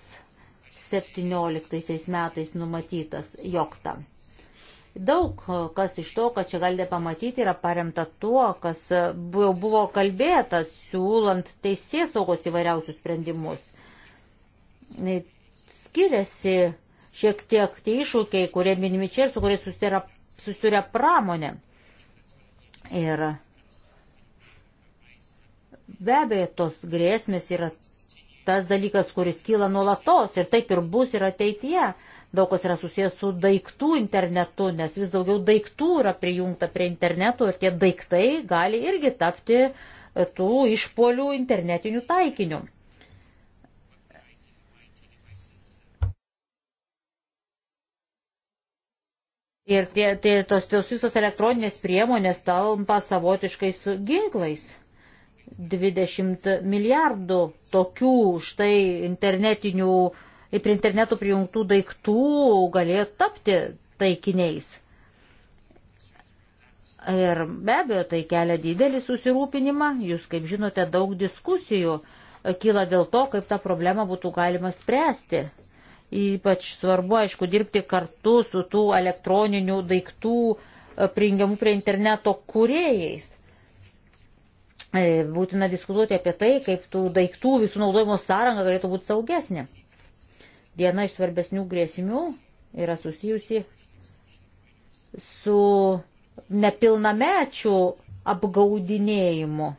17 metais numatytas jokta. Daug kas iš to, kad čia galite pamatyti, yra paremta tuo, kas jau buvo kalbėta, siūlant teisės saugos įvairiausius sprendimus. Skiriasi šiek tiek tie iššūkiai, kurie minimi čia ir su kuriais susiduria pramonė. Ir Be abejo, tos grėsmės yra tas dalykas, kuris kyla nuolatos ir taip ir bus ir ateityje. Daug kas yra susijęs su daiktų internetu, nes vis daugiau daiktų yra prijungta prie interneto ir tie daiktai gali irgi tapti e, tų išpolių internetinių taikinių. Ir tie, tie, tos, tos visos elektroninės priemonės tampa savotiškais ginklais. 20 milijardų tokių štai internetinių ir prie internetų prijungtų daiktų galėjo tapti taikiniais. Ir be abejo, tai kelia didelį susirūpinimą. Jūs, kaip žinote, daug diskusijų kyla dėl to, kaip tą problemą būtų galima spręsti. Ypač svarbu, aišku, dirbti kartu su tų elektroninių daiktų e, prijungiamų prie interneto kūrėjais. E, būtina diskutuoti apie tai, kaip tų daiktų visų naudojimo sąranga galėtų būti saugesnė. Viena iš svarbesnių grėsmių yra susijusi su nepilnamečių apgaudinėjimu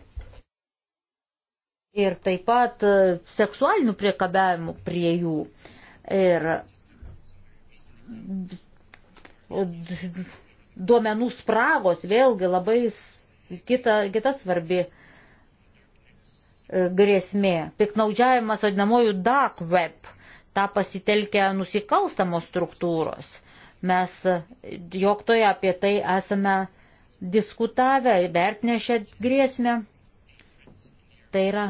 ir taip pat e, seksualiniu priekabiavimu prie jų. Ir duomenų spragos vėlgi labai kita, kita svarbi grėsmė. Piknaudžiavimas vadinamojų dark web. Ta pasitelkia nusikalstamos struktūros. Mes joktoje apie tai esame diskutavę, vertinę šią grėsmę. Tai yra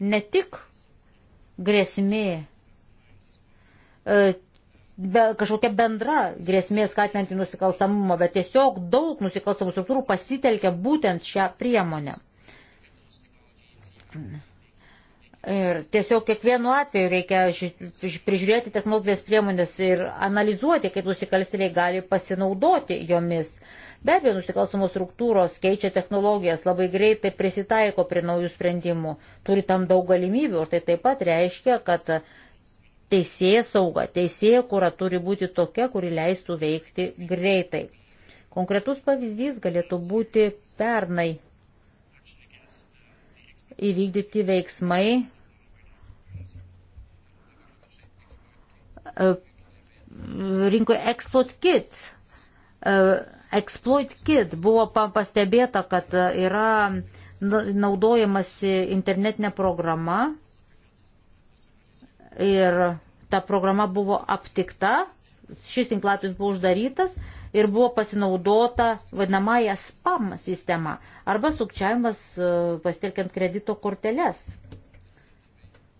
ne tik grėsmė, e, be, kažkokia bendra grėsmė skatinanti nusikalstamumą, bet tiesiog daug nusikalstamų struktūrų pasitelkia būtent šią priemonę. Ir tiesiog kiekvienu atveju reikia prižiūrėti technologijas priemonės ir analizuoti, kaip nusikalstėliai gali pasinaudoti jomis. Be abejo, nusikalstamos struktūros keičia technologijas, labai greitai prisitaiko prie naujų sprendimų, turi tam daug galimybių ir tai taip pat reiškia, kad teisėja sauga, teisėja kūra turi būti tokia, kuri leistų veikti greitai. Konkretus pavyzdys galėtų būti pernai įvykdyti veiksmai e, rinkoje Exploit Kit. E, Exploit Kit buvo pastebėta, kad yra naudojamasi internetinė programa ir ta programa buvo aptikta, šis tinklapis buvo uždarytas ir buvo pasinaudota vadinamąją spam sistema arba sukčiavimas e, pasitelkiant kredito korteles.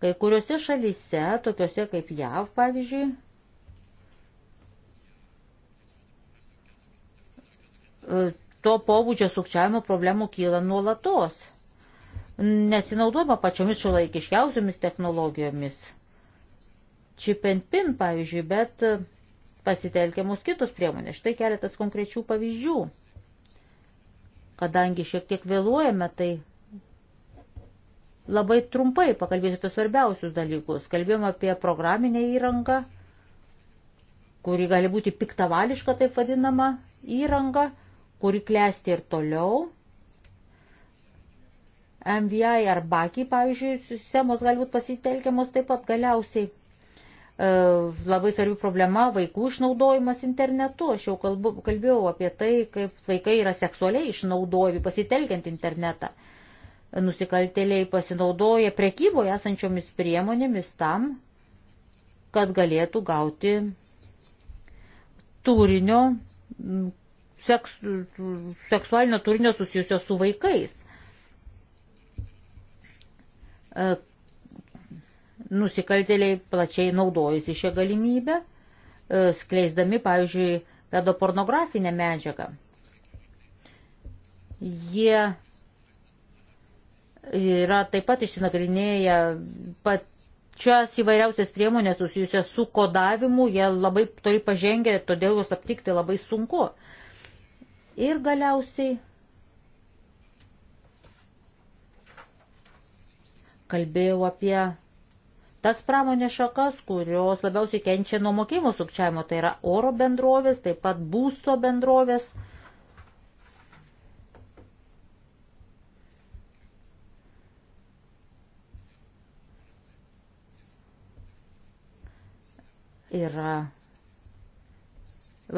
Kai kuriuose šalyse, tokiuose kaip JAV pavyzdžiui, e, to pobūdžio sukčiavimo problemų kyla nuolatos. Nesinaudojama pačiomis šiuolaikiškiausiomis technologijomis. Čip and pin, pavyzdžiui, bet pasitelkiamus kitus priemonės. Štai keletas konkrečių pavyzdžių. Kadangi šiek tiek vėluojame, tai labai trumpai pakalbėsiu apie svarbiausius dalykus. Kalbėjome apie programinę įrangą, kuri gali būti piktavališka, taip vadinama, įranga, kuri klesti ir toliau. MVI ar BAKI, pavyzdžiui, sistemos gali būti pasitelkiamos taip pat galiausiai E, labai svarbi problema - vaikų išnaudojimas internetu. Aš jau kalbu, kalbėjau apie tai, kaip vaikai yra seksualiai išnaudojami pasitelkiant internetą. Nusikaltėliai pasinaudoja prekyboje esančiomis priemonėmis tam, kad galėtų gauti turinio, seks, seksualinio turinio susijusio su vaikais e, nusikaltėliai plačiai naudojasi šią galimybę, e, skleisdami, pavyzdžiui, pedopornografinę medžiagą. Jie yra taip pat išsinagrinėję pačias įvairiausias priemonės susijusias su kodavimu, jie labai toli pažengę, todėl juos aptikti labai sunku. Ir galiausiai kalbėjau apie tas pramonės šakas, kurios labiausiai kenčia nuo mokėjimo sukčiavimo, tai yra oro bendrovės, taip pat būsto bendrovės. Yra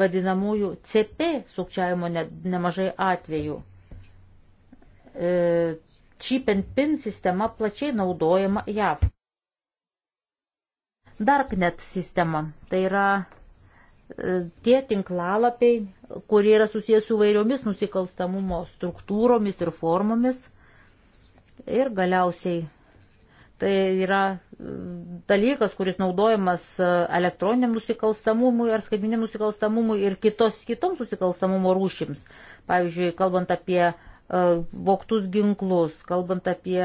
vadinamųjų CP sukčiavimo ne, nemažai atvejų. E, Cheap and pin sistema plačiai naudojama JAV. Darknet sistemą. Tai yra e, tie tinklalapiai, kurie yra susijęs su vairiomis nusikalstamumo struktūromis ir formomis. Ir galiausiai tai yra e, dalykas, kuris naudojamas e, elektroniniam nusikalstamumui ar skaitminiam nusikalstamumui ir kitos, kitoms nusikalstamumo rūšims. Pavyzdžiui, kalbant apie E, voktus ginklus, kalbant apie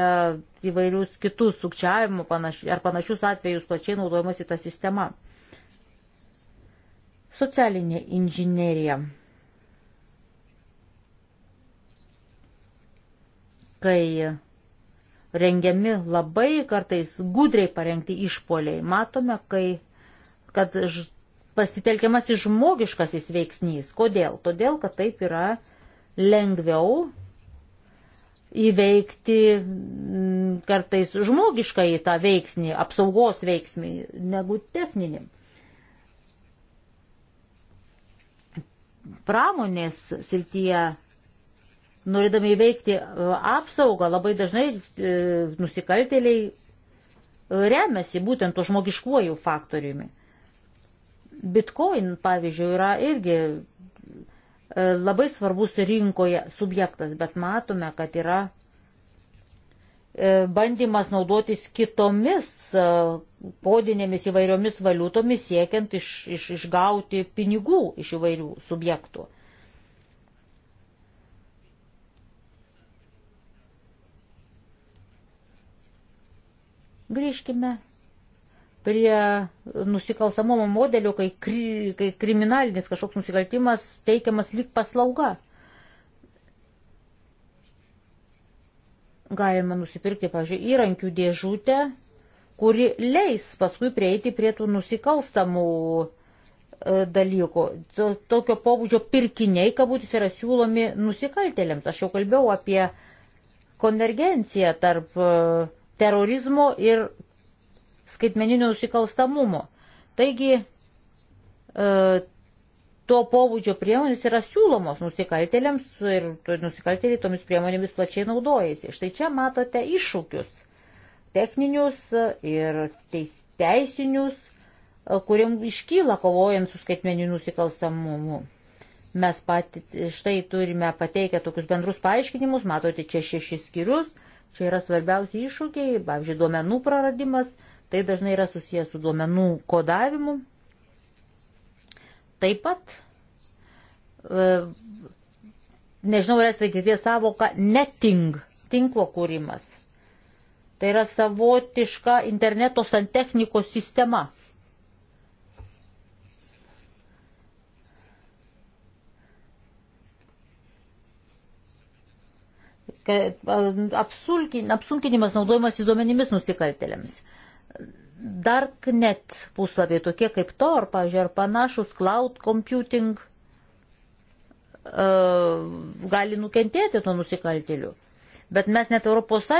įvairius kitus sukčiavimo panaši, ar panašius atvejus plačiai naudojamasi ta sistema. Socialinė inžinierija. Kai rengiami labai kartais gudriai parengti išpoliai, matome, kai, kad pasitelkiamas žmogiškasis veiksnys. Kodėl? Todėl, kad taip yra lengviau įveikti mm, kartais žmogišką į tą veiksnį, apsaugos veiksmį, negu techninį. Pramonės srityje, norėdami įveikti e, apsaugą, labai dažnai e, nusikaltėliai e, remiasi būtent to žmogiškuoju faktoriumi. Bitcoin, pavyzdžiui, yra irgi E, labai svarbus rinkoje subjektas, bet matome, kad yra e, bandymas naudotis kitomis e, podinėmis įvairiomis valiutomis siekiant iš, iš, išgauti pinigų iš įvairių subjektų. Grįžkime prie nusikalstamumo modelių, kai, kri, kai kriminalinis kažkoks nusikaltimas teikiamas lyg paslauga. Galima nusipirkti, pažiūrėjau, įrankių dėžutę, kuri leis paskui prieiti prie tų nusikalstamų e, dalykų. Tokio pobūdžio pirkiniai, kabutis, yra siūlomi nusikaltėliams. Aš jau kalbėjau apie konvergenciją tarp e, terorizmo ir skaitmeninio nusikalstamumo. Taigi, e, to pobūdžio priemonės yra siūlomos nusikaltėliams ir nusikaltėliai tomis priemonėmis plačiai naudojasi. Štai čia matote iššūkius techninius ir teis, teisinius, e, kuriam iškyla kovojant su skaitmeniniu nusikalstamumu. Mes pat, štai turime pateikę tokius bendrus paaiškinimus, matote čia šešis skyrius, čia yra svarbiausi iššūkiai, pavyzdžiui, duomenų praradimas, Tai dažnai yra susijęs su duomenų kodavimu. Taip pat, e, nežinau, ar esate girdėję savoką neting, tinklo kūrimas. Tai yra savotiška interneto santechnikos sistema. apsunkinimas naudojimas įduomenimis nusikaltelėms darknet puslapiai, tokie kaip Tor, pavyzdžiui, ar panašus cloud computing e, gali nukentėti nuo nusikaltėlių. Bet mes net ES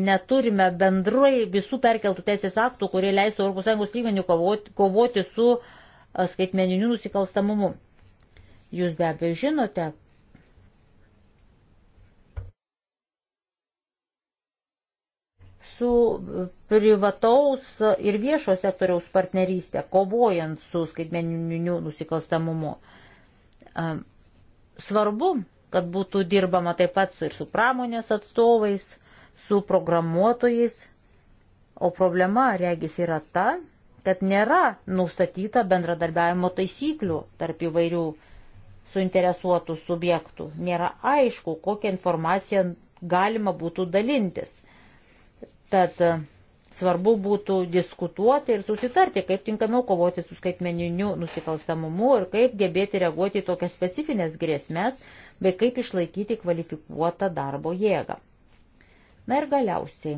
neturime bendrai visų perkeltų teisės aktų, kurie leistų ES lygmenių kovoti, kovoti su e, skaitmeniniu nusikalstamumu. Jūs be abejo žinote, su e, privataus ir viešo sektoriaus partnerystė, kovojant su skaitmeniniu nusikalstamumu. E, svarbu, kad būtų dirbama taip pat ir su pramonės atstovais, su programuotojais, o problema, regis, yra ta, kad nėra nustatyta bendradarbiavimo taisyklių tarp įvairių suinteresuotų subjektų. Nėra aišku, kokią informaciją galima būtų dalintis. Tad e, svarbu būtų diskutuoti ir susitarti, kaip tinkamiau kovoti su skaitmeniniu nusikalstamumu ir kaip gebėti reaguoti į tokias specifines grėsmės, bei kaip išlaikyti kvalifikuotą darbo jėgą. Na ir galiausiai.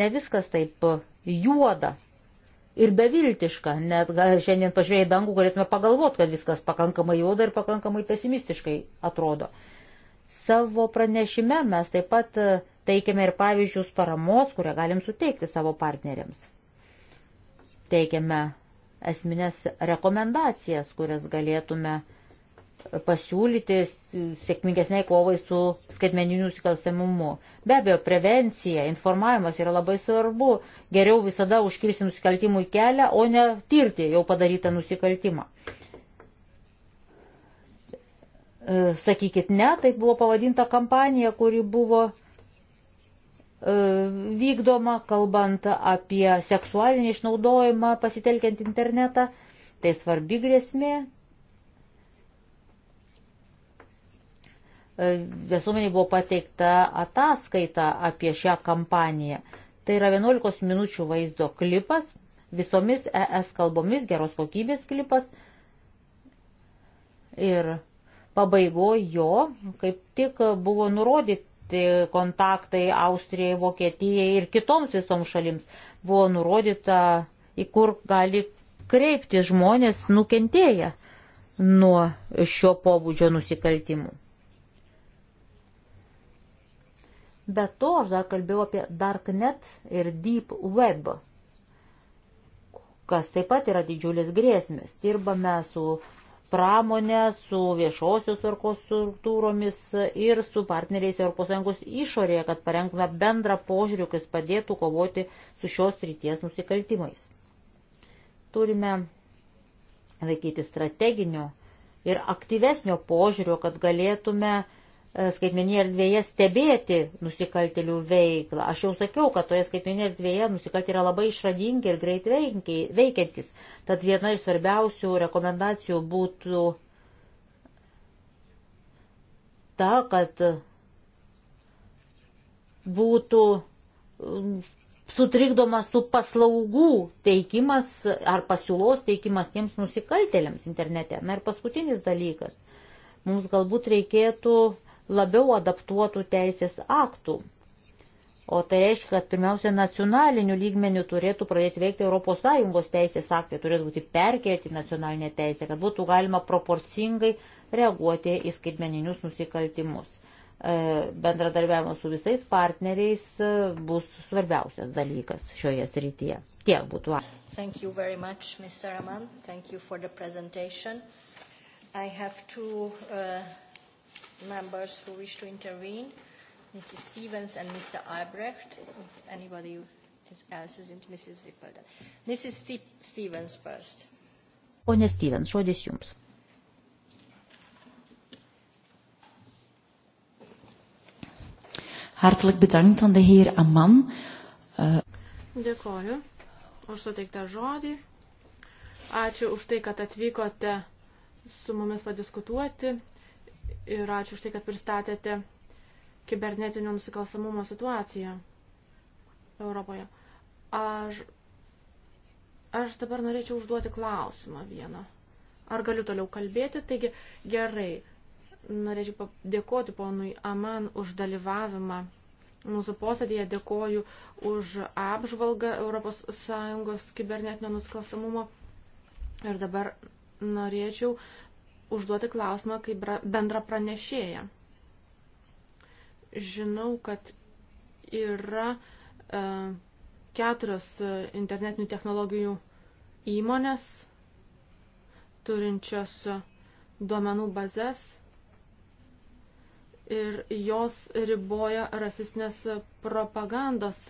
Ne viskas taip juoda ir beviltiška. Net šiandien pažvėjai dangų galėtume pagalvoti, kad viskas pakankamai juoda ir pakankamai pesimistiškai atrodo. Savo pranešime mes taip pat e, teikiame ir pavyzdžius paramos, kurią galim suteikti savo partneriams. Teikiame esminės rekomendacijas, kurias galėtume pasiūlyti sėkmingesniai kovai su skaitmeniniu nusikalstamumu. Be abejo, prevencija, informavimas yra labai svarbu. Geriau visada užkirsti nusikaltimui kelią, o ne tirti jau padarytą nusikaltimą. E, sakykit ne, tai buvo pavadinta kampanija, kuri buvo E, vykdoma, kalbant apie seksualinį išnaudojimą pasitelkiant internetą. Tai svarbi grėsmė. E, Visuomeniai buvo pateikta ataskaita apie šią kampaniją. Tai yra 11 minučių vaizdo klipas, visomis ES kalbomis, geros kokybės klipas. Ir pabaigoje jo kaip tik buvo nurodyti kontaktai Austrijai, Vokietijai ir kitoms visoms šalims. Buvo nurodyta, į kur gali kreipti žmonės nukentėję nuo šio pobūdžio nusikaltimų. Be to, aš dar kalbėjau apie Darknet ir Deep Web, kas taip pat yra didžiulis grėsmės. Dirbame su pramonę, su viešosios tvarkos struktūromis ir su partneriais ES išorėje, kad parengtume bendrą požiūrį, kuris padėtų kovoti su šios ryties nusikaltimais. Turime laikyti strateginio ir aktyvesnio požiūrio, kad galėtume uh, E, skaitmeninėje erdvėje stebėti nusikaltelių veiklą. Aš jau sakiau, kad toje skaitmeninėje erdvėje nusikalteliai yra labai išradingi ir greit veikiantis. Tad viena iš svarbiausių rekomendacijų būtų ta, kad būtų sutrikdomas tų paslaugų teikimas ar pasiūlos teikimas tiems nusikaltėliams internete. Na ir paskutinis dalykas. Mums galbūt reikėtų labiau adaptuotų teisės aktų. O tai reiškia, kad pirmiausia nacionaliniu lygmeniu turėtų pradėti veikti ES teisės aktai, turėtų būti perkelti nacionalinę teisę, kad būtų galima proporcingai reaguoti į skaitmeninius nusikaltimus. E, bendradarbiavimas su visais partneriais e, bus svarbiausias dalykas šioje srityje. Tiek būtų. Thank you very much, Mr. Raman. Thank you for the presentation. I have two uh, members who wish to intervene, Mrs. Stevens and Mr. Albrecht. If anybody else isn't, Mrs. Zippel. Then. Mrs. St Stevens first. Pone Stevens, žodis jums. Hartelijk bedankt aan de heer Amman. Uh... Dėkoju už suteiktą žodį. Ačiū už tai, kad atvykote su mumis padiskutuoti ir ačiū už tai, kad pristatėte kibernetinio nusikalstamumo situaciją Europoje. Aš, aš dabar norėčiau užduoti klausimą vieną. Ar galiu toliau kalbėti? Taigi, gerai. Norėčiau padėkoti ponui Aman už dalyvavimą mūsų posėdėje. Dėkoju už apžvalgą ES kibernetinio nusikalstamumo. Ir dabar norėčiau užduoti klausimą kaip bendra pranešėja. Žinau, kad yra e, keturios e, internetinių technologijų įmonės turinčios e, duomenų bazės ir jos riboja rasistinės propagandos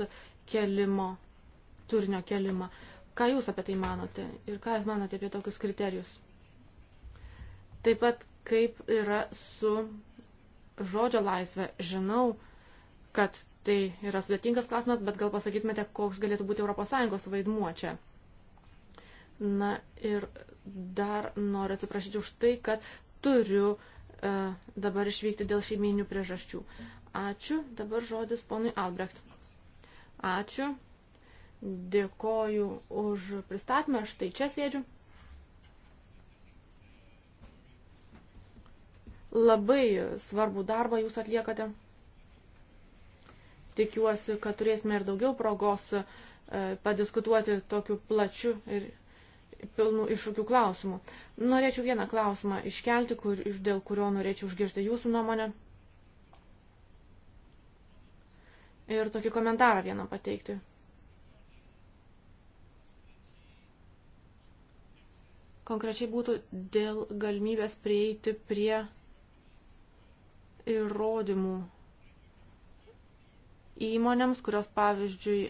kelimo, turinio kelimą. Ką Jūs apie tai manote ir ką Jūs manote apie tokius kriterijus? Taip pat kaip yra su žodžio laisvė. Žinau, kad tai yra sudėtingas klausimas, bet gal pasakytumėte, koks galėtų būti ES vaidmuo čia. Na ir dar noriu atsiprašyti už tai, kad turiu e, dabar išvykti dėl šeiminių priežasčių. Ačiū. Dabar žodis ponui Albrecht. Ačiū. Dėkoju už pristatymą. Štai čia sėdžiu. Labai svarbų darbą jūs atliekate. Tikiuosi, kad turėsime ir daugiau progos e, padiskutuoti tokiu plačiu ir pilnu iššūkių klausimų. Norėčiau vieną klausimą iškelti, kur, dėl kurio norėčiau užgirsti jūsų nuomonę. Ir tokį komentarą vieną pateikti. Konkrečiai būtų dėl galimybės prieiti prie įrodymų įmonėms, kurios pavyzdžiui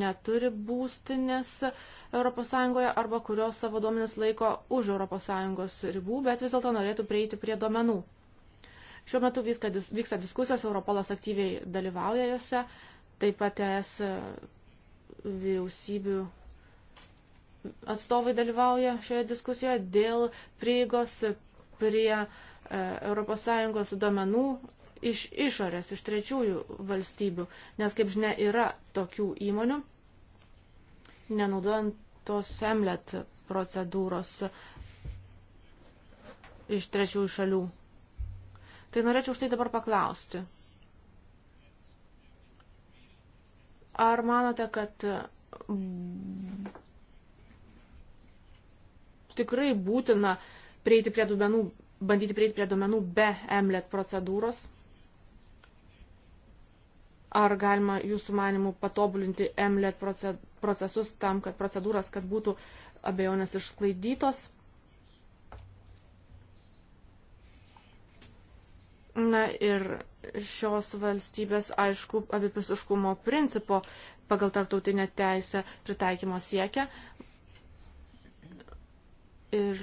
neturi būstinės ES arba kurios savo duomenis laiko už ES ribų, bet vis dėlto norėtų prieiti prie duomenų. Šiuo metu viską, vyksta diskusijos, Europolas aktyviai dalyvauja jose, taip pat es vyriausybių atstovai dalyvauja šioje diskusijoje dėl prieigos prie uh, ES duomenų iš išorės, iš trečiųjų valstybių, nes, kaip žinia, yra tokių įmonių, nenaudojant tos semlet procedūros iš trečiųjų šalių. Tai norėčiau štai dabar paklausti. Ar manote, kad tikrai būtina prieiti prie duomenų bandyti prieiti prie duomenų be emlet procedūros? Ar galima jūsų manimų patobulinti emlet procesus tam, kad procedūras, kad būtų abejonės išsklaidytos? Na ir šios valstybės, aišku, abipusiškumo principo pagal tartautinę teisę pritaikymo siekia. Ir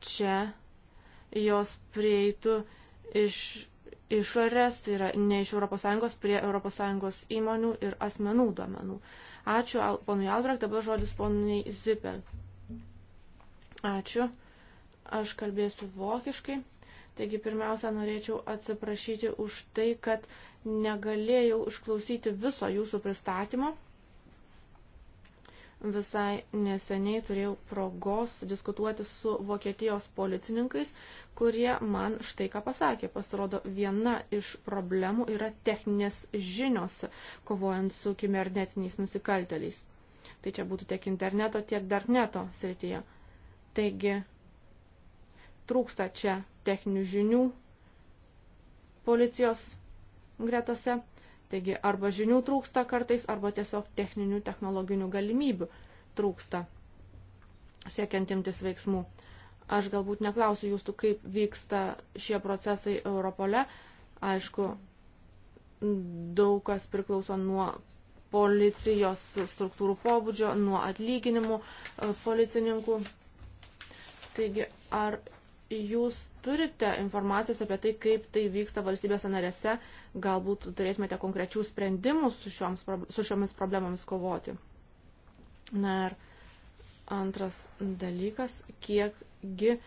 čia jos prieitų iš išorės, tai yra ne iš ES prie ES įmonių ir asmenų duomenų. Ačiū al, ponui Albrecht, dabar žodis ponui Zipel. Ačiū. Aš kalbėsiu vokiškai. Taigi pirmiausia, norėčiau atsiprašyti už tai, kad negalėjau išklausyti viso jūsų pristatymo. Visai neseniai turėjau progos diskutuoti su Vokietijos policininkais, kurie man štai ką pasakė. Pasirodo, viena iš problemų yra techninės žinios, kovojant su kibernetiniais nusikalteliais. Tai čia būtų tiek interneto, tiek darneto srityje. Taigi, trūksta čia techninių žinių policijos gretose. Taigi arba žinių trūksta kartais, arba tiesiog techninių, technologinių galimybių trūksta siekiant imtis veiksmų. Aš galbūt neklausiu jūsų, kaip vyksta šie procesai Europole. Aišku, daug kas priklauso nuo policijos struktūrų pobūdžio, nuo atlyginimų e, policininkų. Taigi, ar jūs turite informacijos apie tai, kaip tai vyksta valstybėse narėse, galbūt turėtumėte konkrečių sprendimų su, šioms, su šiomis problemomis kovoti. Na ir antras dalykas, kiekgi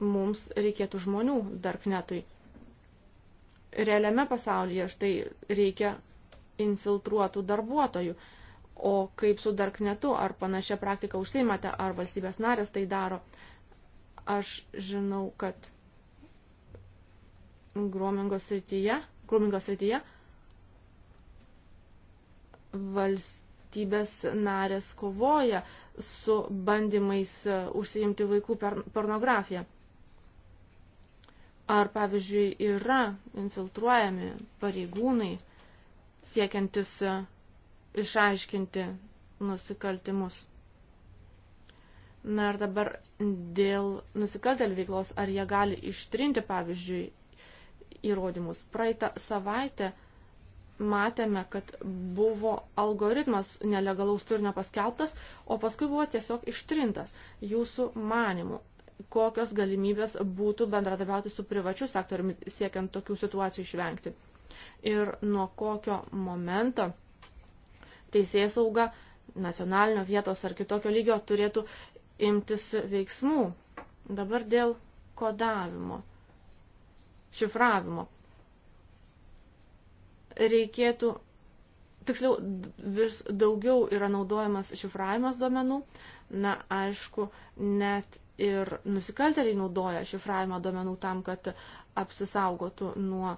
mums reikėtų žmonių darknetui. Realiame pasaulyje štai reikia infiltruotų darbuotojų. O kaip su darknetu, ar panašia praktika užsiimate, ar valstybės narės tai daro, Aš žinau, kad gromingo srityje, gromingo srityje valstybės narės kovoja su bandymais e, užsiimti vaikų pornografiją. Ar, pavyzdžiui, yra infiltruojami pareigūnai siekiantis e, išaiškinti nusikaltimus. Na ir dabar dėl nusikaltelių veiklos, ar jie gali ištrinti, pavyzdžiui, įrodymus. Praeitą savaitę matėme, kad buvo algoritmas nelegalaus turinio paskelbtas, o paskui buvo tiesiog ištrintas. Jūsų manimų, kokios galimybės būtų bendradarbiauti su privačiu sektoriumi, siekiant tokių situacijų išvengti. Ir nuo kokio momento teisėsauga sauga nacionalinio vietos ar kitokio lygio turėtų imtis veiksmų. Dabar dėl kodavimo, šifravimo. Reikėtų, tiksliau, vis daugiau yra naudojamas šifravimas duomenų. Na, aišku, net ir nusikalteliai naudoja šifravimą duomenų tam, kad apsisaugotų nuo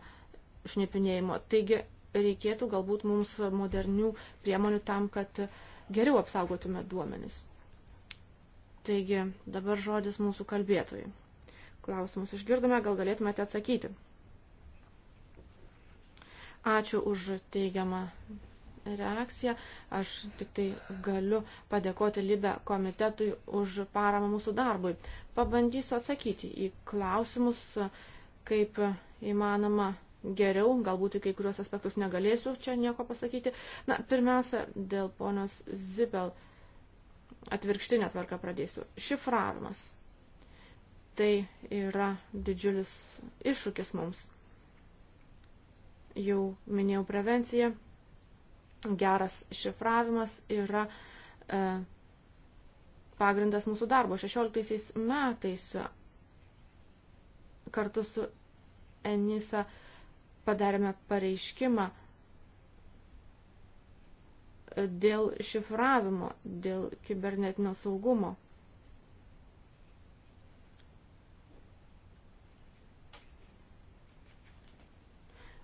šnipinėjimo. Taigi reikėtų galbūt mums modernių priemonių tam, kad geriau apsaugotume duomenis. Taigi, dabar žodis mūsų kalbėtojai. Klausimus išgirdome, gal galėtumėte atsakyti. Ačiū už teigiamą reakciją. Aš tik tai galiu padėkoti Libe komitetui už paramą mūsų darbui. Pabandysiu atsakyti į klausimus, kaip įmanoma geriau, galbūt į kai kuriuos aspektus negalėsiu čia nieko pasakyti. Na, pirmiausia, dėl ponios Zibel atvirkštinę tvarką pradėsiu. Šifravimas. Tai yra didžiulis iššūkis mums. Jau minėjau prevenciją. Geras šifravimas yra e, pagrindas mūsų darbo. 16 metais kartu su Enisa padarėme pareiškimą dėl šifravimo, dėl kibernetinio saugumo.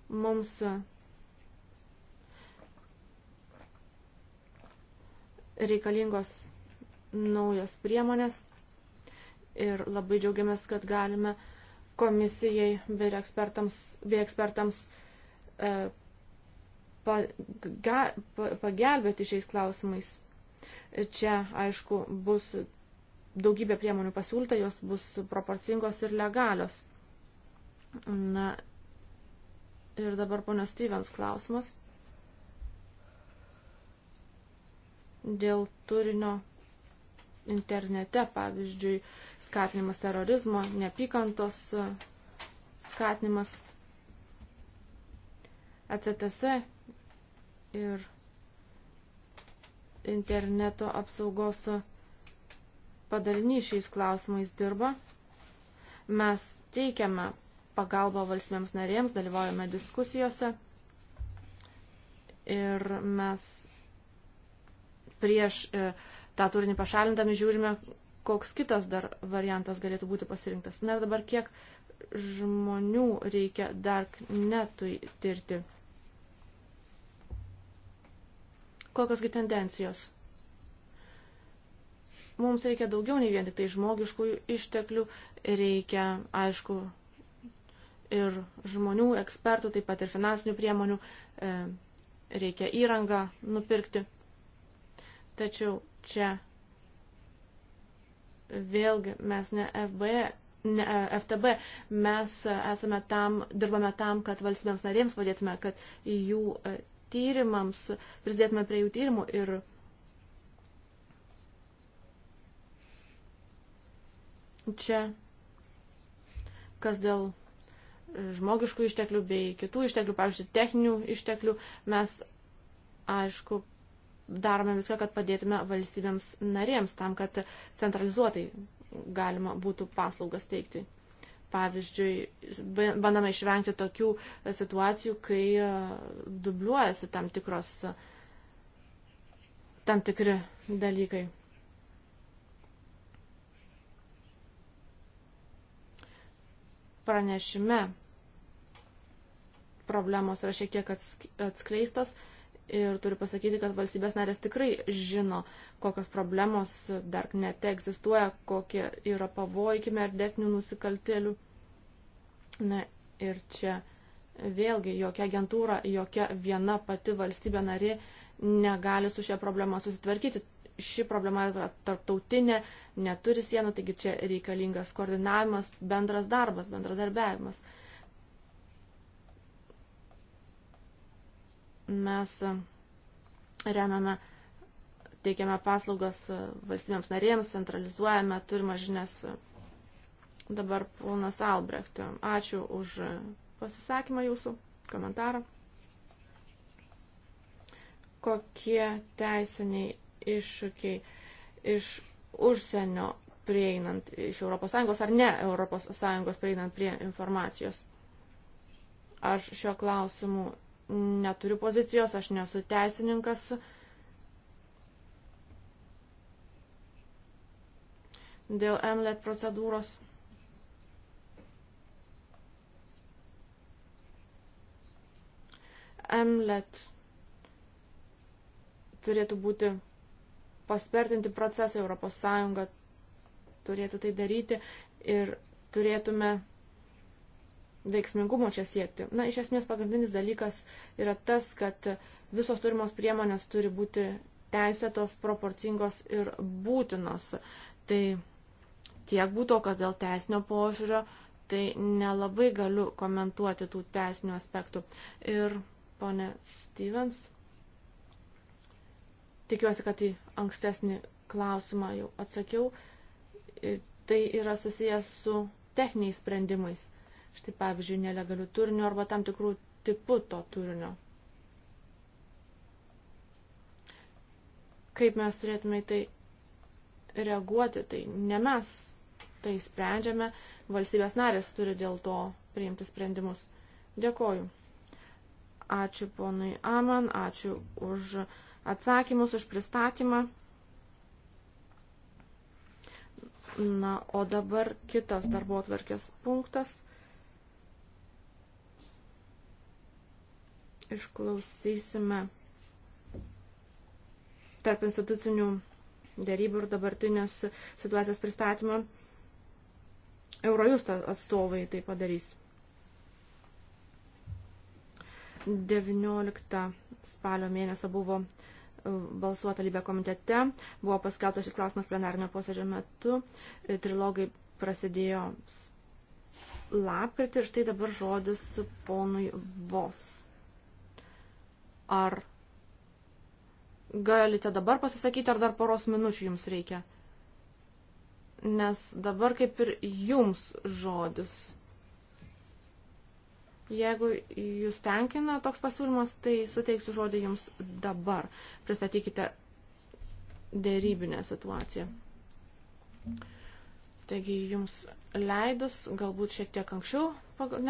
Mums e, reikalingos naujos priemonės ir labai džiaugiamės, kad galime komisijai bei ekspertams, bei ekspertams e, pagelbėti šiais klausimais. Čia, aišku, bus daugybė priemonių pasiūlyta, jos bus proporcingos ir legalios. Na, ir dabar ponios Stevens klausimas. Dėl turinio internete, pavyzdžiui, skatinimas terorizmo, neapykantos e, skatinimas. ECTC ir interneto apsaugos padalinys šiais klausimais dirba. Mes teikiame pagalbą valstybėms narėms, dalyvaujame diskusijose ir mes prieš e, tą turinį pašalindami žiūrime, koks kitas dar variantas galėtų būti pasirinktas. Na ir dabar kiek žmonių reikia dar netui tirti. Kokiosgi tendencijos? Mums reikia daugiau nei vien tik tai žmogiškųjų išteklių, reikia, aišku, ir žmonių, ekspertų, taip pat ir finansinių priemonių, e, reikia įrangą nupirkti. Tačiau čia vėlgi mes ne FBE, ne e, FTB, mes esame tam, dirbame tam, kad valstybėms narėms padėtume, kad jų e, tyrimams, prisidėtume prie jų tyrimų ir čia, kas dėl žmogiškų išteklių bei kitų išteklių, pavyzdžiui, techninių išteklių, mes, aišku, darome viską, kad padėtume valstybėms narėms tam, kad centralizuotai galima būtų paslaugas teikti. Pavyzdžiui, bandama išvengti tokių situacijų, kai e, dubliuojasi tam tikros, e, tam tikri dalykai. Pranešime problemos yra šiek tiek atskleistos. Ir turiu pasakyti, kad valstybės narės tikrai žino, kokios problemos dar nete egzistuoja, kokie yra pavojikime ir detinių nusikaltėlių. Na ir čia vėlgi jokia agentūra, jokia viena pati valstybė narė negali su šia problema susitvarkyti. Ši problema yra tarptautinė, neturi sienų, taigi čia reikalingas koordinavimas, bendras darbas, bendradarbiavimas. darbiavimas. mes e, remiame, teikiame paslaugas e, valstybėms narėms, centralizuojame turimą žinias. Dabar ponas Albrecht, ačiū už e, pasisakymą jūsų, komentarą. Kokie teisiniai iššūkiai iš užsienio prieinant iš ES ar ne ES prieinant prie informacijos. Aš šiuo klausimu neturiu pozicijos, aš nesu teisininkas. Dėl MLET procedūros. MLET turėtų būti paspartinti procesą, ES turėtų tai daryti ir turėtume veiksmingumo čia siekti. Na, iš esmės pagrindinis dalykas yra tas, kad visos turimos priemonės turi būti teisėtos, proporcingos ir būtinos. Tai tiek būtų, kas dėl teisinio požiūrio, tai nelabai galiu komentuoti tų teisinių aspektų. Ir, ponė Stevens, tikiuosi, kad į ankstesnį klausimą jau atsakiau. Tai yra susijęs su techniniais sprendimais štai pavyzdžiui, nelegalių turinių arba tam tikrų tipų to turinio. Kaip mes turėtume į tai reaguoti, tai ne mes tai sprendžiame, valstybės narės turi dėl to priimti sprendimus. Dėkoju. Ačiū ponui Aman, ačiū už atsakymus, už pristatymą. Na, o dabar kitas darbo atvarkės punktas. išklausysime tarp institucinių dėrybų ir dabartinės situacijos pristatymą. Eurojust atstovai tai padarys. 19 spalio mėnesio buvo e, balsuota lybė komitete, buvo paskelbtas šis klausimas plenarinio posėdžio metu, e, trilogai prasidėjo lapkritį ir štai dabar žodis ponui Vos. Ar galite dabar pasisakyti, ar dar poros minučių jums reikia? Nes dabar kaip ir jums žodis. Jeigu jūs tenkina toks pasiūlymas, tai suteiksiu žodį jums dabar. Pristatykite dėrybinę situaciją. Taigi jums leidus, galbūt šiek tiek anksčiau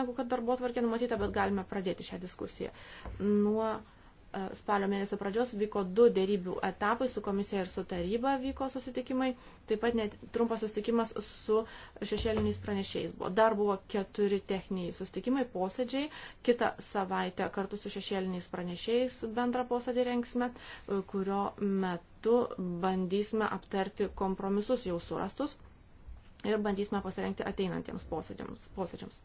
negu kad darbo atvarkė numatyta, bet galime pradėti šią diskusiją nuo E, spalio mėnesio pradžios vyko du dėrybių etapai, su komisija ir su taryba vyko susitikimai, taip pat net trumpas susitikimas su šešėliniais pranešėjais buvo. Dar buvo keturi techniniai susitikimai, posėdžiai, kitą savaitę kartu su šešėliniais pranešėjais bendrą posėdį rengsime, e, kurio metu bandysime aptarti kompromisus jau surastus ir bandysime pasirengti ateinantiems posėdžiams. posėdžiams.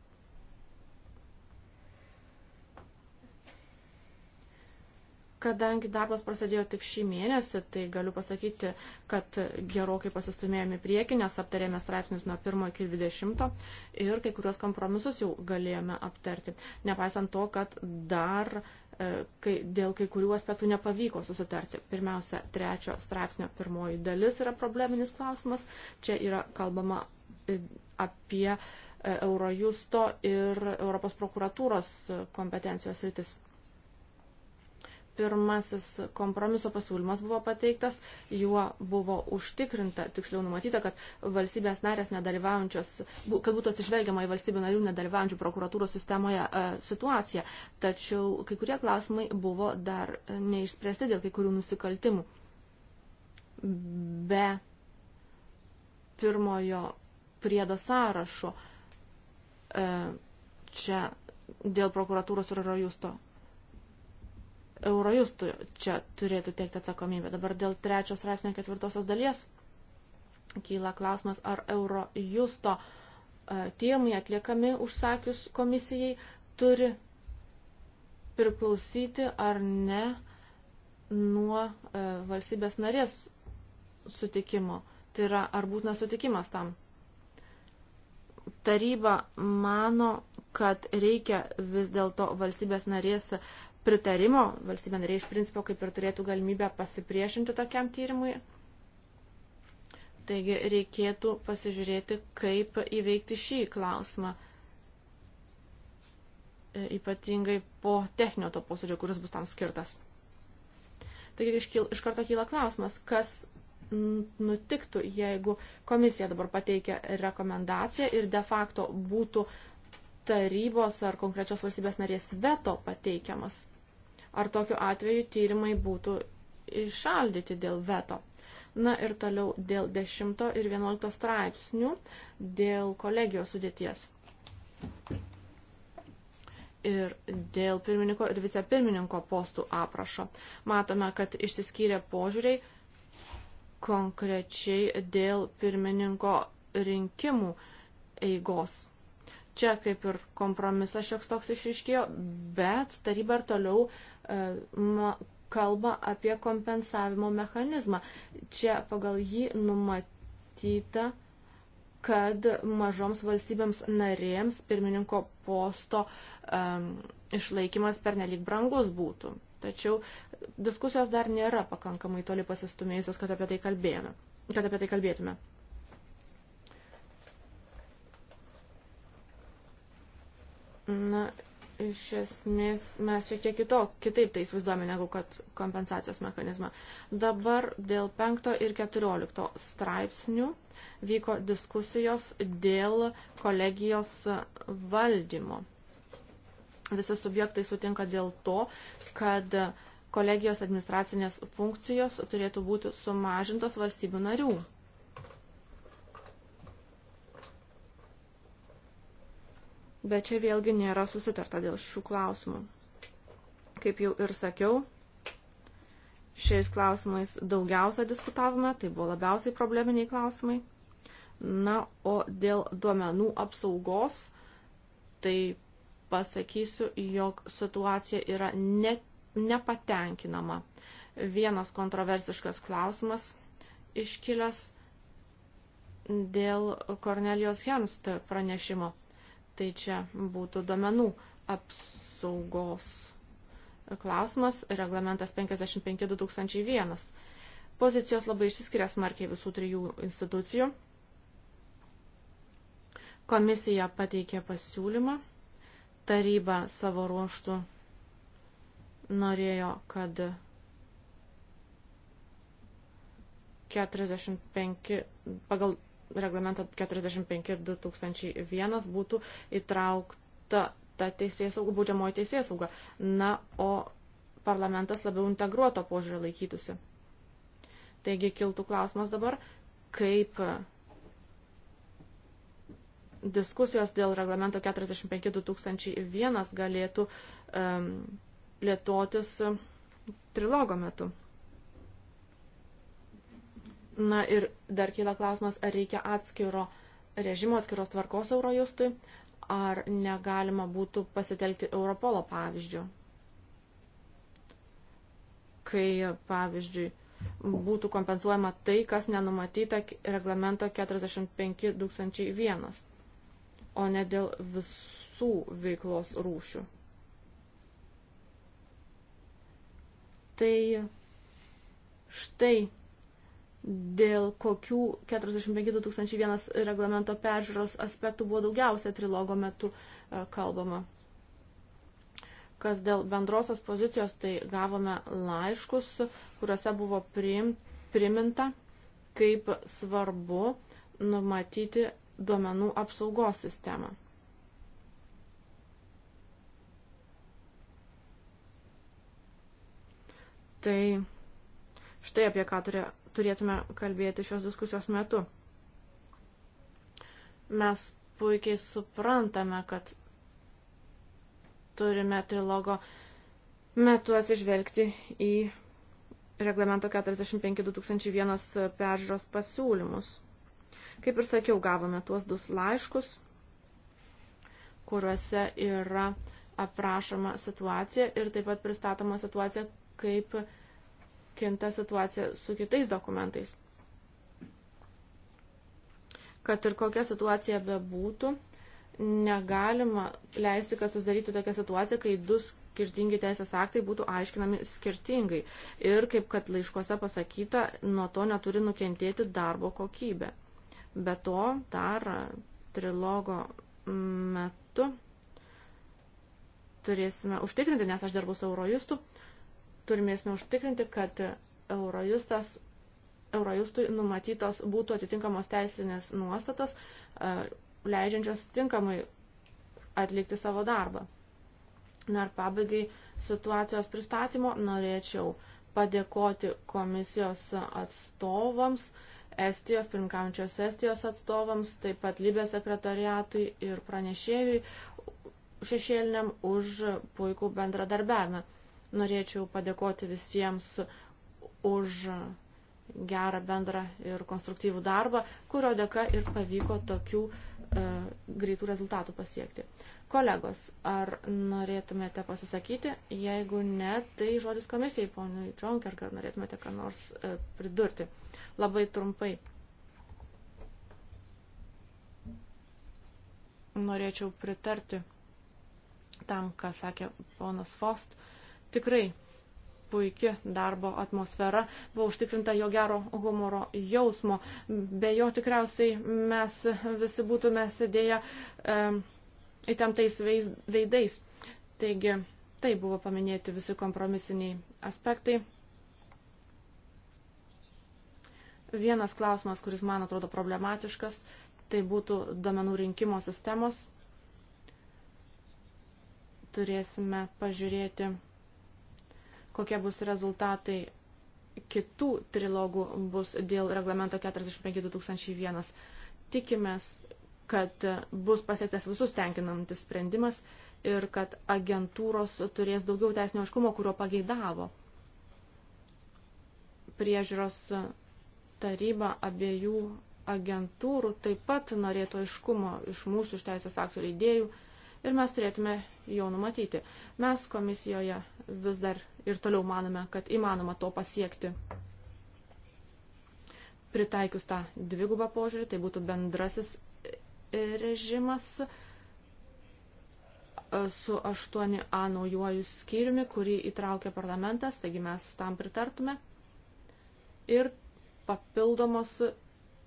Kadangi darbas prasidėjo tik šį mėnesį, tai galiu pasakyti, kad gerokai pasistumėjome priekį, nes aptarėme straipsnius nuo 1 iki 20 ir kai kurios kompromisus jau galėjome aptarti. Nepaisant to, kad dar e, kai, dėl kai kurių aspektų nepavyko susitarti. Pirmiausia, trečio straipsnio pirmoji dalis yra probleminis klausimas. Čia yra kalbama e, apie e, Eurojusto ir Europos prokuratūros kompetencijos rytis pirmasis kompromiso pasiūlymas buvo pateiktas, juo buvo užtikrinta, tiksliau numatyta, kad valstybės narės nedalyvaujančios, kad būtų atsižvelgiama į valstybių narių nedalyvaujančių prokuratūros sistemoje e, situaciją. Tačiau kai kurie klausimai buvo dar e, neišspręsti dėl kai kurių nusikaltimų. Be pirmojo priedo sąrašo e, čia dėl prokuratūros ir rojusto Eurojustų čia turėtų teikti atsakomybę. Dabar dėl trečios straipsnio ketvirtosios dalies kyla klausimas, ar Eurojusto e, tyrimai atliekami užsakius komisijai turi priklausyti ar ne nuo e, valstybės narės sutikimo. Tai yra, ar būtinas sutikimas tam. Taryba mano, kad reikia vis dėlto valstybės narės pritarimo, valstybė nariai iš principo kaip ir turėtų galimybę pasipriešinti tokiam tyrimui. Taigi reikėtų pasižiūrėti, kaip įveikti šį klausimą, e, ypatingai po techninio to posėdžio, kuris bus tam skirtas. Taigi iškyl, iš karto kyla klausimas, kas nutiktų, jeigu komisija dabar pateikia rekomendaciją ir de facto būtų tarybos ar konkrečios valstybės narės veto pateikiamas ar tokiu atveju tyrimai būtų išaldyti dėl veto. Na ir toliau dėl 10 ir 11 straipsnių, dėl kolegijos sudėties. Ir dėl pirmininko ir vicepirmininko postų aprašo. Matome, kad išsiskyrė požiūriai konkrečiai dėl pirmininko rinkimų eigos Čia kaip ir kompromisas šioks toks išriškėjo, bet taryba ir toliau e, ma, kalba apie kompensavimo mechanizmą. Čia pagal jį numatyta, kad mažoms valstybėms narėms pirmininko posto um, išlaikymas pernelik brangus būtų. Tačiau diskusijos dar nėra pakankamai toli pasistumėjusios, kad apie tai kalbėjome. Kad apie tai kalbėtume. Na, iš esmės mes šiek tiek kitok, kitaip tai įsivaizduojame negu kad kompensacijos mechanizmą. Dabar dėl 5 ir 14 straipsnių vyko diskusijos dėl kolegijos valdymo. Visi subjektai sutinka dėl to, kad kolegijos administracinės funkcijos turėtų būti sumažintos valstybių narių. bet čia vėlgi nėra susitarta dėl šių klausimų. Kaip jau ir sakiau, šiais klausimais daugiausia diskutavome, tai buvo labiausiai probleminiai klausimai. Na, o dėl duomenų apsaugos, tai pasakysiu, jog situacija yra ne, nepatenkinama. Vienas kontroversiškas klausimas iškilęs dėl Kornelijos Henst pranešimo. Tai čia būtų duomenų apsaugos klausimas, reglamentas 55-2001. Pozicijos labai išsiskiria smarkiai visų trijų institucijų. Komisija pateikė pasiūlymą, taryba savo ruoštų norėjo, kad 45, pagal reglamento 45-2001 būtų įtraukta ta teisės sauga, būdžiamoji teisės sauga. Na, o parlamentas labiau integruoto požiūrio laikytųsi. Taigi kiltų klausimas dabar, kaip diskusijos dėl reglamento 45-2001 galėtų um, plėtotis trilogo metu. Na ir dar kyla klausimas, ar reikia atskiro režimo, atskiros tvarkos Eurojustui, ar negalima būtų pasitelkti Europolo pavyzdžių. Kai, pavyzdžiui, būtų kompensuojama tai, kas nenumatyta reglamento 45001, o ne dėl visų veiklos rūšių. Tai štai dėl kokių 45001 reglamento peržiūros aspektų buvo daugiausia trilogo metu e, kalbama. Kas dėl bendrosios pozicijos, tai gavome laiškus, kuriuose buvo prim, priminta, kaip svarbu numatyti duomenų apsaugos sistemą. Tai štai apie ką turėjo turėtume kalbėti šios diskusijos metu. Mes puikiai suprantame, kad turime trilogo metu atsižvelgti į reglamento 45-2001 peržiūros pasiūlymus. Kaip ir sakiau, gavome tuos du laiškus, kuriuose yra aprašoma situacija ir taip pat pristatoma situacija, kaip kinta situacija su kitais dokumentais. Kad ir kokia situacija bebūtų, negalima leisti, kad susidarytų tokia situacija, kai du skirtingi teisės aktai būtų aiškinami skirtingai. Ir kaip kad laiškuose pasakyta, nuo to neturi nukentėti darbo kokybė. Be to, dar trilogo metu turėsime užtikrinti, nes aš dirbu su Eurojustu, turimėsime užtikrinti, kad Eurojustas Eurojustui numatytos būtų atitinkamos teisinės nuostatos, e, leidžiančios tinkamai atlikti savo darbą. Na ir pabaigai situacijos pristatymo norėčiau padėkoti komisijos atstovams, Estijos, pirmkaujančios Estijos atstovams, taip pat Libės sekretariatui ir pranešėjui šešėliniam už puikų bendradarbiavimą. Norėčiau padėkoti visiems už gerą bendrą ir konstruktyvų darbą, kurio dėka ir pavyko tokių e, greitų rezultatų pasiekti. Kolegos, ar norėtumėte pasisakyti? Jeigu ne, tai žodis komisijai, ponui Džonker, kad norėtumėte ką nors e, pridurti. Labai trumpai. Norėčiau pritarti tam, ką sakė ponas Fost. E, tikrai puikia darbo atmosfera, buvo užtikrinta jo gero humoro jausmo. Be jo tikriausiai mes visi būtume sėdėję e, įtemptais veidais. Taigi, tai buvo paminėti visi kompromisiniai aspektai. Vienas klausimas, kuris man atrodo problematiškas, tai būtų domenų rinkimo sistemos. Turėsime pažiūrėti kokie bus rezultatai kitų trilogų bus dėl reglamento 45-2001. Tikimės, kad bus pasiektas visus tenkinantis sprendimas ir kad agentūros turės daugiau teisinio aiškumo, kurio pageidavo. Priežiūros taryba abiejų agentūrų taip pat norėtų aiškumo iš mūsų, iš teisės aktų leidėjų. idėjų ir mes turėtume jau numatyti. Mes komisijoje vis dar ir toliau manome, kad įmanoma to pasiekti. Pritaikius tą dvigubą požiūrį, tai būtų bendrasis e, režimas e, su 8A naujuoju skyriumi, kurį įtraukė parlamentas, taigi mes tam pritartume. Ir papildomos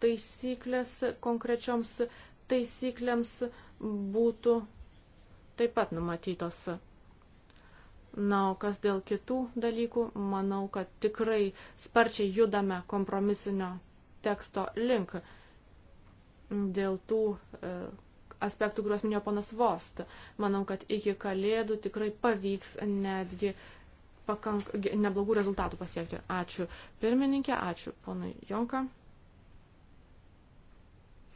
taisyklės konkrečioms taisyklėms būtų taip pat numatytos. Na, o kas dėl kitų dalykų, manau, kad tikrai sparčiai judame kompromisinio teksto link dėl tų e, aspektų, kuriuos minėjo panas Vost. Manau, kad iki kalėdų tikrai pavyks netgi pakank, neblogų rezultatų pasiekti. Ačiū pirmininkė, ačiū ponai Jonka.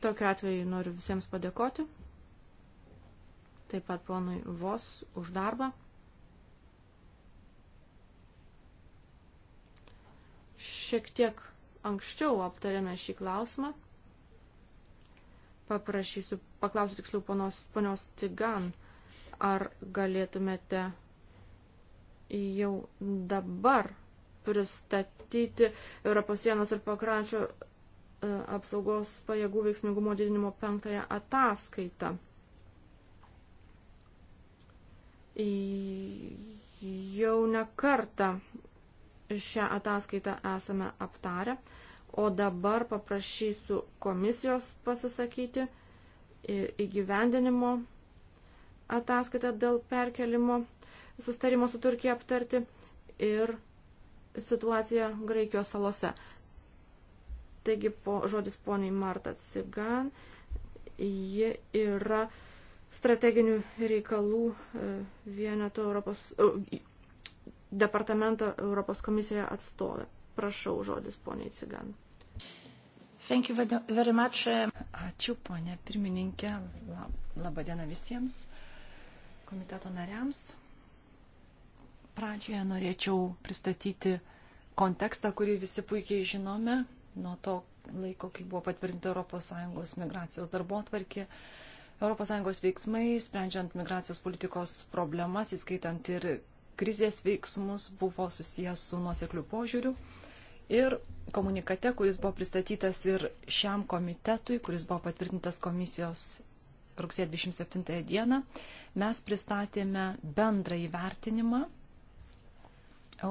Tokiu atveju noriu visiems padėkoti taip pat ponui Vos už darbą. Šiek tiek anksčiau aptarėme šį klausimą. Paprašysiu, paklausiu tiksliau ponos, ponios Cigan, ar galėtumėte jau dabar pristatyti Europos sienos ir pakrančio e, apsaugos pajėgų veiksmingumo didinimo penktąją ataskaitą. jau ne kartą šią ataskaitą esame aptarę, o dabar paprašysiu komisijos pasisakyti ir įgyvendinimo ataskaitą dėl perkelimo sustarimo su Turkija aptarti ir situaciją Graikijos salose. Taigi po, žodis poniai Marta Cigan, ji yra strateginių reikalų e, vieneto Europos e, departamento Europos komisijoje atstovė. Prašau žodis, poniai Cigan. Thank you very much. E. Ačiū, ponė pirmininkė. Labadiena visiems komiteto nariams. Pradžioje norėčiau pristatyti kontekstą, kurį visi puikiai žinome nuo to laiko, kai buvo patvirtinta ES migracijos darbo atvarkė. Uh, ES veiksmai, sprendžiant migracijos politikos problemas, įskaitant ir krizės veiksmus, buvo susijęs su nuosekliu požiūriu. Ir komunikate, kuris buvo pristatytas ir šiam komitetui, kuris buvo patvirtintas komisijos rugsėjo 27 dieną, mes pristatėme bendrą įvertinimą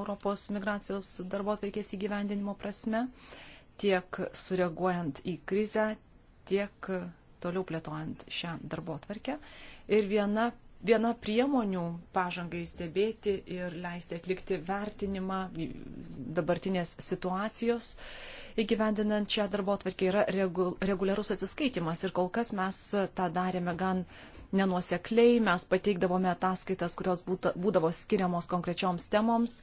Europos migracijos darbo atveikės įgyvendinimo prasme, tiek sureaguojant į krizę, tiek toliau plėtojant šią darbo tvarkę. Ir viena, viena priemonių pažangai stebėti ir leisti atlikti vertinimą dabartinės situacijos įgyvendinant šią darbo tvarkę yra regu, reguliarus atsiskaitimas. Ir kol kas mes tą darėme gan nenuosekliai, mes pateikdavome ataskaitas, kurios būta, būdavo skiriamos konkrečioms temoms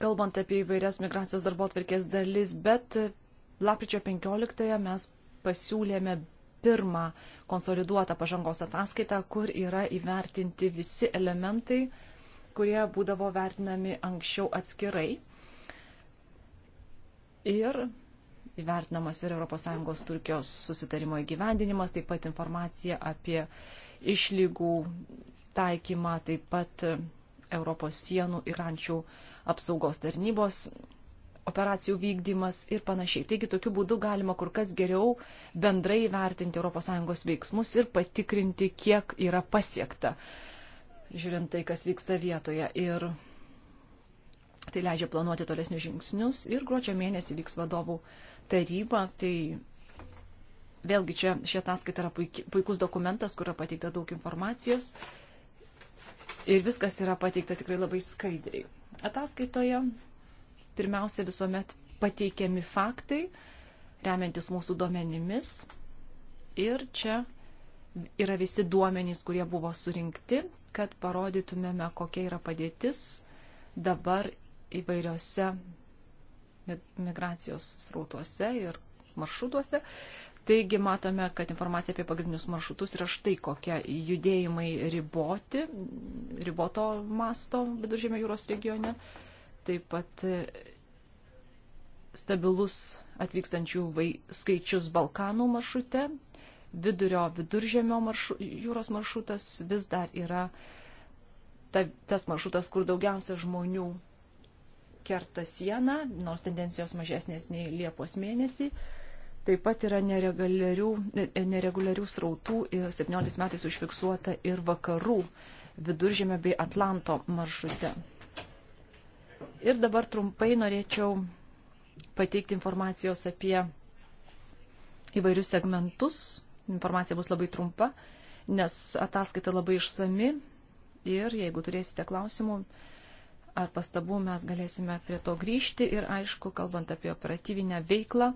kalbant apie įvairias migracijos darbo atvirkės dalis, bet lapkričio 15-ąją mes pasiūlėme pirmą konsoliduotą pažangos ataskaitą, kur yra įvertinti visi elementai, kurie būdavo vertinami anksčiau atskirai. Ir įvertinamas ir ES Turkijos susitarimo įgyvendinimas, taip pat informacija apie išlygų taikymą, taip pat Europos sienų ir ančių apsaugos tarnybos operacijų vykdymas ir panašiai. Taigi tokiu būdu galima kur kas geriau bendrai vertinti ES veiksmus ir patikrinti, kiek yra pasiekta, žiūrint tai, kas vyksta vietoje. Ir tai leidžia planuoti tolesnius žingsnius ir gruodžio mėnesį vyks vadovų taryba. Tai vėlgi čia šie ataskaita yra puikus dokumentas, kur yra pateikta daug informacijos ir viskas yra pateikta tikrai labai skaidriai. Ataskaitoje pirmiausia visuomet pateikiami faktai, remiantis mūsų duomenimis. Ir čia yra visi duomenys, kurie buvo surinkti, kad parodytumėme, kokia yra padėtis dabar įvairiose migracijos srautuose ir maršrutuose. Taigi matome, kad informacija apie pagrindinius maršrutus yra štai kokia - judėjimai riboti, riboto masto viduržėmio jūros regione. Uh, taip pat stabilus atvykstančių vai, skaičius Balkanų maršrute, vidurio viduržėmio maršru, jūros maršrutas vis dar yra ta, tas maršrutas, kur daugiausia žmonių kerta sieną, nors tendencijos mažesnės nei Liepos mėnesį. Taip pat yra nereguliarių, nereguliarių srautų, 17 metais užfiksuota ir vakarų viduržėmio bei Atlanto maršrute. Ir dabar trumpai norėčiau pateikti informacijos apie įvairius segmentus. Informacija bus labai trumpa, nes ataskaita labai išsami ir jeigu turėsite klausimų ar pastabų, mes galėsime prie to grįžti ir aišku, kalbant apie operatyvinę veiklą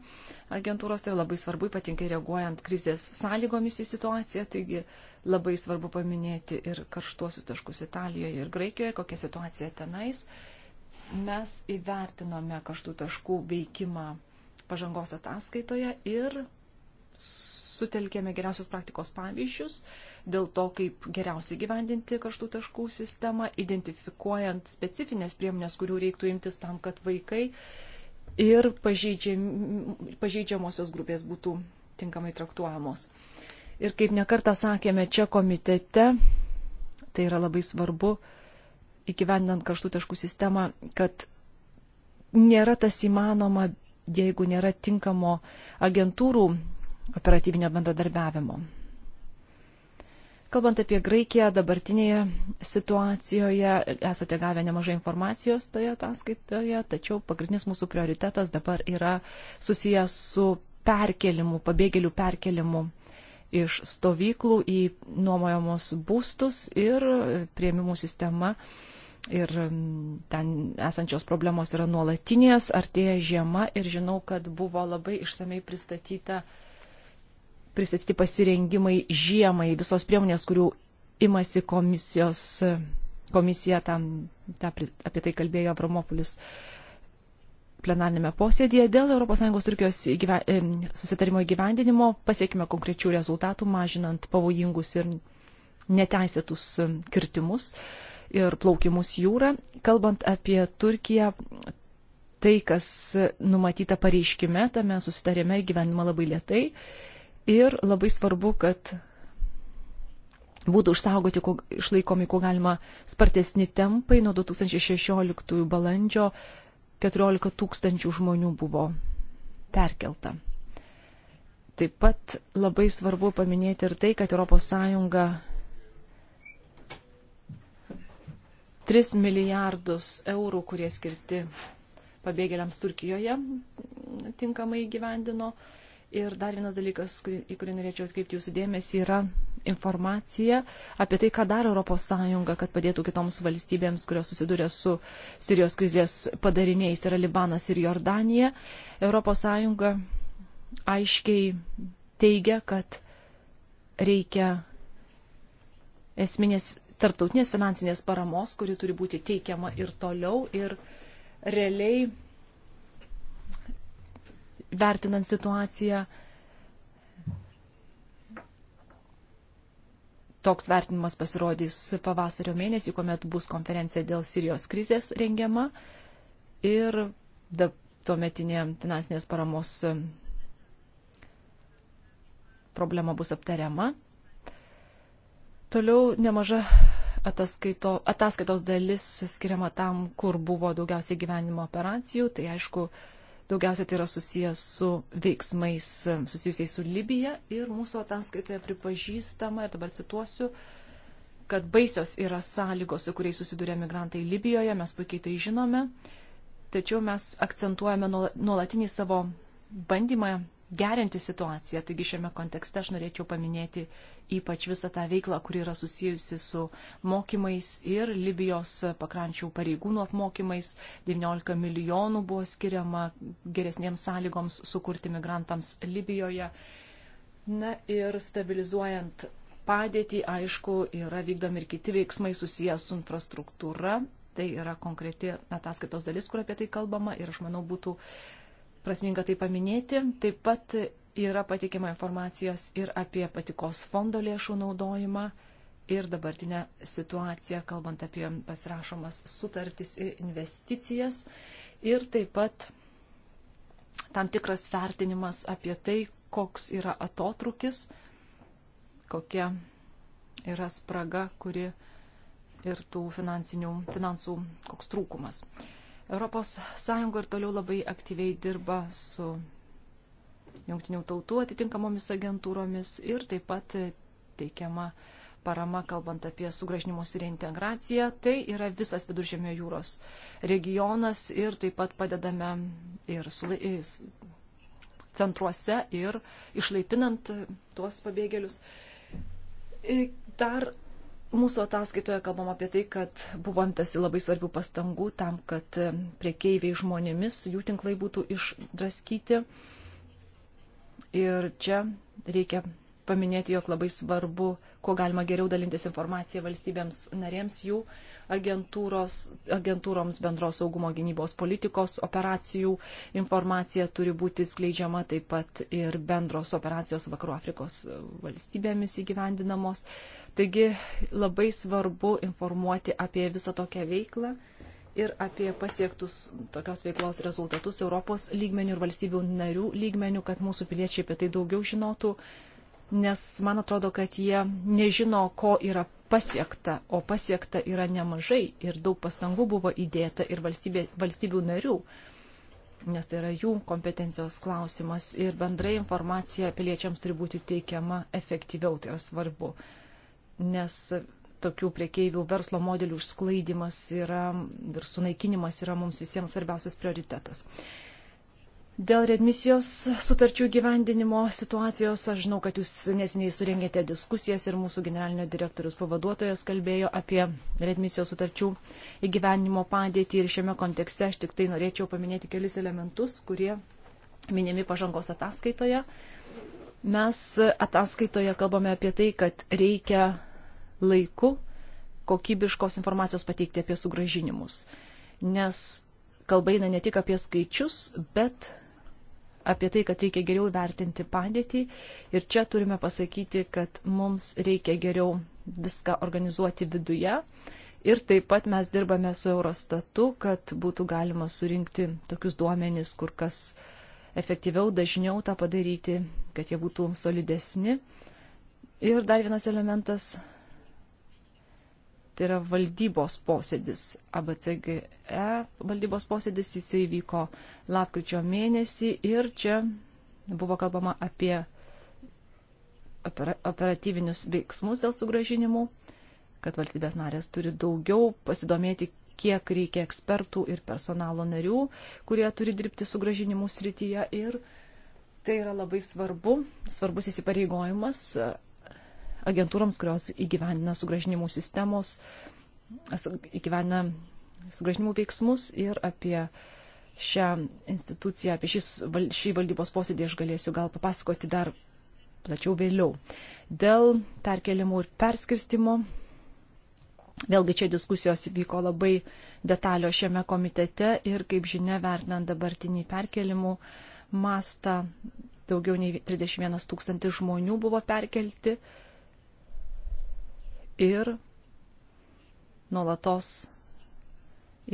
agentūros, tai labai svarbu, ypatingai reaguojant krizės sąlygomis į situaciją, taigi labai svarbu paminėti ir karštuosius taškus Italijoje ir Graikijoje, kokia situacija tenais. Uh, mes įvertinome kaštų taškų veikimą pažangos ataskaitoje ir sutelkėme geriausios praktikos pavyzdžius dėl to, kaip geriausiai gyvendinti kaštų taškų sistemą, identifikuojant specifines priemonės, kurių reiktų imtis tam, kad vaikai ir pažeidžiamosios grupės būtų tinkamai traktuojamos. Ir kaip nekartą sakėme čia komitete, tai yra labai svarbu, įgyvendant karštų taškų sistemą, kad nėra tas įmanoma, jeigu nėra tinkamo agentūrų operatyvinio bendradarbiavimo. Kalbant apie Graikiją, dabartinėje situacijoje esate gavę nemažai informacijos toje ataskaitoje, tačiau pagrindinis mūsų prioritetas dabar yra susijęs su perkelimu, pabėgėlių perkelimu iš stovyklų į nuomojamus būstus ir prieimimų sistema ir mm, ten esančios problemos yra nuolatinės, artėja žiema ir žinau, kad buvo labai išsamei pristatyta, pristatyti pasirengimai žiemai, visos priemonės, kurių imasi komisijos, komisija, tam, ta, apie tai kalbėjo Avramopolis plenarnėme posėdėje dėl ES Turkijos įgyven, e, susitarimo įgyvendinimo pasiekime konkrečių rezultatų, mažinant pavojingus ir neteisėtus kirtimus. Uh, ir plaukimus jūrą. Kalbant apie Turkiją, tai, kas numatyta pareiškime, tame susitarime gyvenima labai lietai. Ir labai svarbu, kad būtų išsaugoti, ko, išlaikomi, kuo galima spartesni tempai. Nuo 2016 balandžio 14 tūkstančių žmonių buvo perkelta. Taip pat labai svarbu paminėti ir tai, kad ES 3 milijardus eurų, kurie skirti pabėgėliams Turkijoje, tinkamai gyvendino. Ir dar vienas dalykas, į kurį norėčiau atkreipti jūsų dėmesį, yra informacija apie tai, ką daro ES, kad padėtų kitoms valstybėms, kurios susiduria su Sirijos krizės padariniais, tai yra Libanas ir Jordanija. ES aiškiai teigia, kad reikia esminės tarptautinės finansinės paramos, kuri turi būti teikiama ir toliau ir realiai vertinant situaciją. Toks vertinimas pasirodys pavasario mėnesį, kuomet bus konferencija dėl Sirijos krizės rengiama ir da, tuometinė finansinės paramos problema bus aptariama. Toliau nemaža ataskaito, ataskaitos dalis skiriama tam, kur buvo daugiausiai gyvenimo operacijų. Tai aišku, daugiausiai tai yra susijęs su veiksmais susijusiais su Libija. Ir mūsų ataskaitoje pripažįstama, ir dabar cituosiu, kad baisios yra sąlygos, su kuriais susiduria migrantai Libijoje, mes puikiai tai žinome. Tačiau mes akcentuojame nuolatinį savo bandymą gerinti situaciją. Taigi šiame kontekste aš norėčiau paminėti ypač visą tą veiklą, kuri yra susijusi su mokymais ir Libijos pakrančių pareigūnų apmokymais. 19 milijonų buvo skiriama geresniems sąlygoms sukurti migrantams Libijoje. Na ir stabilizuojant padėtį, aišku, yra vykdomi ir kiti veiksmai susijęs su infrastruktūra. Tai yra konkreti ataskaitos dalis, kur apie tai kalbama ir aš manau būtų prasminga tai paminėti. Taip pat yra patikima informacijos ir apie patikos fondo lėšų naudojimą ir dabartinę situaciją, kalbant apie pasirašomas sutartis ir investicijas. Ir taip pat tam tikras vertinimas apie tai, koks yra atotrukis, kokia yra spraga, kuri ir tų finansų, koks trūkumas. Europos Sąjunga ir toliau labai aktyviai dirba su jungtinių tautų atitinkamomis agentūromis ir taip pat teikiama parama, kalbant apie sugražinimus ir integraciją. Tai yra visas viduržėmio jūros regionas ir taip pat padedame ir sula... centruose ir išlaipinant tuos pabėgėlius. Dar Mūsų ataskaitoje kalbam apie tai, kad buvo imtasi labai svarbių pastangų tam, kad priekeiviai žmonėmis jų tinklai būtų išdraskyti. Ir čia reikia paminėti, jog labai svarbu, kuo galima geriau dalintis informaciją valstybėms narėms jų agentūroms bendros saugumo gynybos politikos operacijų informacija turi būti skleidžiama taip pat ir bendros operacijos Vakarų Afrikos e, valstybėmis įgyvendinamos. Taigi labai svarbu informuoti apie visą tokią veiklą ir apie pasiektus tokios veiklos rezultatus Europos lygmenių ir valstybių narių lygmenių, kad mūsų piliečiai apie tai daugiau žinotų, nes man atrodo, kad jie nežino, ko yra pasiekta, o pasiekta yra nemažai ir daug pastangų buvo įdėta ir valstybė, valstybių narių, nes tai yra jų kompetencijos klausimas ir bendrai informacija piliečiams turi būti teikiama efektyviau, tai yra svarbu, nes tokių priekeivių verslo modelių išsklaidimas yra ir sunaikinimas yra mums visiems svarbiausias prioritetas. Dėl redmisijos sutarčių gyvendinimo situacijos, aš žinau, kad jūs nesiniai surengėte diskusijas ir mūsų generalinio direktorius pavaduotojas kalbėjo apie redmisijos sutarčių įgyvendinimo padėtį ir šiame kontekste aš tik tai norėčiau paminėti kelis elementus, kurie minimi pažangos ataskaitoje. Mes ataskaitoje kalbame apie tai, kad reikia laiku kokybiškos informacijos pateikti apie sugražinimus, nes kalba eina ne tik apie skaičius, bet apie tai, kad reikia geriau vertinti padėtį. Ir čia turime pasakyti, kad mums reikia geriau viską organizuoti viduje. Ir taip pat mes dirbame su Eurostatu, kad būtų galima surinkti tokius duomenys, kur kas efektyviau, dažniau tą padaryti, kad jie būtų solidesni. Ir dar vienas elementas tai yra valdybos posėdis, ABCGE valdybos posėdis, jisai vyko lapkričio mėnesį ir čia buvo kalbama apie operatyvinius veiksmus dėl sugražinimų, kad valstybės narės turi daugiau pasidomėti, kiek reikia ekspertų ir personalo narių, kurie turi dirbti sugražinimų srityje ir tai yra labai svarbu, svarbus įsipareigojimas agentūroms, kurios įgyvendina sugražinimų sistemos, įgyvendina sugražinimų veiksmus ir apie šią instituciją, apie šis, šį valdybos posėdį aš galėsiu gal papasakoti dar plačiau vėliau. Dėl perkelimų ir perskirstimo, vėlgi čia diskusijos vyko labai detalio šiame komitete ir, kaip žinia, vertinant dabartinį perkelimų mastą, daugiau nei 31 tūkstantis žmonių buvo perkelti ir nuolatos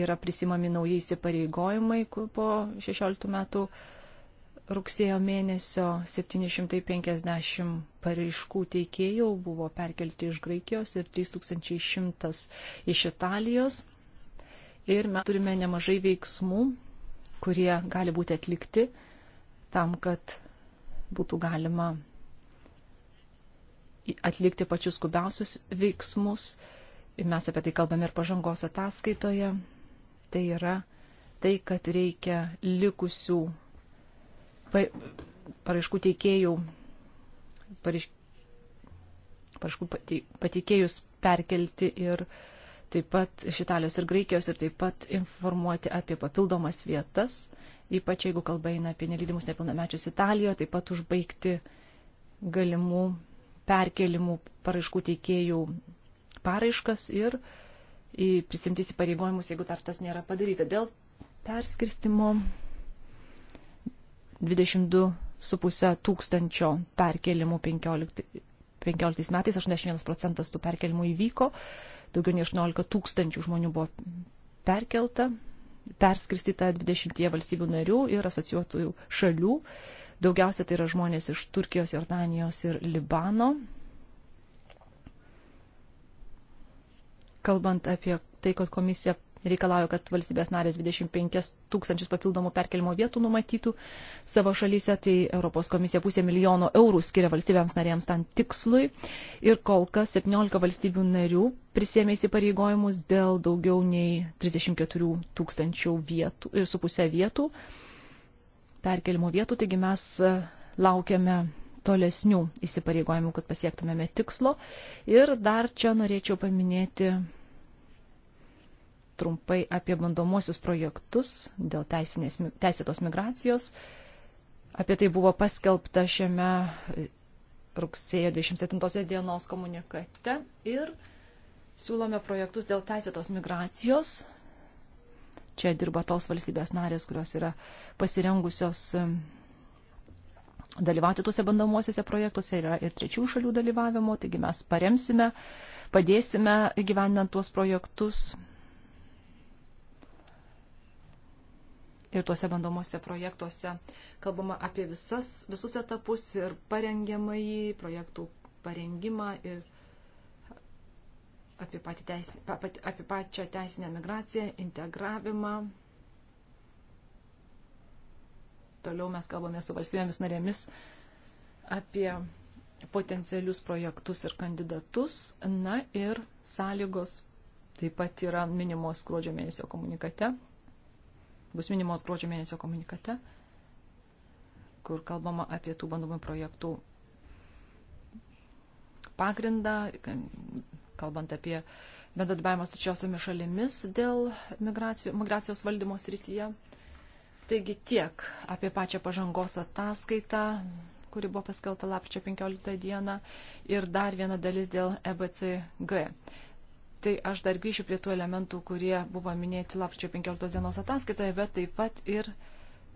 yra prisimami nauji įsipareigojimai po 16 metų rugsėjo mėnesio 750 pareiškų teikėjų buvo perkelti iš Graikijos ir 3100 iš Italijos. Ir mes turime nemažai veiksmų, kurie gali būti atlikti tam, kad būtų galima atlikti pačius skubiausius veiksmus. Ir mes apie tai kalbame ir pažangos ataskaitoje. Tai yra tai, kad reikia likusių paraiškų teikėjų, paraiškų pateikėjus perkelti ir taip pat iš Italijos ir Graikijos ir taip pat informuoti apie papildomas vietas, ypač jeigu kalba eina apie nelydimus nepilnamečius Italijoje, taip pat užbaigti galimų perkelimų paraiškų teikėjų paraiškas ir prisimti įsipareigojimus, jeigu dar tas nėra padaryta. Dėl perskirstimo 22,5 tūkstančio perkelimų 15, 15 metais, 81 procentas tų perkelimų įvyko, daugiau nei 18 tūkstančių žmonių buvo perkelta, perskirstyta 20 valstybių narių ir asociuotųjų šalių. Daugiausia tai yra žmonės iš Turkijos, Jordanijos ir Libano. Kalbant apie tai, kad komisija reikalauja, kad valstybės narės 25 tūkstančius papildomų perkelimo vietų numatytų savo šalyse, tai Europos komisija pusė milijono eurų skiria valstybėms narėms tam tikslui. Ir kol kas 17 valstybių narių prisėmė įsipareigojimus dėl daugiau nei 34 tūkstančių vietų ir su pusė vietų. vietų perkelimo vietų, taigi mes e, laukiame tolesnių įsipareigojimų, kad pasiektumėme tikslo. Ir dar čia norėčiau paminėti trumpai apie bandomuosius projektus dėl teisinės, teisėtos migracijos. Apie tai buvo paskelbta šiame e, rugsėjo 27 dienos komunikate ir siūlome projektus dėl teisėtos migracijos, Čia dirba tos valstybės narės, kurios yra pasirengusios dalyvauti tuose bandomuosiuose projektuose, yra ir trečių šalių dalyvavimo, taigi mes paremsime, padėsime gyvendant tuos projektus. ir tuose bandomuose projektuose kalbama apie visas, visus etapus ir parengiamąjį projektų parengimą ir apie, teis, apie pačią teisinę migraciją, integravimą. Toliau mes kalbame su valstybėmis narėmis apie potencialius projektus ir kandidatus. Na ir sąlygos taip pat yra minimos gruodžio mėnesio komunikate. Bus minimos gruodžio mėnesio komunikate, kur kalbama apie tų bandomų projektų pagrindą, kalbant apie bendradarbiavimą su čiosiomis šalimis dėl migracijos, migracijos valdymo srityje. Taigi tiek apie pačią pažangos ataskaitą, kuri buvo paskelta lapčio 15 dieną ir dar viena dalis dėl EBCG. Tai aš dar grįšiu prie tų elementų, kurie buvo minėti lapčio 15 dienos ataskaitoje, bet taip pat ir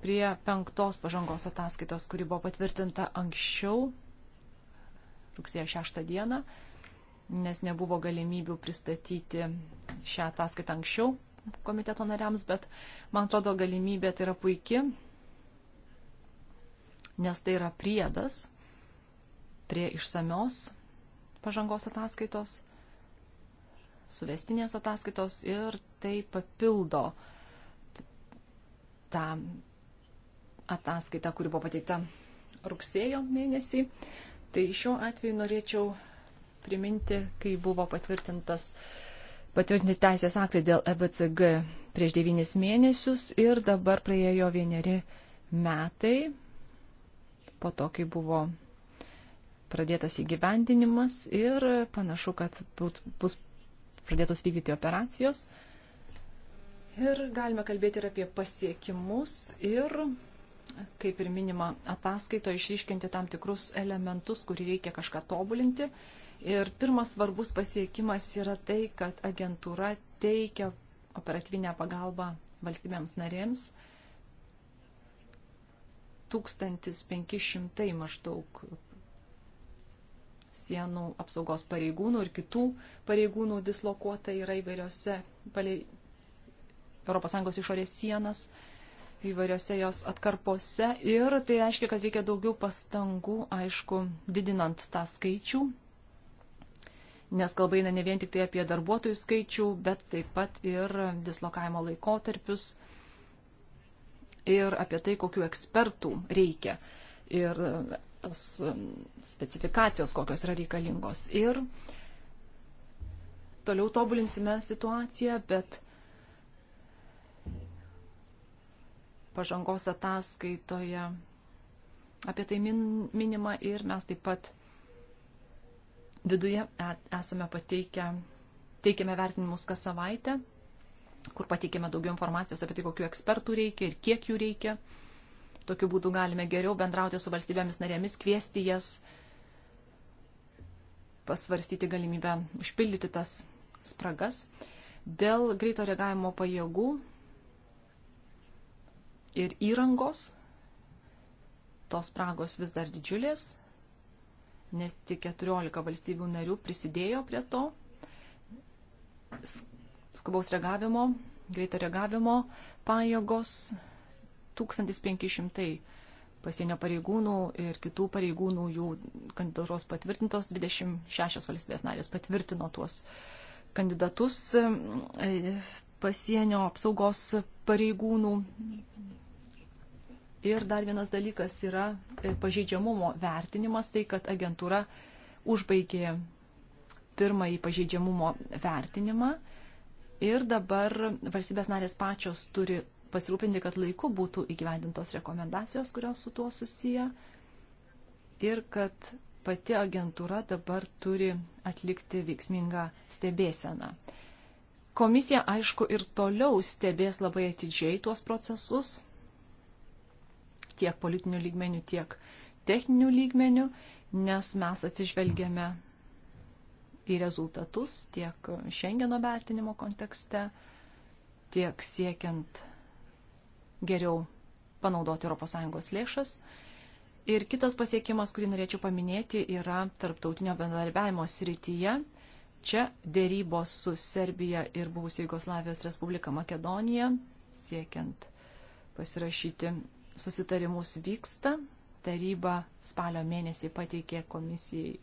prie penktos pažangos ataskaitos, kuri buvo patvirtinta anksčiau, rugsėjo 6 dieną nes nebuvo galimybių pristatyti šią ataskaitą anksčiau komiteto nariams, bet man atrodo galimybė tai yra puikia, nes tai yra priedas prie išsamios pažangos ataskaitos, suvestinės ataskaitos ir tai papildo tą ataskaitą, kuri buvo pateikta rugsėjo mėnesį. Tai šiuo atveju norėčiau priminti, kai buvo patvirtintas patvirtinti teisės aktai dėl EBCG prieš devynis mėnesius ir dabar praėjo vieneri metai po to, kai buvo pradėtas įgyvendinimas ir panašu, kad bus pradėtos vykdyti operacijos. Ir galime kalbėti ir apie pasiekimus ir, kaip ir minima, ataskaito išryškinti tam tikrus elementus, kurį reikia kažką tobulinti. Uh, Ir pirmas svarbus pasiekimas yra tai, kad agentūra teikia operatyvinę pagalbą valstybėms narėms. 1500 maždaug sienų apsaugos pareigūnų ir kitų pareigūnų dislokuota yra įvairiose palei ES išorės sienas, įvairiose jos atkarpose ir tai reiškia, kad reikia daugiau pastangų, aišku, didinant tą skaičių, nes kalba eina ne vien tik tai apie darbuotojų skaičių, bet taip pat ir dislokavimo laikotarpius ir apie tai, kokiu ekspertų reikia ir tos um, specifikacijos, kokios yra reikalingos. Ir toliau tobulinsime situaciją, bet pažangos ataskaitoje apie tai min, minima ir mes taip pat viduje e, esame pateikę, teikiame vertinimus kas savaitę, kur pateikėme daugiau informacijos apie tai, kokiu ekspertų reikia ir kiek jų reikia. Tokiu būdu galime geriau bendrauti su valstybėmis narėmis, kviesti jas pasvarstyti galimybę užpildyti tas spragas. Dėl greito reagavimo pajėgų ir įrangos tos spragos vis dar didžiulės, nes tik 14 valstybių narių prisidėjo prie to skubaus reagavimo, greito reagavimo pajėgos 1500 pasienio pareigūnų ir kitų pareigūnų jų kandidatūros patvirtintos, 26 valstybės narės patvirtino tuos kandidatus e, pasienio apsaugos pareigūnų Ir dar vienas dalykas yra e, pažeidžiamumo vertinimas, tai kad agentūra užbaigė pirmąjį pažeidžiamumo vertinimą ir dabar valstybės narės pačios turi pasirūpinti, kad laiku būtų įgyvendintos rekomendacijos, kurios su tuo susiję ir kad pati agentūra dabar turi atlikti veiksmingą stebėseną. Komisija, aišku, ir toliau stebės labai atidžiai tuos procesus, tiek politinių lygmenių, tiek techninių lygmenių, nes mes atsižvelgėme į rezultatus tiek Šengeno vertinimo kontekste, tiek siekiant geriau panaudoti ES lėšas. Ir kitas pasiekimas, kurį norėčiau paminėti, yra tarptautinio bendradarbiavimo srityje. Čia dėrybos su Serbija ir buvusia Jugoslavijos Respublika Makedonija, siekiant pasirašyti susitarimus vyksta. Taryba spalio mėnesį pateikė komisijai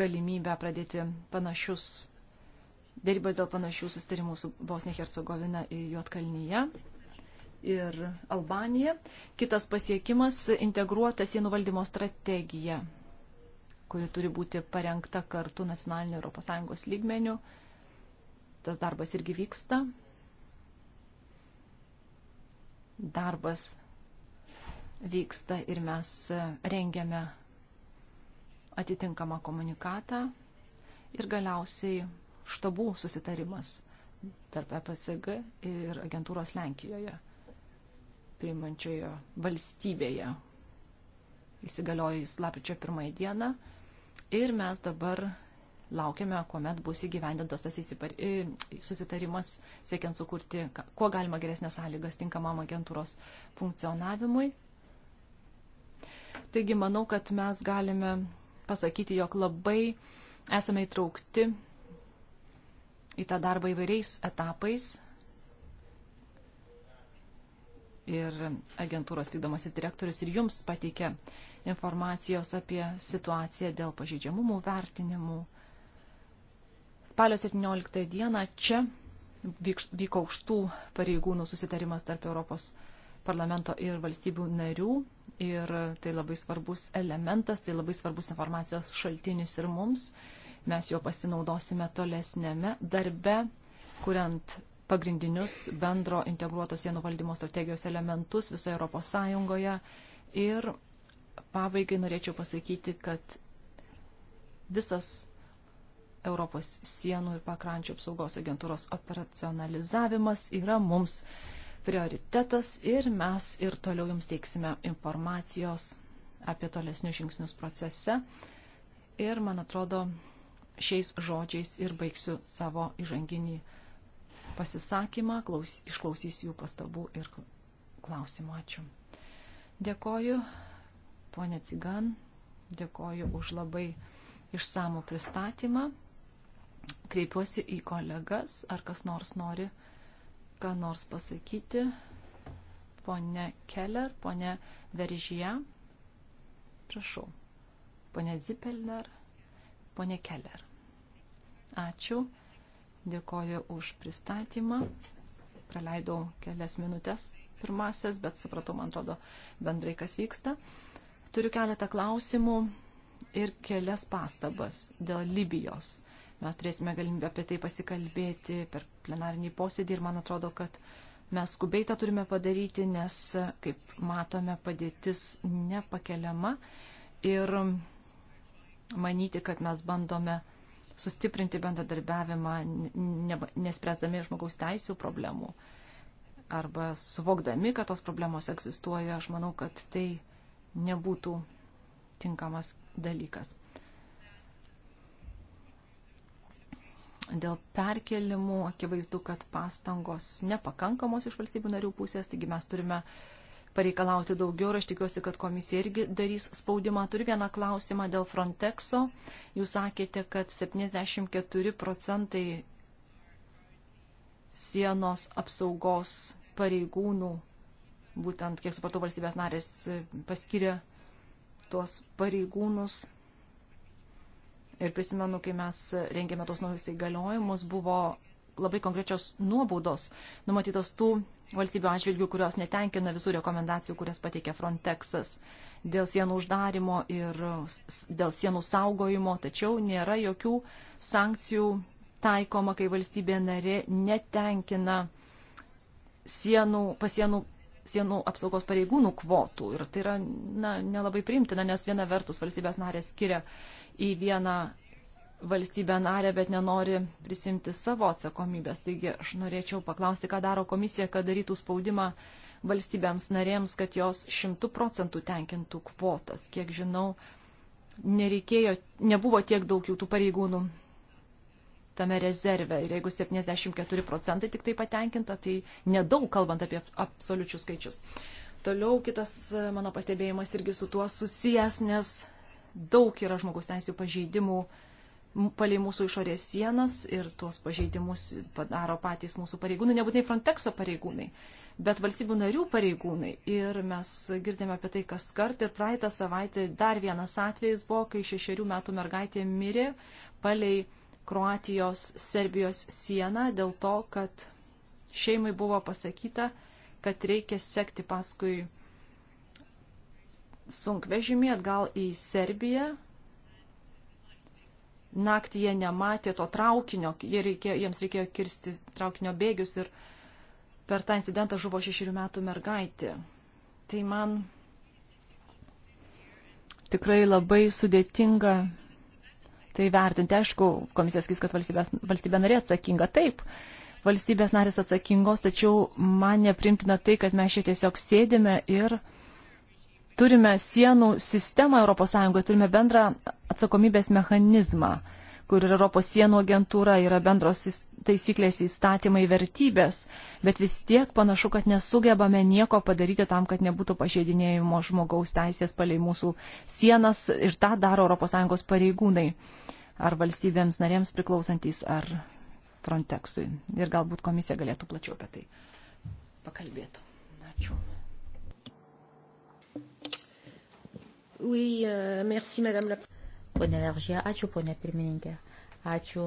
galimybę pradėti panašius dėrybas dėl panašių sustarimų su Bosnija Hercegovina ir Juotkalnyje ir Albanija. Kitas pasiekimas - integruota sienų valdymo strategija, kuri turi būti parengta kartu nacionaliniu ES lygmeniu. Tas darbas irgi vyksta. Darbas vyksta ir mes rengiame atitinkamą komunikatą ir galiausiai štabų susitarimas tarp EPSG ir agentūros Lenkijoje, priimančiojo valstybėje, įsigaliojus lapkričio pirmąją dieną. Ir mes dabar laukiame, kuomet bus įgyvendintas tas įsipar... susitarimas, siekiant sukurti kuo galima geresnės sąlygas tinkamam agentūros funkcionavimui. Taigi manau, kad mes galime pasakyti, jog labai esame įtraukti į tą darbą įvairiais etapais. Ir agentūros vykdomasis direktorius ir jums pateikė informacijos apie situaciją dėl pažeidžiamumų vertinimų. Spalio 17 dieną čia vyko aukštų pareigūnų susitarimas tarp Europos Sąjungos parlamento ir valstybių narių. Ir tai labai svarbus elementas, tai labai svarbus informacijos šaltinis ir mums. Mes jo pasinaudosime tolesnėme darbe, kuriant pagrindinius bendro integruotos sienų valdymo strategijos elementus visoje Europos Sąjungoje. Ir pabaigai norėčiau pasakyti, kad visas Europos sienų ir pakrančių apsaugos agentūros operacionalizavimas yra mums prioritetas ir mes ir toliau jums teiksime informacijos apie tolesnius žingsnius procese. Ir man atrodo, šiais žodžiais ir baigsiu savo įžanginį pasisakymą, klaus, išklausysiu jų pastabų ir klausimų. Ačiū. Dėkoju, ponė Cigan, dėkoju už labai išsamų pristatymą. Kreipiuosi į kolegas, ar kas nors nori ką nors pasakyti. Pone Keller, pone Veržyje. Prašau. Pone Zipelner, pone Keller. Ačiū. Dėkoju už pristatymą. Praleidau kelias minutės pirmasis, bet supratau, man atrodo, bendrai kas vyksta. Turiu keletą klausimų ir kelias pastabas dėl Libijos. Mes turėsime galimybę apie tai pasikalbėti per plenarinį posėdį ir man atrodo, kad mes skubiai tą turime padaryti, nes, kaip matome, padėtis nepakeliama ir manyti, kad mes bandome sustiprinti bendradarbiavimą, nespręsdami žmogaus teisų problemų arba suvokdami, kad tos problemos egzistuoja, aš manau, kad tai nebūtų tinkamas dalykas. Dėl perkelimų akivaizdu, kad pastangos nepakankamos iš valstybių narių pusės, taigi mes turime pareikalauti daugiau ir aš tikiuosi, kad komisija irgi darys spaudimą. Turiu vieną klausimą dėl Frontexo. Jūs sakėte, kad 74 procentai sienos apsaugos pareigūnų, būtent, kiek supratau, valstybės narės e, paskiria tuos pareigūnus Ir prisimenu, kai mes rengėme tos naujus įgaliojimus, buvo labai konkrečios nuobaudos numatytos tų valstybių atžvilgių, kurios netenkina visų rekomendacijų, kurias pateikė Frontexas dėl sienų uždarimo ir dėl sienų saugojimo, tačiau nėra jokių sankcijų taikoma, kai valstybė narė netenkina sienų, pasienų sienų apsaugos pareigūnų kvotų. Ir tai yra na, nelabai primtina, nes viena vertus valstybės narės skiria uh, į vieną valstybę narę, bet nenori prisimti savo atsakomybės. Taigi aš norėčiau paklausti, ką daro komisija, kad darytų spaudimą valstybėms narėms, kad jos šimtų procentų tenkintų kvotas. Kiek žinau, nereikėjo, nebuvo tiek daug jų tų pareigūnų tame rezerve. Ir jeigu 74 procentai tik tai patenkinta, tai nedaug kalbant apie absoliučius skaičius. Toliau kitas mano pastebėjimas irgi su tuo susijęs, nes daug yra žmogaus teisų pažeidimų palei mūsų išorės sienas ir tuos pažeidimus padaro patys mūsų pareigūnai, nebūtinai Frontexo pareigūnai, bet valstybių narių pareigūnai. Ir mes girdėme apie tai kas kart. Ir praeitą savaitę dar vienas atvejis buvo, kai šešerių metų mergaitė mirė palei Kroatijos-Serbijos sieną dėl to, kad šeimai buvo pasakyta, kad reikia sekti paskui sunkvežimį atgal į Serbiją. Naktį jie nematė to traukinio, jie reikėjo, jiems reikėjo kirsti traukinio bėgius ir per tą incidentą žuvo šešių metų mergaitė. Tai man tikrai labai sudėtinga tai vertinti. Aišku, komisija skis, kad valstybės, valstybė narė atsakinga taip. Valstybės narės atsakingos, tačiau man neprimtina tai, kad mes čia tiesiog sėdime ir uh, turime sienų sistemą ES, turime bendrą atsakomybės mechanizmą, kur yra Europos sienų agentūra, yra bendros taisyklės įstatymai vertybės, bet vis tiek panašu, kad nesugebame nieko padaryti tam, kad nebūtų pažeidinėjimo žmogaus teisės palei mūsų sienas ir tą daro ES pareigūnai ar valstybėms narėms priklausantys ar Frontexui. Ir galbūt komisija galėtų plačiau apie tai pakalbėti. Ačiū. Oui, uh, merci, madame la. Pone Veržė, ačiū, ponė pirmininkė. Ačiū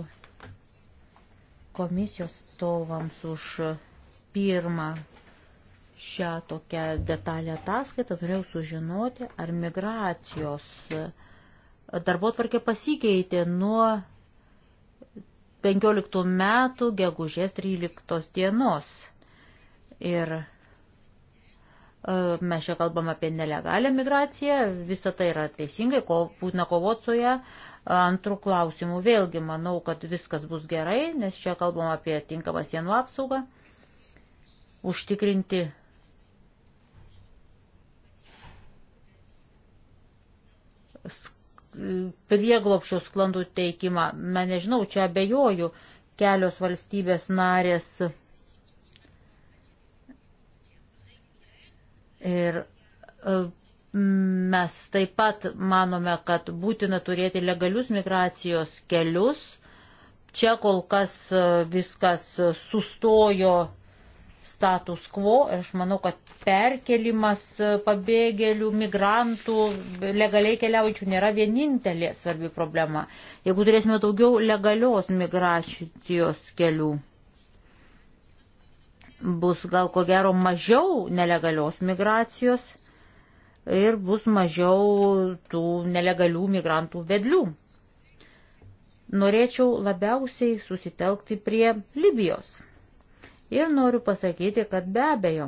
komisijos atstovams už pirmą šią tokią detalę ataskaitą. Turėjau sužinoti, ar migracijos darbo tvarkė pasikeitė nuo 15 metų gegužės 13 dienos. Ir E, mes čia kalbam apie nelegalią migraciją, visa tai yra teisingai, ko, būtina kovoti su ją. Antrų klausimų vėlgi manau, kad viskas bus gerai, nes čia kalbam apie tinkamą sienų apsaugą, užtikrinti prieglopšio sklandų teikimą. Na, nežinau, čia abejoju, kelios valstybės narės Ir e, mes taip pat manome, kad būtina turėti legalius migracijos kelius. Čia kol kas e, viskas sustojo status quo. Aš manau, kad perkelimas e, pabėgėlių, migrantų, legaliai keliaujančių nėra vienintelė svarbi problema. Jeigu turėsime daugiau legalios migracijos kelių bus gal ko gero mažiau nelegalios migracijos ir bus mažiau tų nelegalių migrantų vedlių. Norėčiau labiausiai susitelkti prie Libijos. Ir noriu pasakyti, kad be abejo,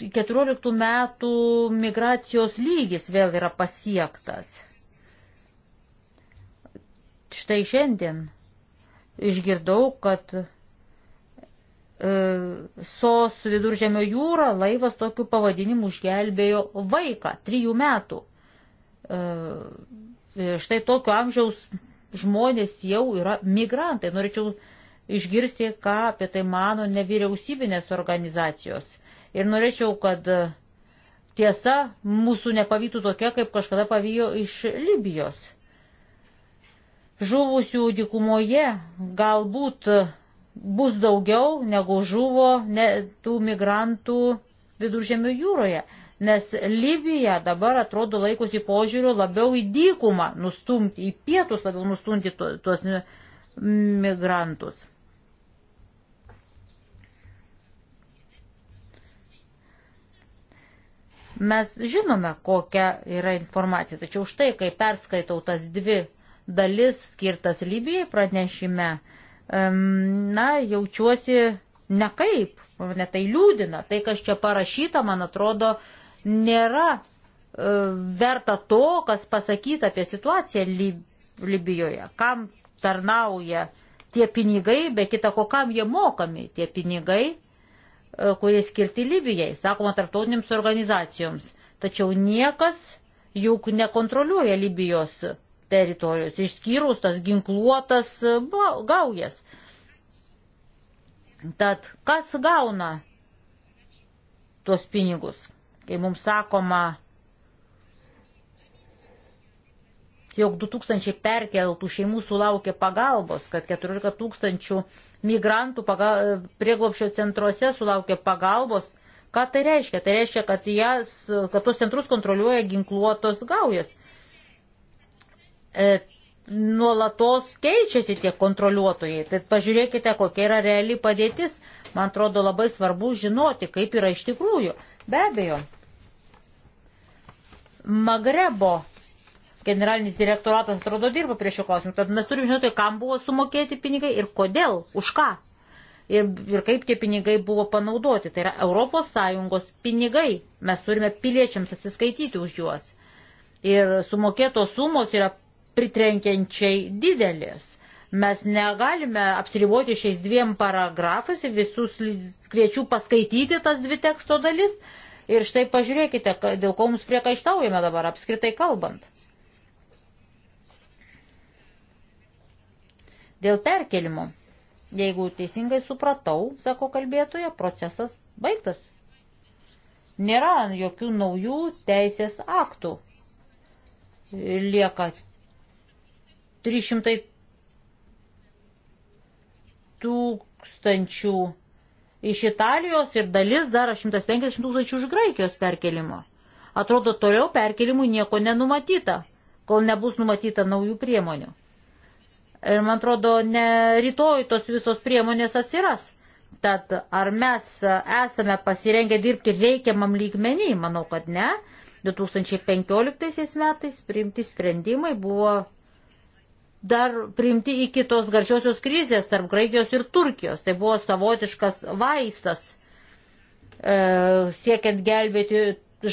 14 e, metų migracijos lygis vėl yra pasiektas. Štai šiandien išgirdau, kad e, sos viduržėmio jūra laivas tokiu pavadinimu išgelbėjo vaiką, trijų metų. E, štai tokio amžiaus žmonės jau yra migrantai. Norėčiau išgirsti, ką apie tai mano nevyriausybinės organizacijos. Ir norėčiau, kad e, tiesa mūsų nepavytų tokia, kaip kažkada pavyko iš Libijos. Žuvusių dykumoje galbūt bus daugiau negu žuvo ne, tų migrantų viduržėmių jūroje, nes Libija dabar atrodo laikosi požiūriu labiau į dykumą nustumti, į pietus labiau nustumti tuos migrantus. Mes žinome, kokia yra informacija, tačiau štai, kai perskaitau tas dvi dalis skirtas Libijai pranešime, na, jaučiuosi nekaip, net tai liūdina. Tai, kas čia parašyta, man atrodo, nėra e, verta to, kas pasakyta apie situaciją Libijoje, kam tarnauja tie pinigai, be kita ko, kam jie mokami tie pinigai, e, kurie skirti Libijai, sakoma, tarptautinėms organizacijoms. Tačiau niekas juk nekontroliuoja Libijos teritorijos, išskyrus tas ginkluotas e, gaujas. Tad kas gauna tuos pinigus, kai mums sakoma, jog 2000 perkeltų šeimų sulaukė pagalbos, kad 14 tūkstančių migrantų prieglopšio centruose sulaukė pagalbos. Ką tai reiškia? Tai reiškia, kad, jas, kad tuos centrus kontroliuoja ginkluotos gaujas e, nuolatos keičiasi tie kontroliuotojai. Tad pažiūrėkite, kokia yra reali padėtis. Man atrodo labai svarbu žinoti, kaip yra iš tikrųjų. Be abejo, Magrebo generalinis direktoratas atrodo dirba prie šio klausimo. Tad mes turime žinoti, kam buvo sumokėti pinigai ir kodėl, už ką. Ir, ir kaip tie pinigai buvo panaudoti. Tai yra ES pinigai. Mes turime piliečiams atsiskaityti už juos. Ir sumokėtos sumos yra pritrenkiančiai didelės. Mes negalime apsiriboti šiais dviem paragrafais ir visus kviečiu paskaityti tas dvi teksto dalis. Ir štai pažiūrėkite, dėl ko mums priekaištaujame dabar apskritai kalbant. Dėl perkelimo. Jeigu teisingai supratau, sako kalbėtoja, procesas baigtas. Nėra jokių naujų teisės aktų. Lieka 300 tūkstančių iš Italijos ir dalis dar 150 tūkstančių iš Graikijos perkelimo. Atrodo, toliau perkelimui nieko nenumatyta, kol nebus numatyta naujų priemonių. Ir man atrodo, ne rytoj tos visos priemonės atsiras. Tad ar mes esame pasirengę dirbti reikiamam lygmenį? Manau, kad ne. 2015 metais priimti sprendimai buvo dar priimti iki tos garsiosios krizės tarp Graikijos ir Turkijos. Tai buvo savotiškas vaistas e, siekiant gelbėti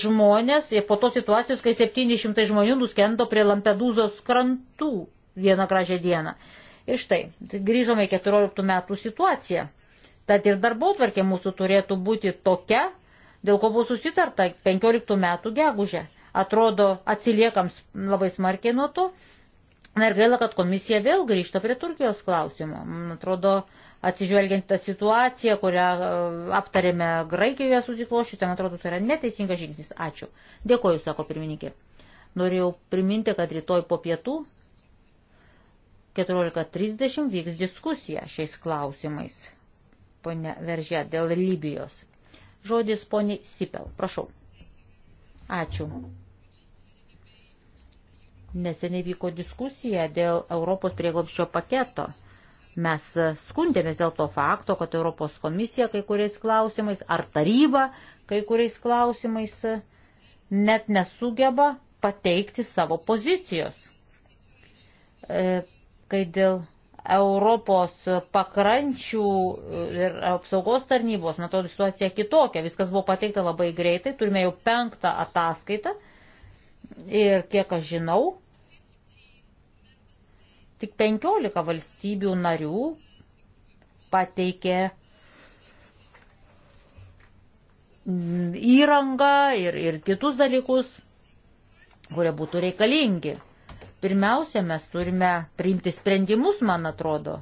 žmonės ir po tos situacijos, kai 700 žmonių nuskendo prie Lampedūzos krantų vieną gražią dieną. Ir štai, tai grįžome į 14 metų situaciją. Tad ir darbo tvarkė mūsų turėtų būti tokia, dėl ko buvo susitarta 15 metų gegužė. Atrodo, atsiliekam labai smarkiai nuo to, Na ir gaila, kad komisija vėl grįžta prie Turkijos klausimo. Man atrodo, atsižvelgiant tą situaciją, kurią e, aptarėme Graikijoje susikloščiusią, man atrodo, tai yra neteisingas žingsnis. Ačiū. Dėkoju, sako pirmininkė. Norėjau priminti, kad rytoj po pietų 14.30 vyks diskusija šiais klausimais. Pone Veržė, dėl Libijos. Žodis poniai Sipel. Prašau. Ačiū. Neseniai vyko diskusija dėl Europos prieglobščio paketo. Mes skundėmės dėl to fakto, kad Europos komisija kai kuriais klausimais ar taryba kai kuriais klausimais net nesugeba pateikti savo pozicijos. E, kai dėl Europos pakrančių ir apsaugos tarnybos, na, to situacija kitokia. Viskas buvo pateikta labai greitai, turime jau penktą ataskaitą. Ir kiek aš žinau, Tik 15 valstybių narių pateikė įrangą ir, ir kitus dalykus, kurie būtų reikalingi. Pirmiausia, mes turime priimti sprendimus, man atrodo.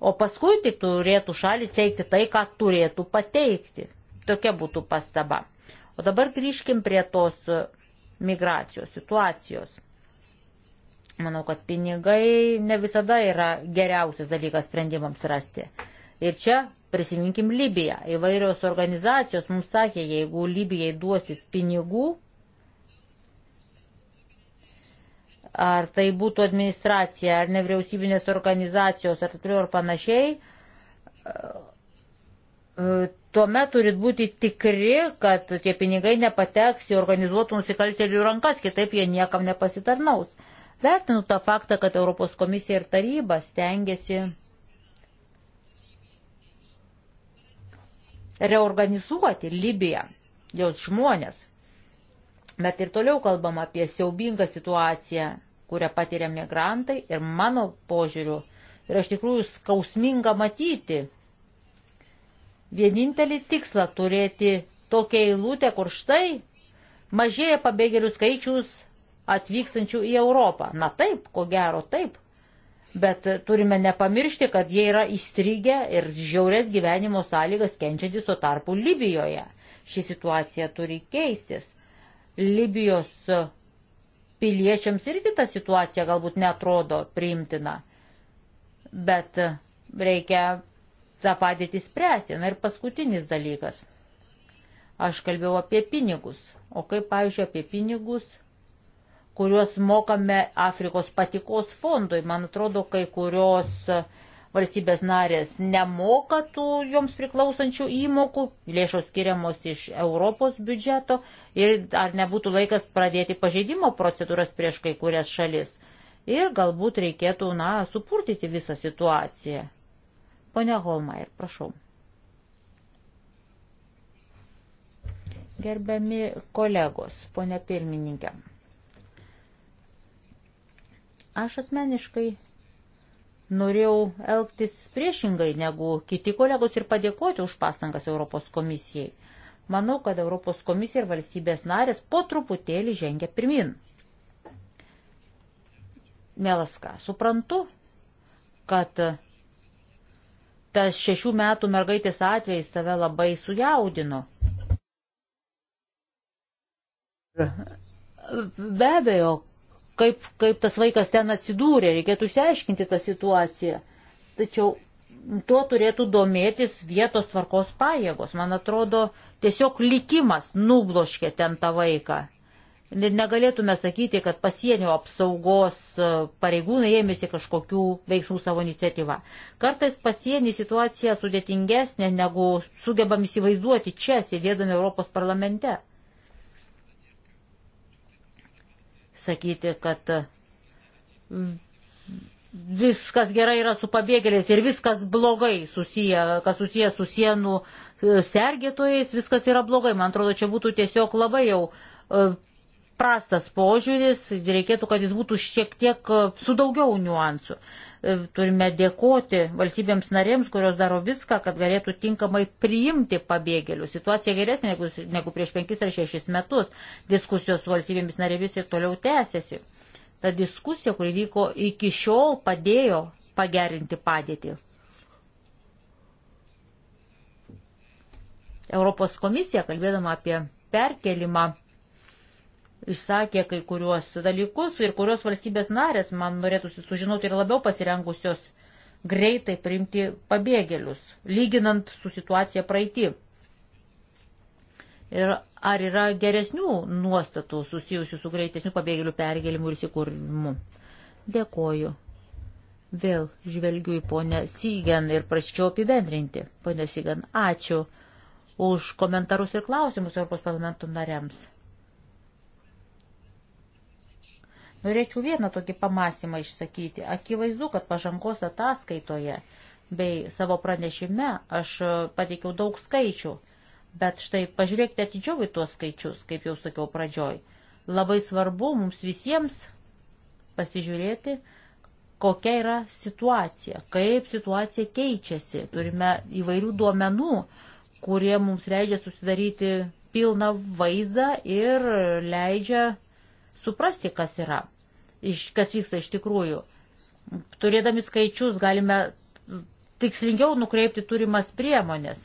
O paskui tik turėtų šalis teikti tai, ką turėtų pateikti. Tokia būtų pastaba. O dabar grįžkim prie tos migracijos situacijos. Manau, kad pinigai ne visada yra geriausias dalykas sprendimams rasti. Ir čia prisiminkim Libiją. Įvairios organizacijos mums sakė, jeigu Libijai duosit pinigų, ar tai būtų administracija, ar nevyriausybinės organizacijos, ar taip ir panašiai, e, tuomet turit būti tikri, kad tie pinigai nepateks į organizuotų nusikaltėlių rankas, kitaip jie niekam nepasitarnaus. Vertinu tą faktą, kad Europos komisija ir taryba stengiasi reorganizuoti Libiją, jos žmonės. Bet ir toliau kalbam apie siaubingą situaciją, kurią patiria migrantai ir mano požiūriu yra iš tikrųjų skausminga matyti. Vienintelį tikslą turėti tokią eilutę, kur štai mažėja pabėgėlių skaičius atvykstančių į Europą. Na taip, ko gero taip. Bet turime nepamiršti, kad jie yra įstrigę ir žiaurės gyvenimo sąlygas kenčiantis tuo tarpu Libijoje. Ši situacija turi keistis. Libijos piliečiams irgi ta situacija galbūt netrodo priimtina. Bet reikia tą padėtį spręsti. Na ir paskutinis dalykas. Aš kalbėjau apie pinigus. O kaip, pavyzdžiui, apie pinigus kuriuos mokame Afrikos patikos fondui. Man atrodo, kai kurios valstybės narės nemoka tų joms priklausančių įmokų, lėšos skiriamos iš Europos biudžeto ir ar nebūtų laikas pradėti pažeidimo procedūras prieš kai kurias šalis. Ir galbūt reikėtų, na, supurtyti visą situaciją. Pone Holmair, prašau. Gerbiami kolegos, ponė pirmininkė. Aš asmeniškai norėjau elgtis priešingai negu kiti kolegos ir padėkoti už pastangas Europos komisijai. Manau, kad Europos komisija ir valstybės narės po truputėlį žengia pirmin. Mielas ką, suprantu, kad tas šešių metų mergaitės atvejais tave labai sujaudino. Be abejo, kaip, kaip tas vaikas ten atsidūrė, reikėtų išsiaiškinti tą situaciją. Tačiau tuo turėtų domėtis vietos tvarkos pajėgos. Man atrodo, tiesiog likimas nubloškė ten tą vaiką. Negalėtume sakyti, kad pasienio apsaugos e, pareigūnai ėmėsi kažkokių veiksmų savo iniciatyvą. Kartais pasienį situacija sudėtingesnė, negu sugebam įsivaizduoti čia, sėdėdami Europos parlamente. sakyti, kad viskas gerai yra su pabėgėliais ir viskas blogai susiję, kas susiję su sienų e, sergėtojais, viskas yra blogai. Man atrodo, čia būtų tiesiog labai jau e, prastas požiūris, reikėtų, kad jis būtų šiek tiek e, su daugiau niuansų. E, turime dėkoti valstybėms narėms, kurios daro viską, kad galėtų tinkamai priimti pabėgėlius. Situacija geresnė negu, negu prieš penkis ar šešis metus. Diskusijos su valstybėmis narėmis ir toliau tęsiasi. Ta diskusija, kuri vyko iki šiol, padėjo pagerinti padėtį. Europos komisija, kalbėdama apie perkelimą, išsakė kai kuriuos dalykus ir kurios valstybės narės, man norėtųsi sužinoti, ir labiau pasirengusios greitai priimti pabėgėlius, lyginant su situacija praeitį. Ir ar yra geresnių nuostatų susijusių su greitesniu pabėgėlių pergėlimu ir įsikūrimu? Dėkoju. Vėl žvelgiu į ponę Sygen ir praščiau apibendrinti. Pone Sygen, ačiū už komentarus ir klausimus Europos parlamento nariams. Norėčiau vieną tokį pamastymą išsakyti. Akivaizdu, kad pažangos ataskaitoje bei savo pranešime aš e, pateikiau daug skaičių, bet štai pažiūrėkite atidžiau į tuos skaičius, kaip jau sakiau pradžioj. Labai svarbu mums visiems pasižiūrėti, kokia yra situacija, kaip situacija keičiasi. Turime įvairių duomenų, kurie mums leidžia susidaryti pilną vaizdą ir leidžia suprasti, kas yra, kas vyksta iš tikrųjų. Turėdami skaičius galime tikslingiau nukreipti turimas priemonės.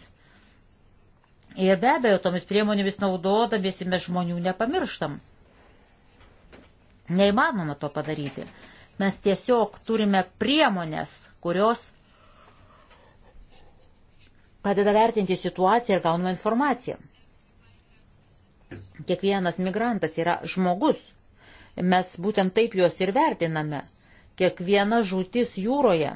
Ir be abejo, tomis priemonėmis naudodamiesi mes žmonių nepamirštam. Neįmanoma to padaryti. Mes tiesiog turime priemonės, kurios padeda vertinti situaciją ir gauname informaciją. Kiekvienas migrantas yra žmogus, Mes būtent taip juos ir vertiname. Kiekviena žūtis jūroje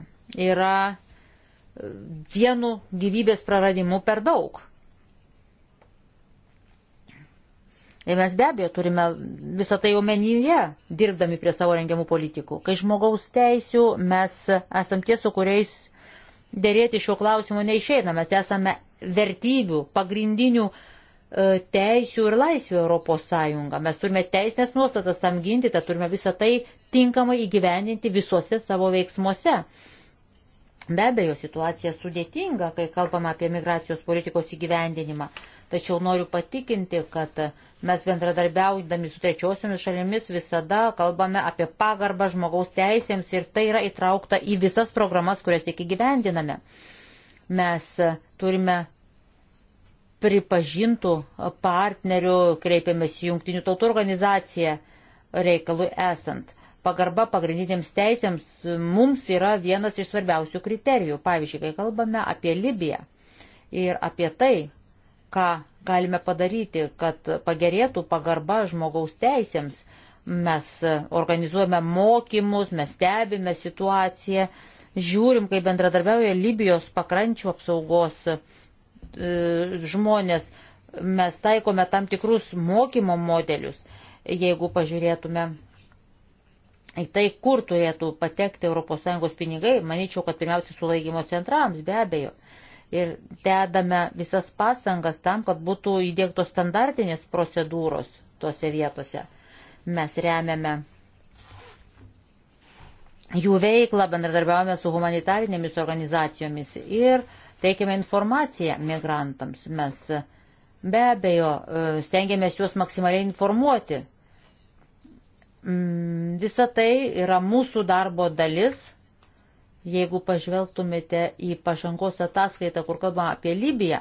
yra e, vienu gyvybės praradimu per daug. Ir mes be abejo turime visą tai omenyje, dirbdami prie savo rengiamų politikų. Kai žmogaus teisių mes esam tie, su kuriais dėrėti šiuo klausimu neišeina. Mes esame vertybių, pagrindinių uh, E, teisių ir laisvių Europos Sąjungą. Mes turime teisinės nuostatas tam ginti, tad turime visą tai tinkamai įgyvendinti visuose savo veiksmuose. Be abejo, situacija sudėtinga, kai kalbame apie migracijos politikos įgyvendinimą. Tačiau noriu patikinti, kad mes bendradarbiaudami su trečiosiomis šalimis visada kalbame apie pagarbą žmogaus teisėms ir tai yra įtraukta į visas programas, kurias tik įgyvendiname. Mes turime pripažintų partnerių, kreipėmės į Junktinių tautų organizaciją reikalui esant. Pagarba pagrindinėms teisėms mums yra vienas iš svarbiausių kriterijų. Pavyzdžiui, kai kalbame apie Libiją ir apie tai, ką galime padaryti, kad pagerėtų pagarba žmogaus teisėms, mes organizuojame mokymus, mes stebime situaciją, žiūrim, kaip bendradarbiauja Libijos pakrančių apsaugos E, žmonės, mes taikome tam tikrus mokymo modelius. Jeigu pažiūrėtume į tai, kur turėtų patekti ES pinigai, manyčiau, kad pirmiausia sulaikymo centrams, be abejo. Ir dedame visas pastangas tam, kad būtų įdėktos standartinės procedūros tuose vietose. Mes remiame jų veiklą, bendradarbiavome su humanitarinėmis organizacijomis ir uh, teikiame informaciją migrantams. Mes be abejo e, stengiamės juos maksimaliai informuoti. Mm, visa tai yra mūsų darbo dalis. Jeigu pažvelgtumėte į pažangos ataskaitą, kur kalbama apie Libiją,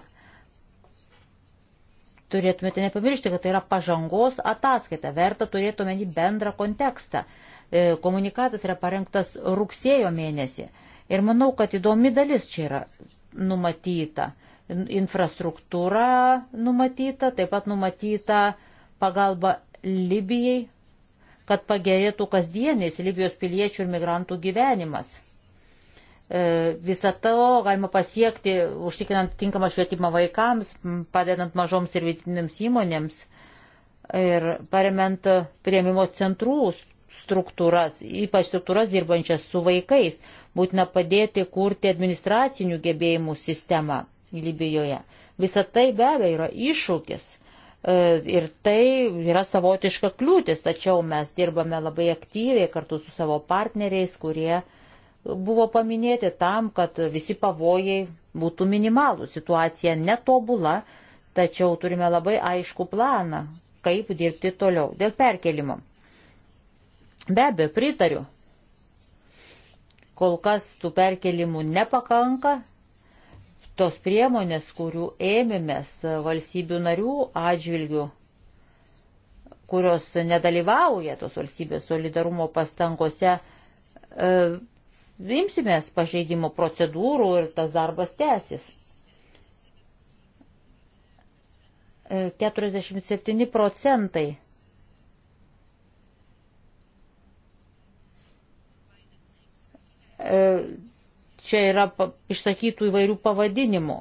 turėtumėte nepamiršti, kad tai yra pažangos ataskaita, verta turėtume į bendrą kontekstą. E, komunikatas yra parengtas rugsėjo mėnesį. Ir manau, kad įdomi dalis čia yra numatyta, infrastruktūra numatyta, taip pat numatyta pagalba Libijai, kad pagerėtų kasdieniais Libijos piliečių ir migrantų gyvenimas. E, Visą to galima pasiekti, užtikrinant tinkamą švietimą vaikams, padedant mažoms ir vidutinėms įmonėms ir paremant prieimimo centrų struktūras, ypač struktūras dirbančias su vaikais. Būtina padėti kurti administracinių gebėjimų sistemą Libijoje. Visa tai be abejo yra iššūkis. E, ir tai yra savotiška kliūtis, tačiau mes dirbame labai aktyviai kartu su savo partneriais, kurie buvo paminėti tam, kad visi pavojai būtų minimalų. Situacija netobula, tačiau turime labai aišku planą, kaip dirbti toliau dėl perkelimo. Be abejo, pritariu Kol kas tų perkelimų nepakanka. Tos priemonės, kurių ėmėmės valstybių narių atžvilgių, kurios nedalyvauja tos valstybės solidarumo pastangose, e, imsimės pažeidimo procedūrų ir tas darbas tęsis. 47 e, procentai E, čia yra išsakytų įvairių pavadinimų.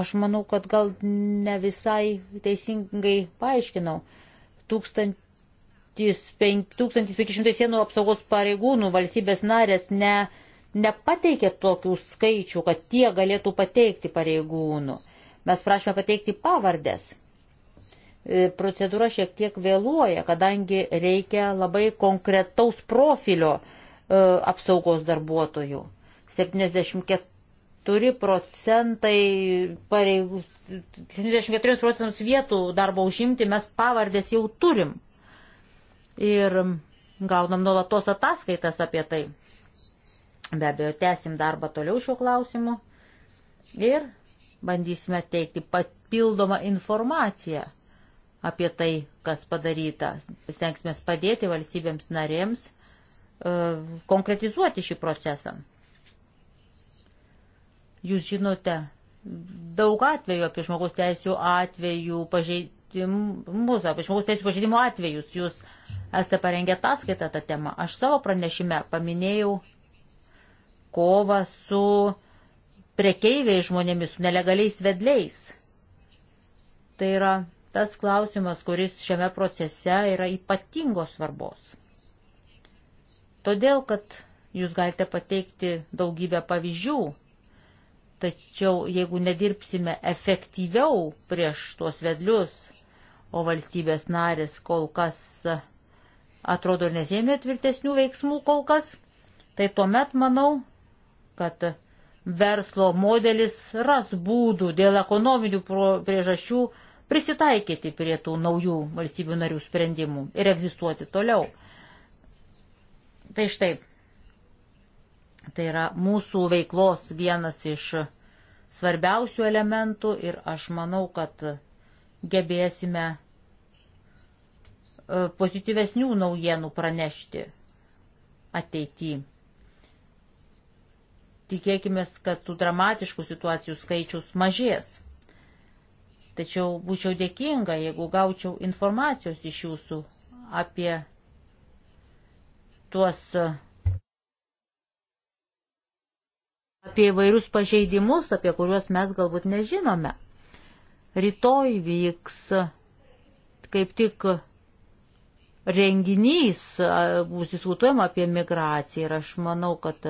Aš manau, kad gal ne visai teisingai paaiškinau. 1500 sienų apsaugos pareigūnų valstybės narės ne, nepateikė tokių skaičių, kad tie galėtų pateikti pareigūnų. Mes prašome pateikti pavardės. E, procedūra šiek tiek vėluoja, kadangi reikia labai konkretaus profilio e, apsaugos darbuotojų. 74 procentai pareigų, 74 procentams vietų darbo užimti mes pavardės jau turim. Ir gaunam nuolatos ataskaitas apie tai. Be abejo, tęsim darbą toliau šiuo klausimu ir bandysime teikti papildomą informaciją apie tai, kas padaryta. Stengsime padėti valstybėms narėms e, konkretizuoti šį procesą. Jūs žinote daug atvejų apie žmogaus teisų atvejų pažeidimus, apie žmogaus teisų pažeidimų atvejus. Jūs esate parengę ataskaitą tą temą. Aš savo pranešime paminėjau kovą su prekeiviai žmonėmis, su nelegaliais vedliais. Tai yra tas klausimas, kuris šiame procese yra ypatingos svarbos. Todėl, kad jūs galite pateikti daugybę pavyzdžių, tačiau jeigu nedirbsime efektyviau prieš tuos vedlius, o valstybės narės kol kas atrodo nesėmė tvirtesnių veiksmų kol kas, tai tuomet manau, kad verslo modelis ras būdų dėl ekonominių priežasčių prisitaikyti prie tų naujų valstybių narių sprendimų ir egzistuoti toliau. Tai štai, tai yra mūsų veiklos vienas iš svarbiausių elementų ir aš manau, kad gebėsime e, pozityvesnių naujienų pranešti ateityje. Tikėkime, kad tų dramatiškų situacijų skaičius mažės. Tačiau būčiau dėkinga, jeigu gaučiau informacijos iš jūsų apie tuos apie įvairius pažeidimus, apie kuriuos mes galbūt nežinome. Rytoj vyks kaip tik renginys, bus diskutuojama apie migraciją ir aš manau, kad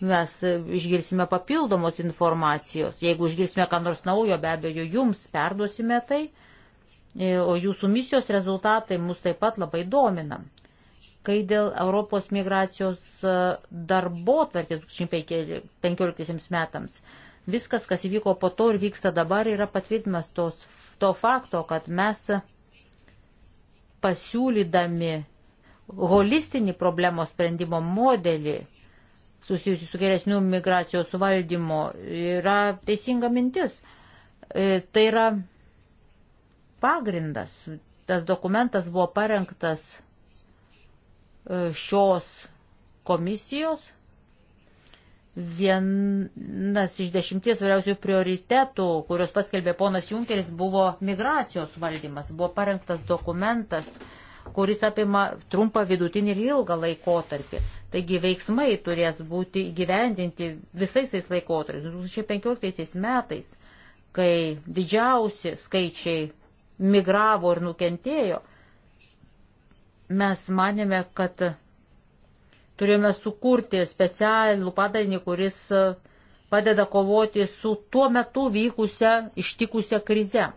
mes išgirsime papildomos informacijos. Jeigu išgirsime ką nors naujo, be abejo, jums perduosime tai, e, o jūsų misijos rezultatai mus taip pat labai domina. Kai dėl Europos migracijos e, darbo tvarkės 2015 metams, viskas, kas įvyko po to ir vyksta dabar, yra patvirtinimas tos, to fakto, kad mes pasiūlydami holistinį problemos sprendimo modelį susijusių su geresniu migracijos valdymu, yra teisinga mintis. E, tai yra pagrindas. Tas dokumentas buvo parengtas e, šios komisijos. Vienas iš dešimties variausių prioritetų, kuriuos paskelbė ponas Junkeris, buvo migracijos valdymas. Buvo parengtas dokumentas, kuris apima trumpą vidutinį ir ilgą laikotarpį. Taigi veiksmai turės būti įgyvendinti visais tais laikotarpiais. 2015 metais, kai didžiausi skaičiai migravo ir nukentėjo, mes manėme, kad turėjome sukurti specialų padalinį, kuris padeda kovoti su tuo metu vykusią ištikusią krizę.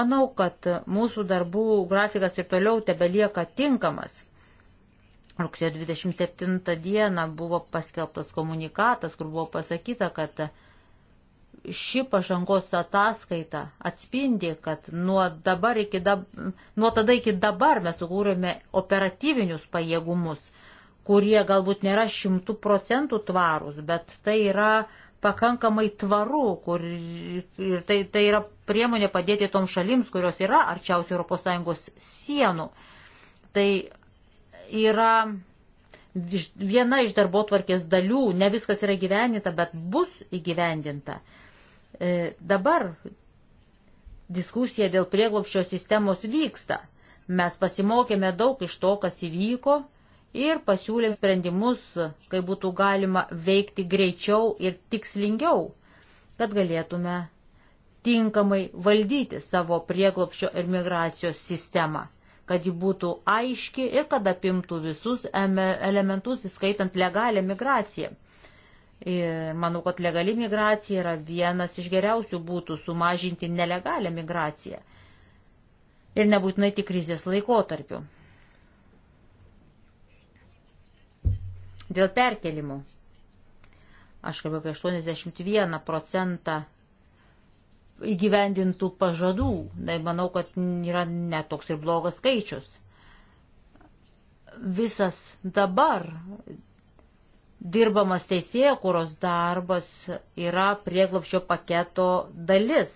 Manau, kad mūsų darbų grafikas ir toliau tebelieka tinkamas Rugsėjo 27 dieną buvo paskelbtas komunikatas, kur buvo pasakyta, kad ši pažangos ataskaita atspindi, kad nuo, dabar iki dab, nuo tada iki dabar mes sukūrėme operatyvinius pajėgumus, kurie galbūt nėra šimtų procentų tvarūs, bet tai yra pakankamai tvaru, kur, ir tai, tai yra priemonė padėti toms šalims, kurios yra arčiausiai ES sienų. Tai yra viena iš darbo tvarkės dalių, ne viskas yra gyveninta, bet bus įgyvendinta. E, dabar diskusija dėl prieglopščio sistemos vyksta. Mes pasimokėme daug iš to, kas įvyko ir pasiūlėm sprendimus, kaip būtų galima veikti greičiau ir tikslingiau, kad galėtume tinkamai valdyti savo prieglopščio ir migracijos sistemą kad ji būtų aiški ir kad apimtų visus elementus, įskaitant legalią migraciją. Ir manau, kad legali migracija yra vienas iš geriausių būtų sumažinti nelegalią migraciją. Ir nebūtinai tik krizės laikotarpiu. Dėl perkelimų. Aš kalbėjau apie 81 procentą įgyvendintų pažadų. Tai manau, kad yra netoks ir blogas skaičius. Visas dabar dirbamas teisėjo, kuros darbas yra prieglapščio paketo dalis.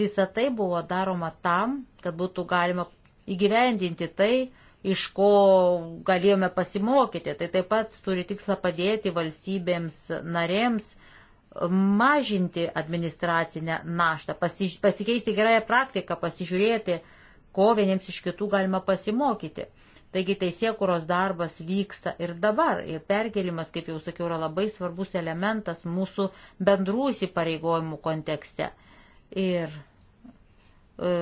Visa tai buvo daroma tam, kad būtų galima įgyvendinti tai, iš ko galėjome pasimokyti. Tai taip pat turi tikslą padėti valstybėms narėms mažinti administracinę naštą, pasi, pasikeisti gerąją praktiką, pasižiūrėti, ko vieniems iš kitų galima pasimokyti. Taigi teisėkuros darbas vyksta ir dabar, ir perkelimas, kaip jau sakiau, yra labai svarbus elementas mūsų bendrų įsipareigojimų kontekste. Ir e,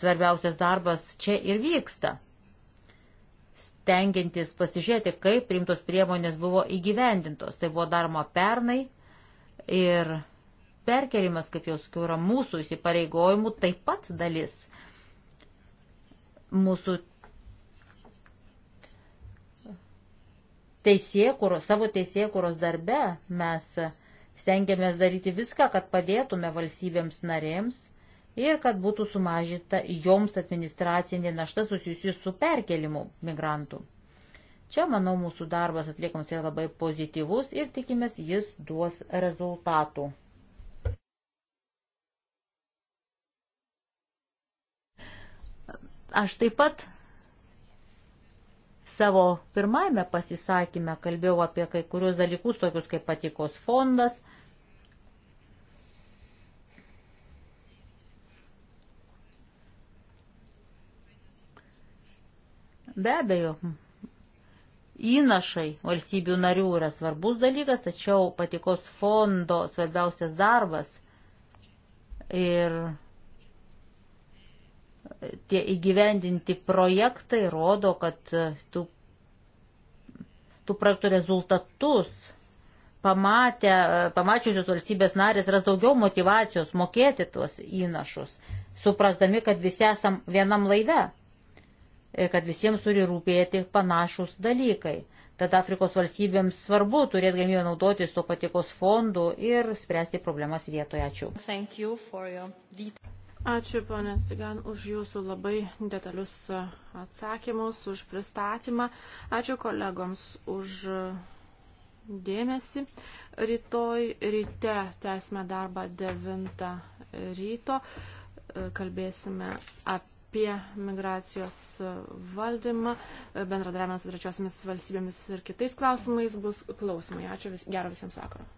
svarbiausias darbas čia ir vyksta. Stengiantis pasižiūrėti, kaip rimtos priemonės buvo įgyvendintos. Tai buvo daroma pernai Ir perkerimas, kaip jau sakiau, yra mūsų įsipareigojimų taip pat dalis. Mūsų teisėkuros, savo teisėkuros darbe mes stengiamės daryti viską, kad padėtume valstybėms narėms ir kad būtų sumažinta joms administracinė našta susijusi su perkelimu migrantų. Čia, manau, mūsų darbas atliekamas yra labai pozityvus ir tikimės, jis duos rezultatų. Aš taip pat savo pirmajame pasisakymę kalbėjau apie kai kurios dalykus, tokius kaip patikos fondas. Be abejo, įnašai valstybių narių yra svarbus dalykas, tačiau patikos fondo svarbiausias darbas ir tie įgyvendinti projektai rodo, kad tų, tų projektų rezultatus pamatę, pamačiusios valstybės narės ras daugiau motivacijos mokėti tuos įnašus, suprasdami, kad visi esam vienam laive. E, kad visiems turi rūpėti panašus dalykai. Tad Afrikos valstybėms svarbu turėti galimybę naudotis to patikos fondų ir spręsti problemas vietoje. Ačiū. Ačiū, ponė Sigan, už jūsų labai detalius e, atsakymus, už pristatymą. Ačiū kolegoms už e, dėmesį. Rytoj ryte tęsime darbą 9 ryto. Kalbėsime apie apie migracijos valdymą, bendradarbiavimą su trečiosiamis valstybėmis ir kitais klausimais bus klausimai. Ačiū, vis, gero visiems vakaro.